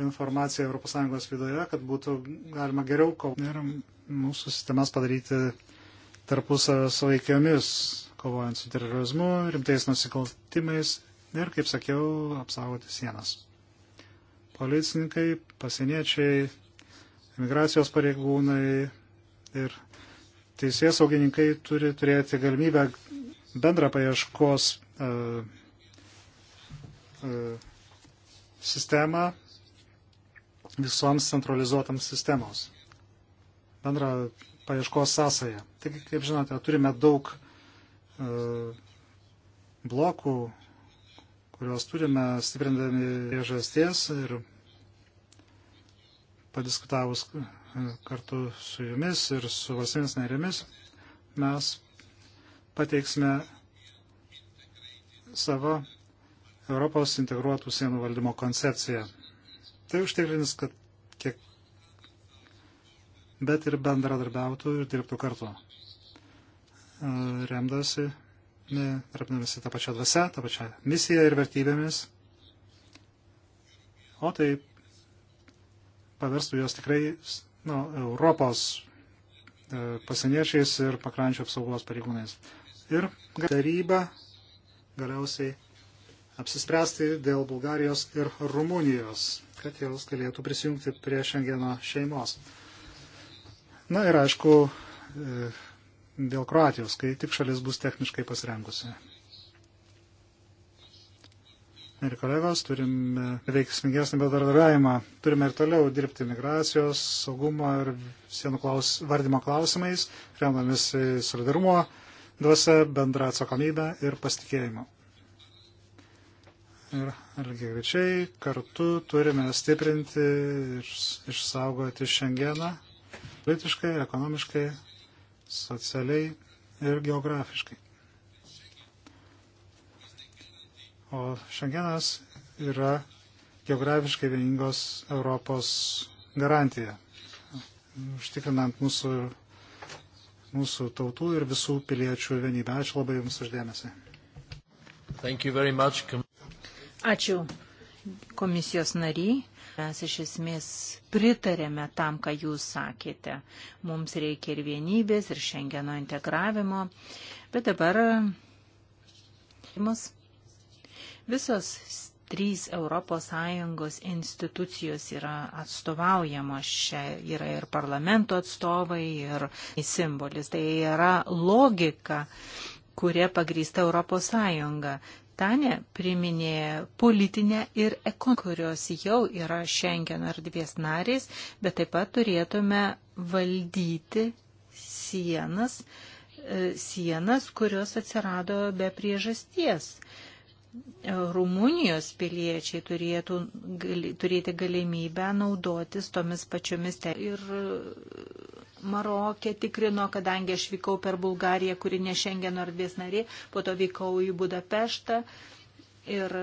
informaciją ES viduje, kad būtų galima geriau kovoti ir mūsų sistemas padaryti tarpusavio savaikiamis, kovojant su terorizmu, rimtais nusikaltimais ir, kaip sakiau, apsaugoti sienas. Policininkai, pasieniečiai, migracijos pareigūnai ir teisės saugininkai turi turėti galimybę bendrą paieškos uh, uh, sistemą visoms centralizuotams sistemos. Bendrą paieškos sąsąją. Taigi, kaip žinote, turime daug uh, blokų, kuriuos turime stiprindami priežasties ir padiskutavus e, kartu su jumis ir su valstybės narėmis, mes pateiksime savo Europos integruotų sienų valdymo koncepciją. Tai užtikrins, kad kiek bet ir bendradarbiautų ir dirbtų kartu. E, remdasi, remdamasi tą pačią dvasę, tą pačią misiją ir vertybėmis. O taip paverstų juos tikrai nu, Europos e, pasieniečiais ir pakrančio apsaugos pareigūnais. Ir taryba galiausiai apsispręsti dėl Bulgarijos ir Rumunijos, kad jos galėtų prisijungti prie Šengeno šeimos. Na ir aišku, e, dėl Kroatijos, kai tik šalis bus techniškai pasirengusi ir kolegos, turime veiksmingesnį bendradarbiavimą. Turime ir toliau dirbti migracijos, saugumo ir sienų klaus, vardymo klausimais, remdamis solidarumo duose bendrą atsakomybę ir pasitikėjimą. Ir argi greičiai kartu turime stiprinti ir išsaugoti šiandieną politiškai, ekonomiškai, socialiai ir geografiškai. O šiandienas yra geografiškai vieningos Europos garantija, užtikrinant mūsų, mūsų tautų ir visų piliečių vienybę. Ačiū labai Jums uždėmesi. Ačiū komisijos nariai. Mes iš esmės pritarėme tam, ką Jūs sakėte. Mums reikia ir vienybės, ir šengeno integravimo. Bet dabar. Mus. Visos trys ES institucijos yra atstovaujamos. Čia yra ir parlamento atstovai, ir simbolis. Tai yra logika, kuria pagrįsta ES. Tanė priminė politinę ir ekonomiką, kurios jau yra šiandien erdvės narės, bet taip pat turėtume valdyti sienas, e, sienas, kurios atsirado be priežasties. Rumunijos piliečiai turėtų gali, turėti galimybę naudotis tomis pačiomis teisėmis. Ir Marokė tikrino, kadangi aš vykau per Bulgariją, kuri ne Šengeno erdvės narė, po to vykau į Budapeštą ir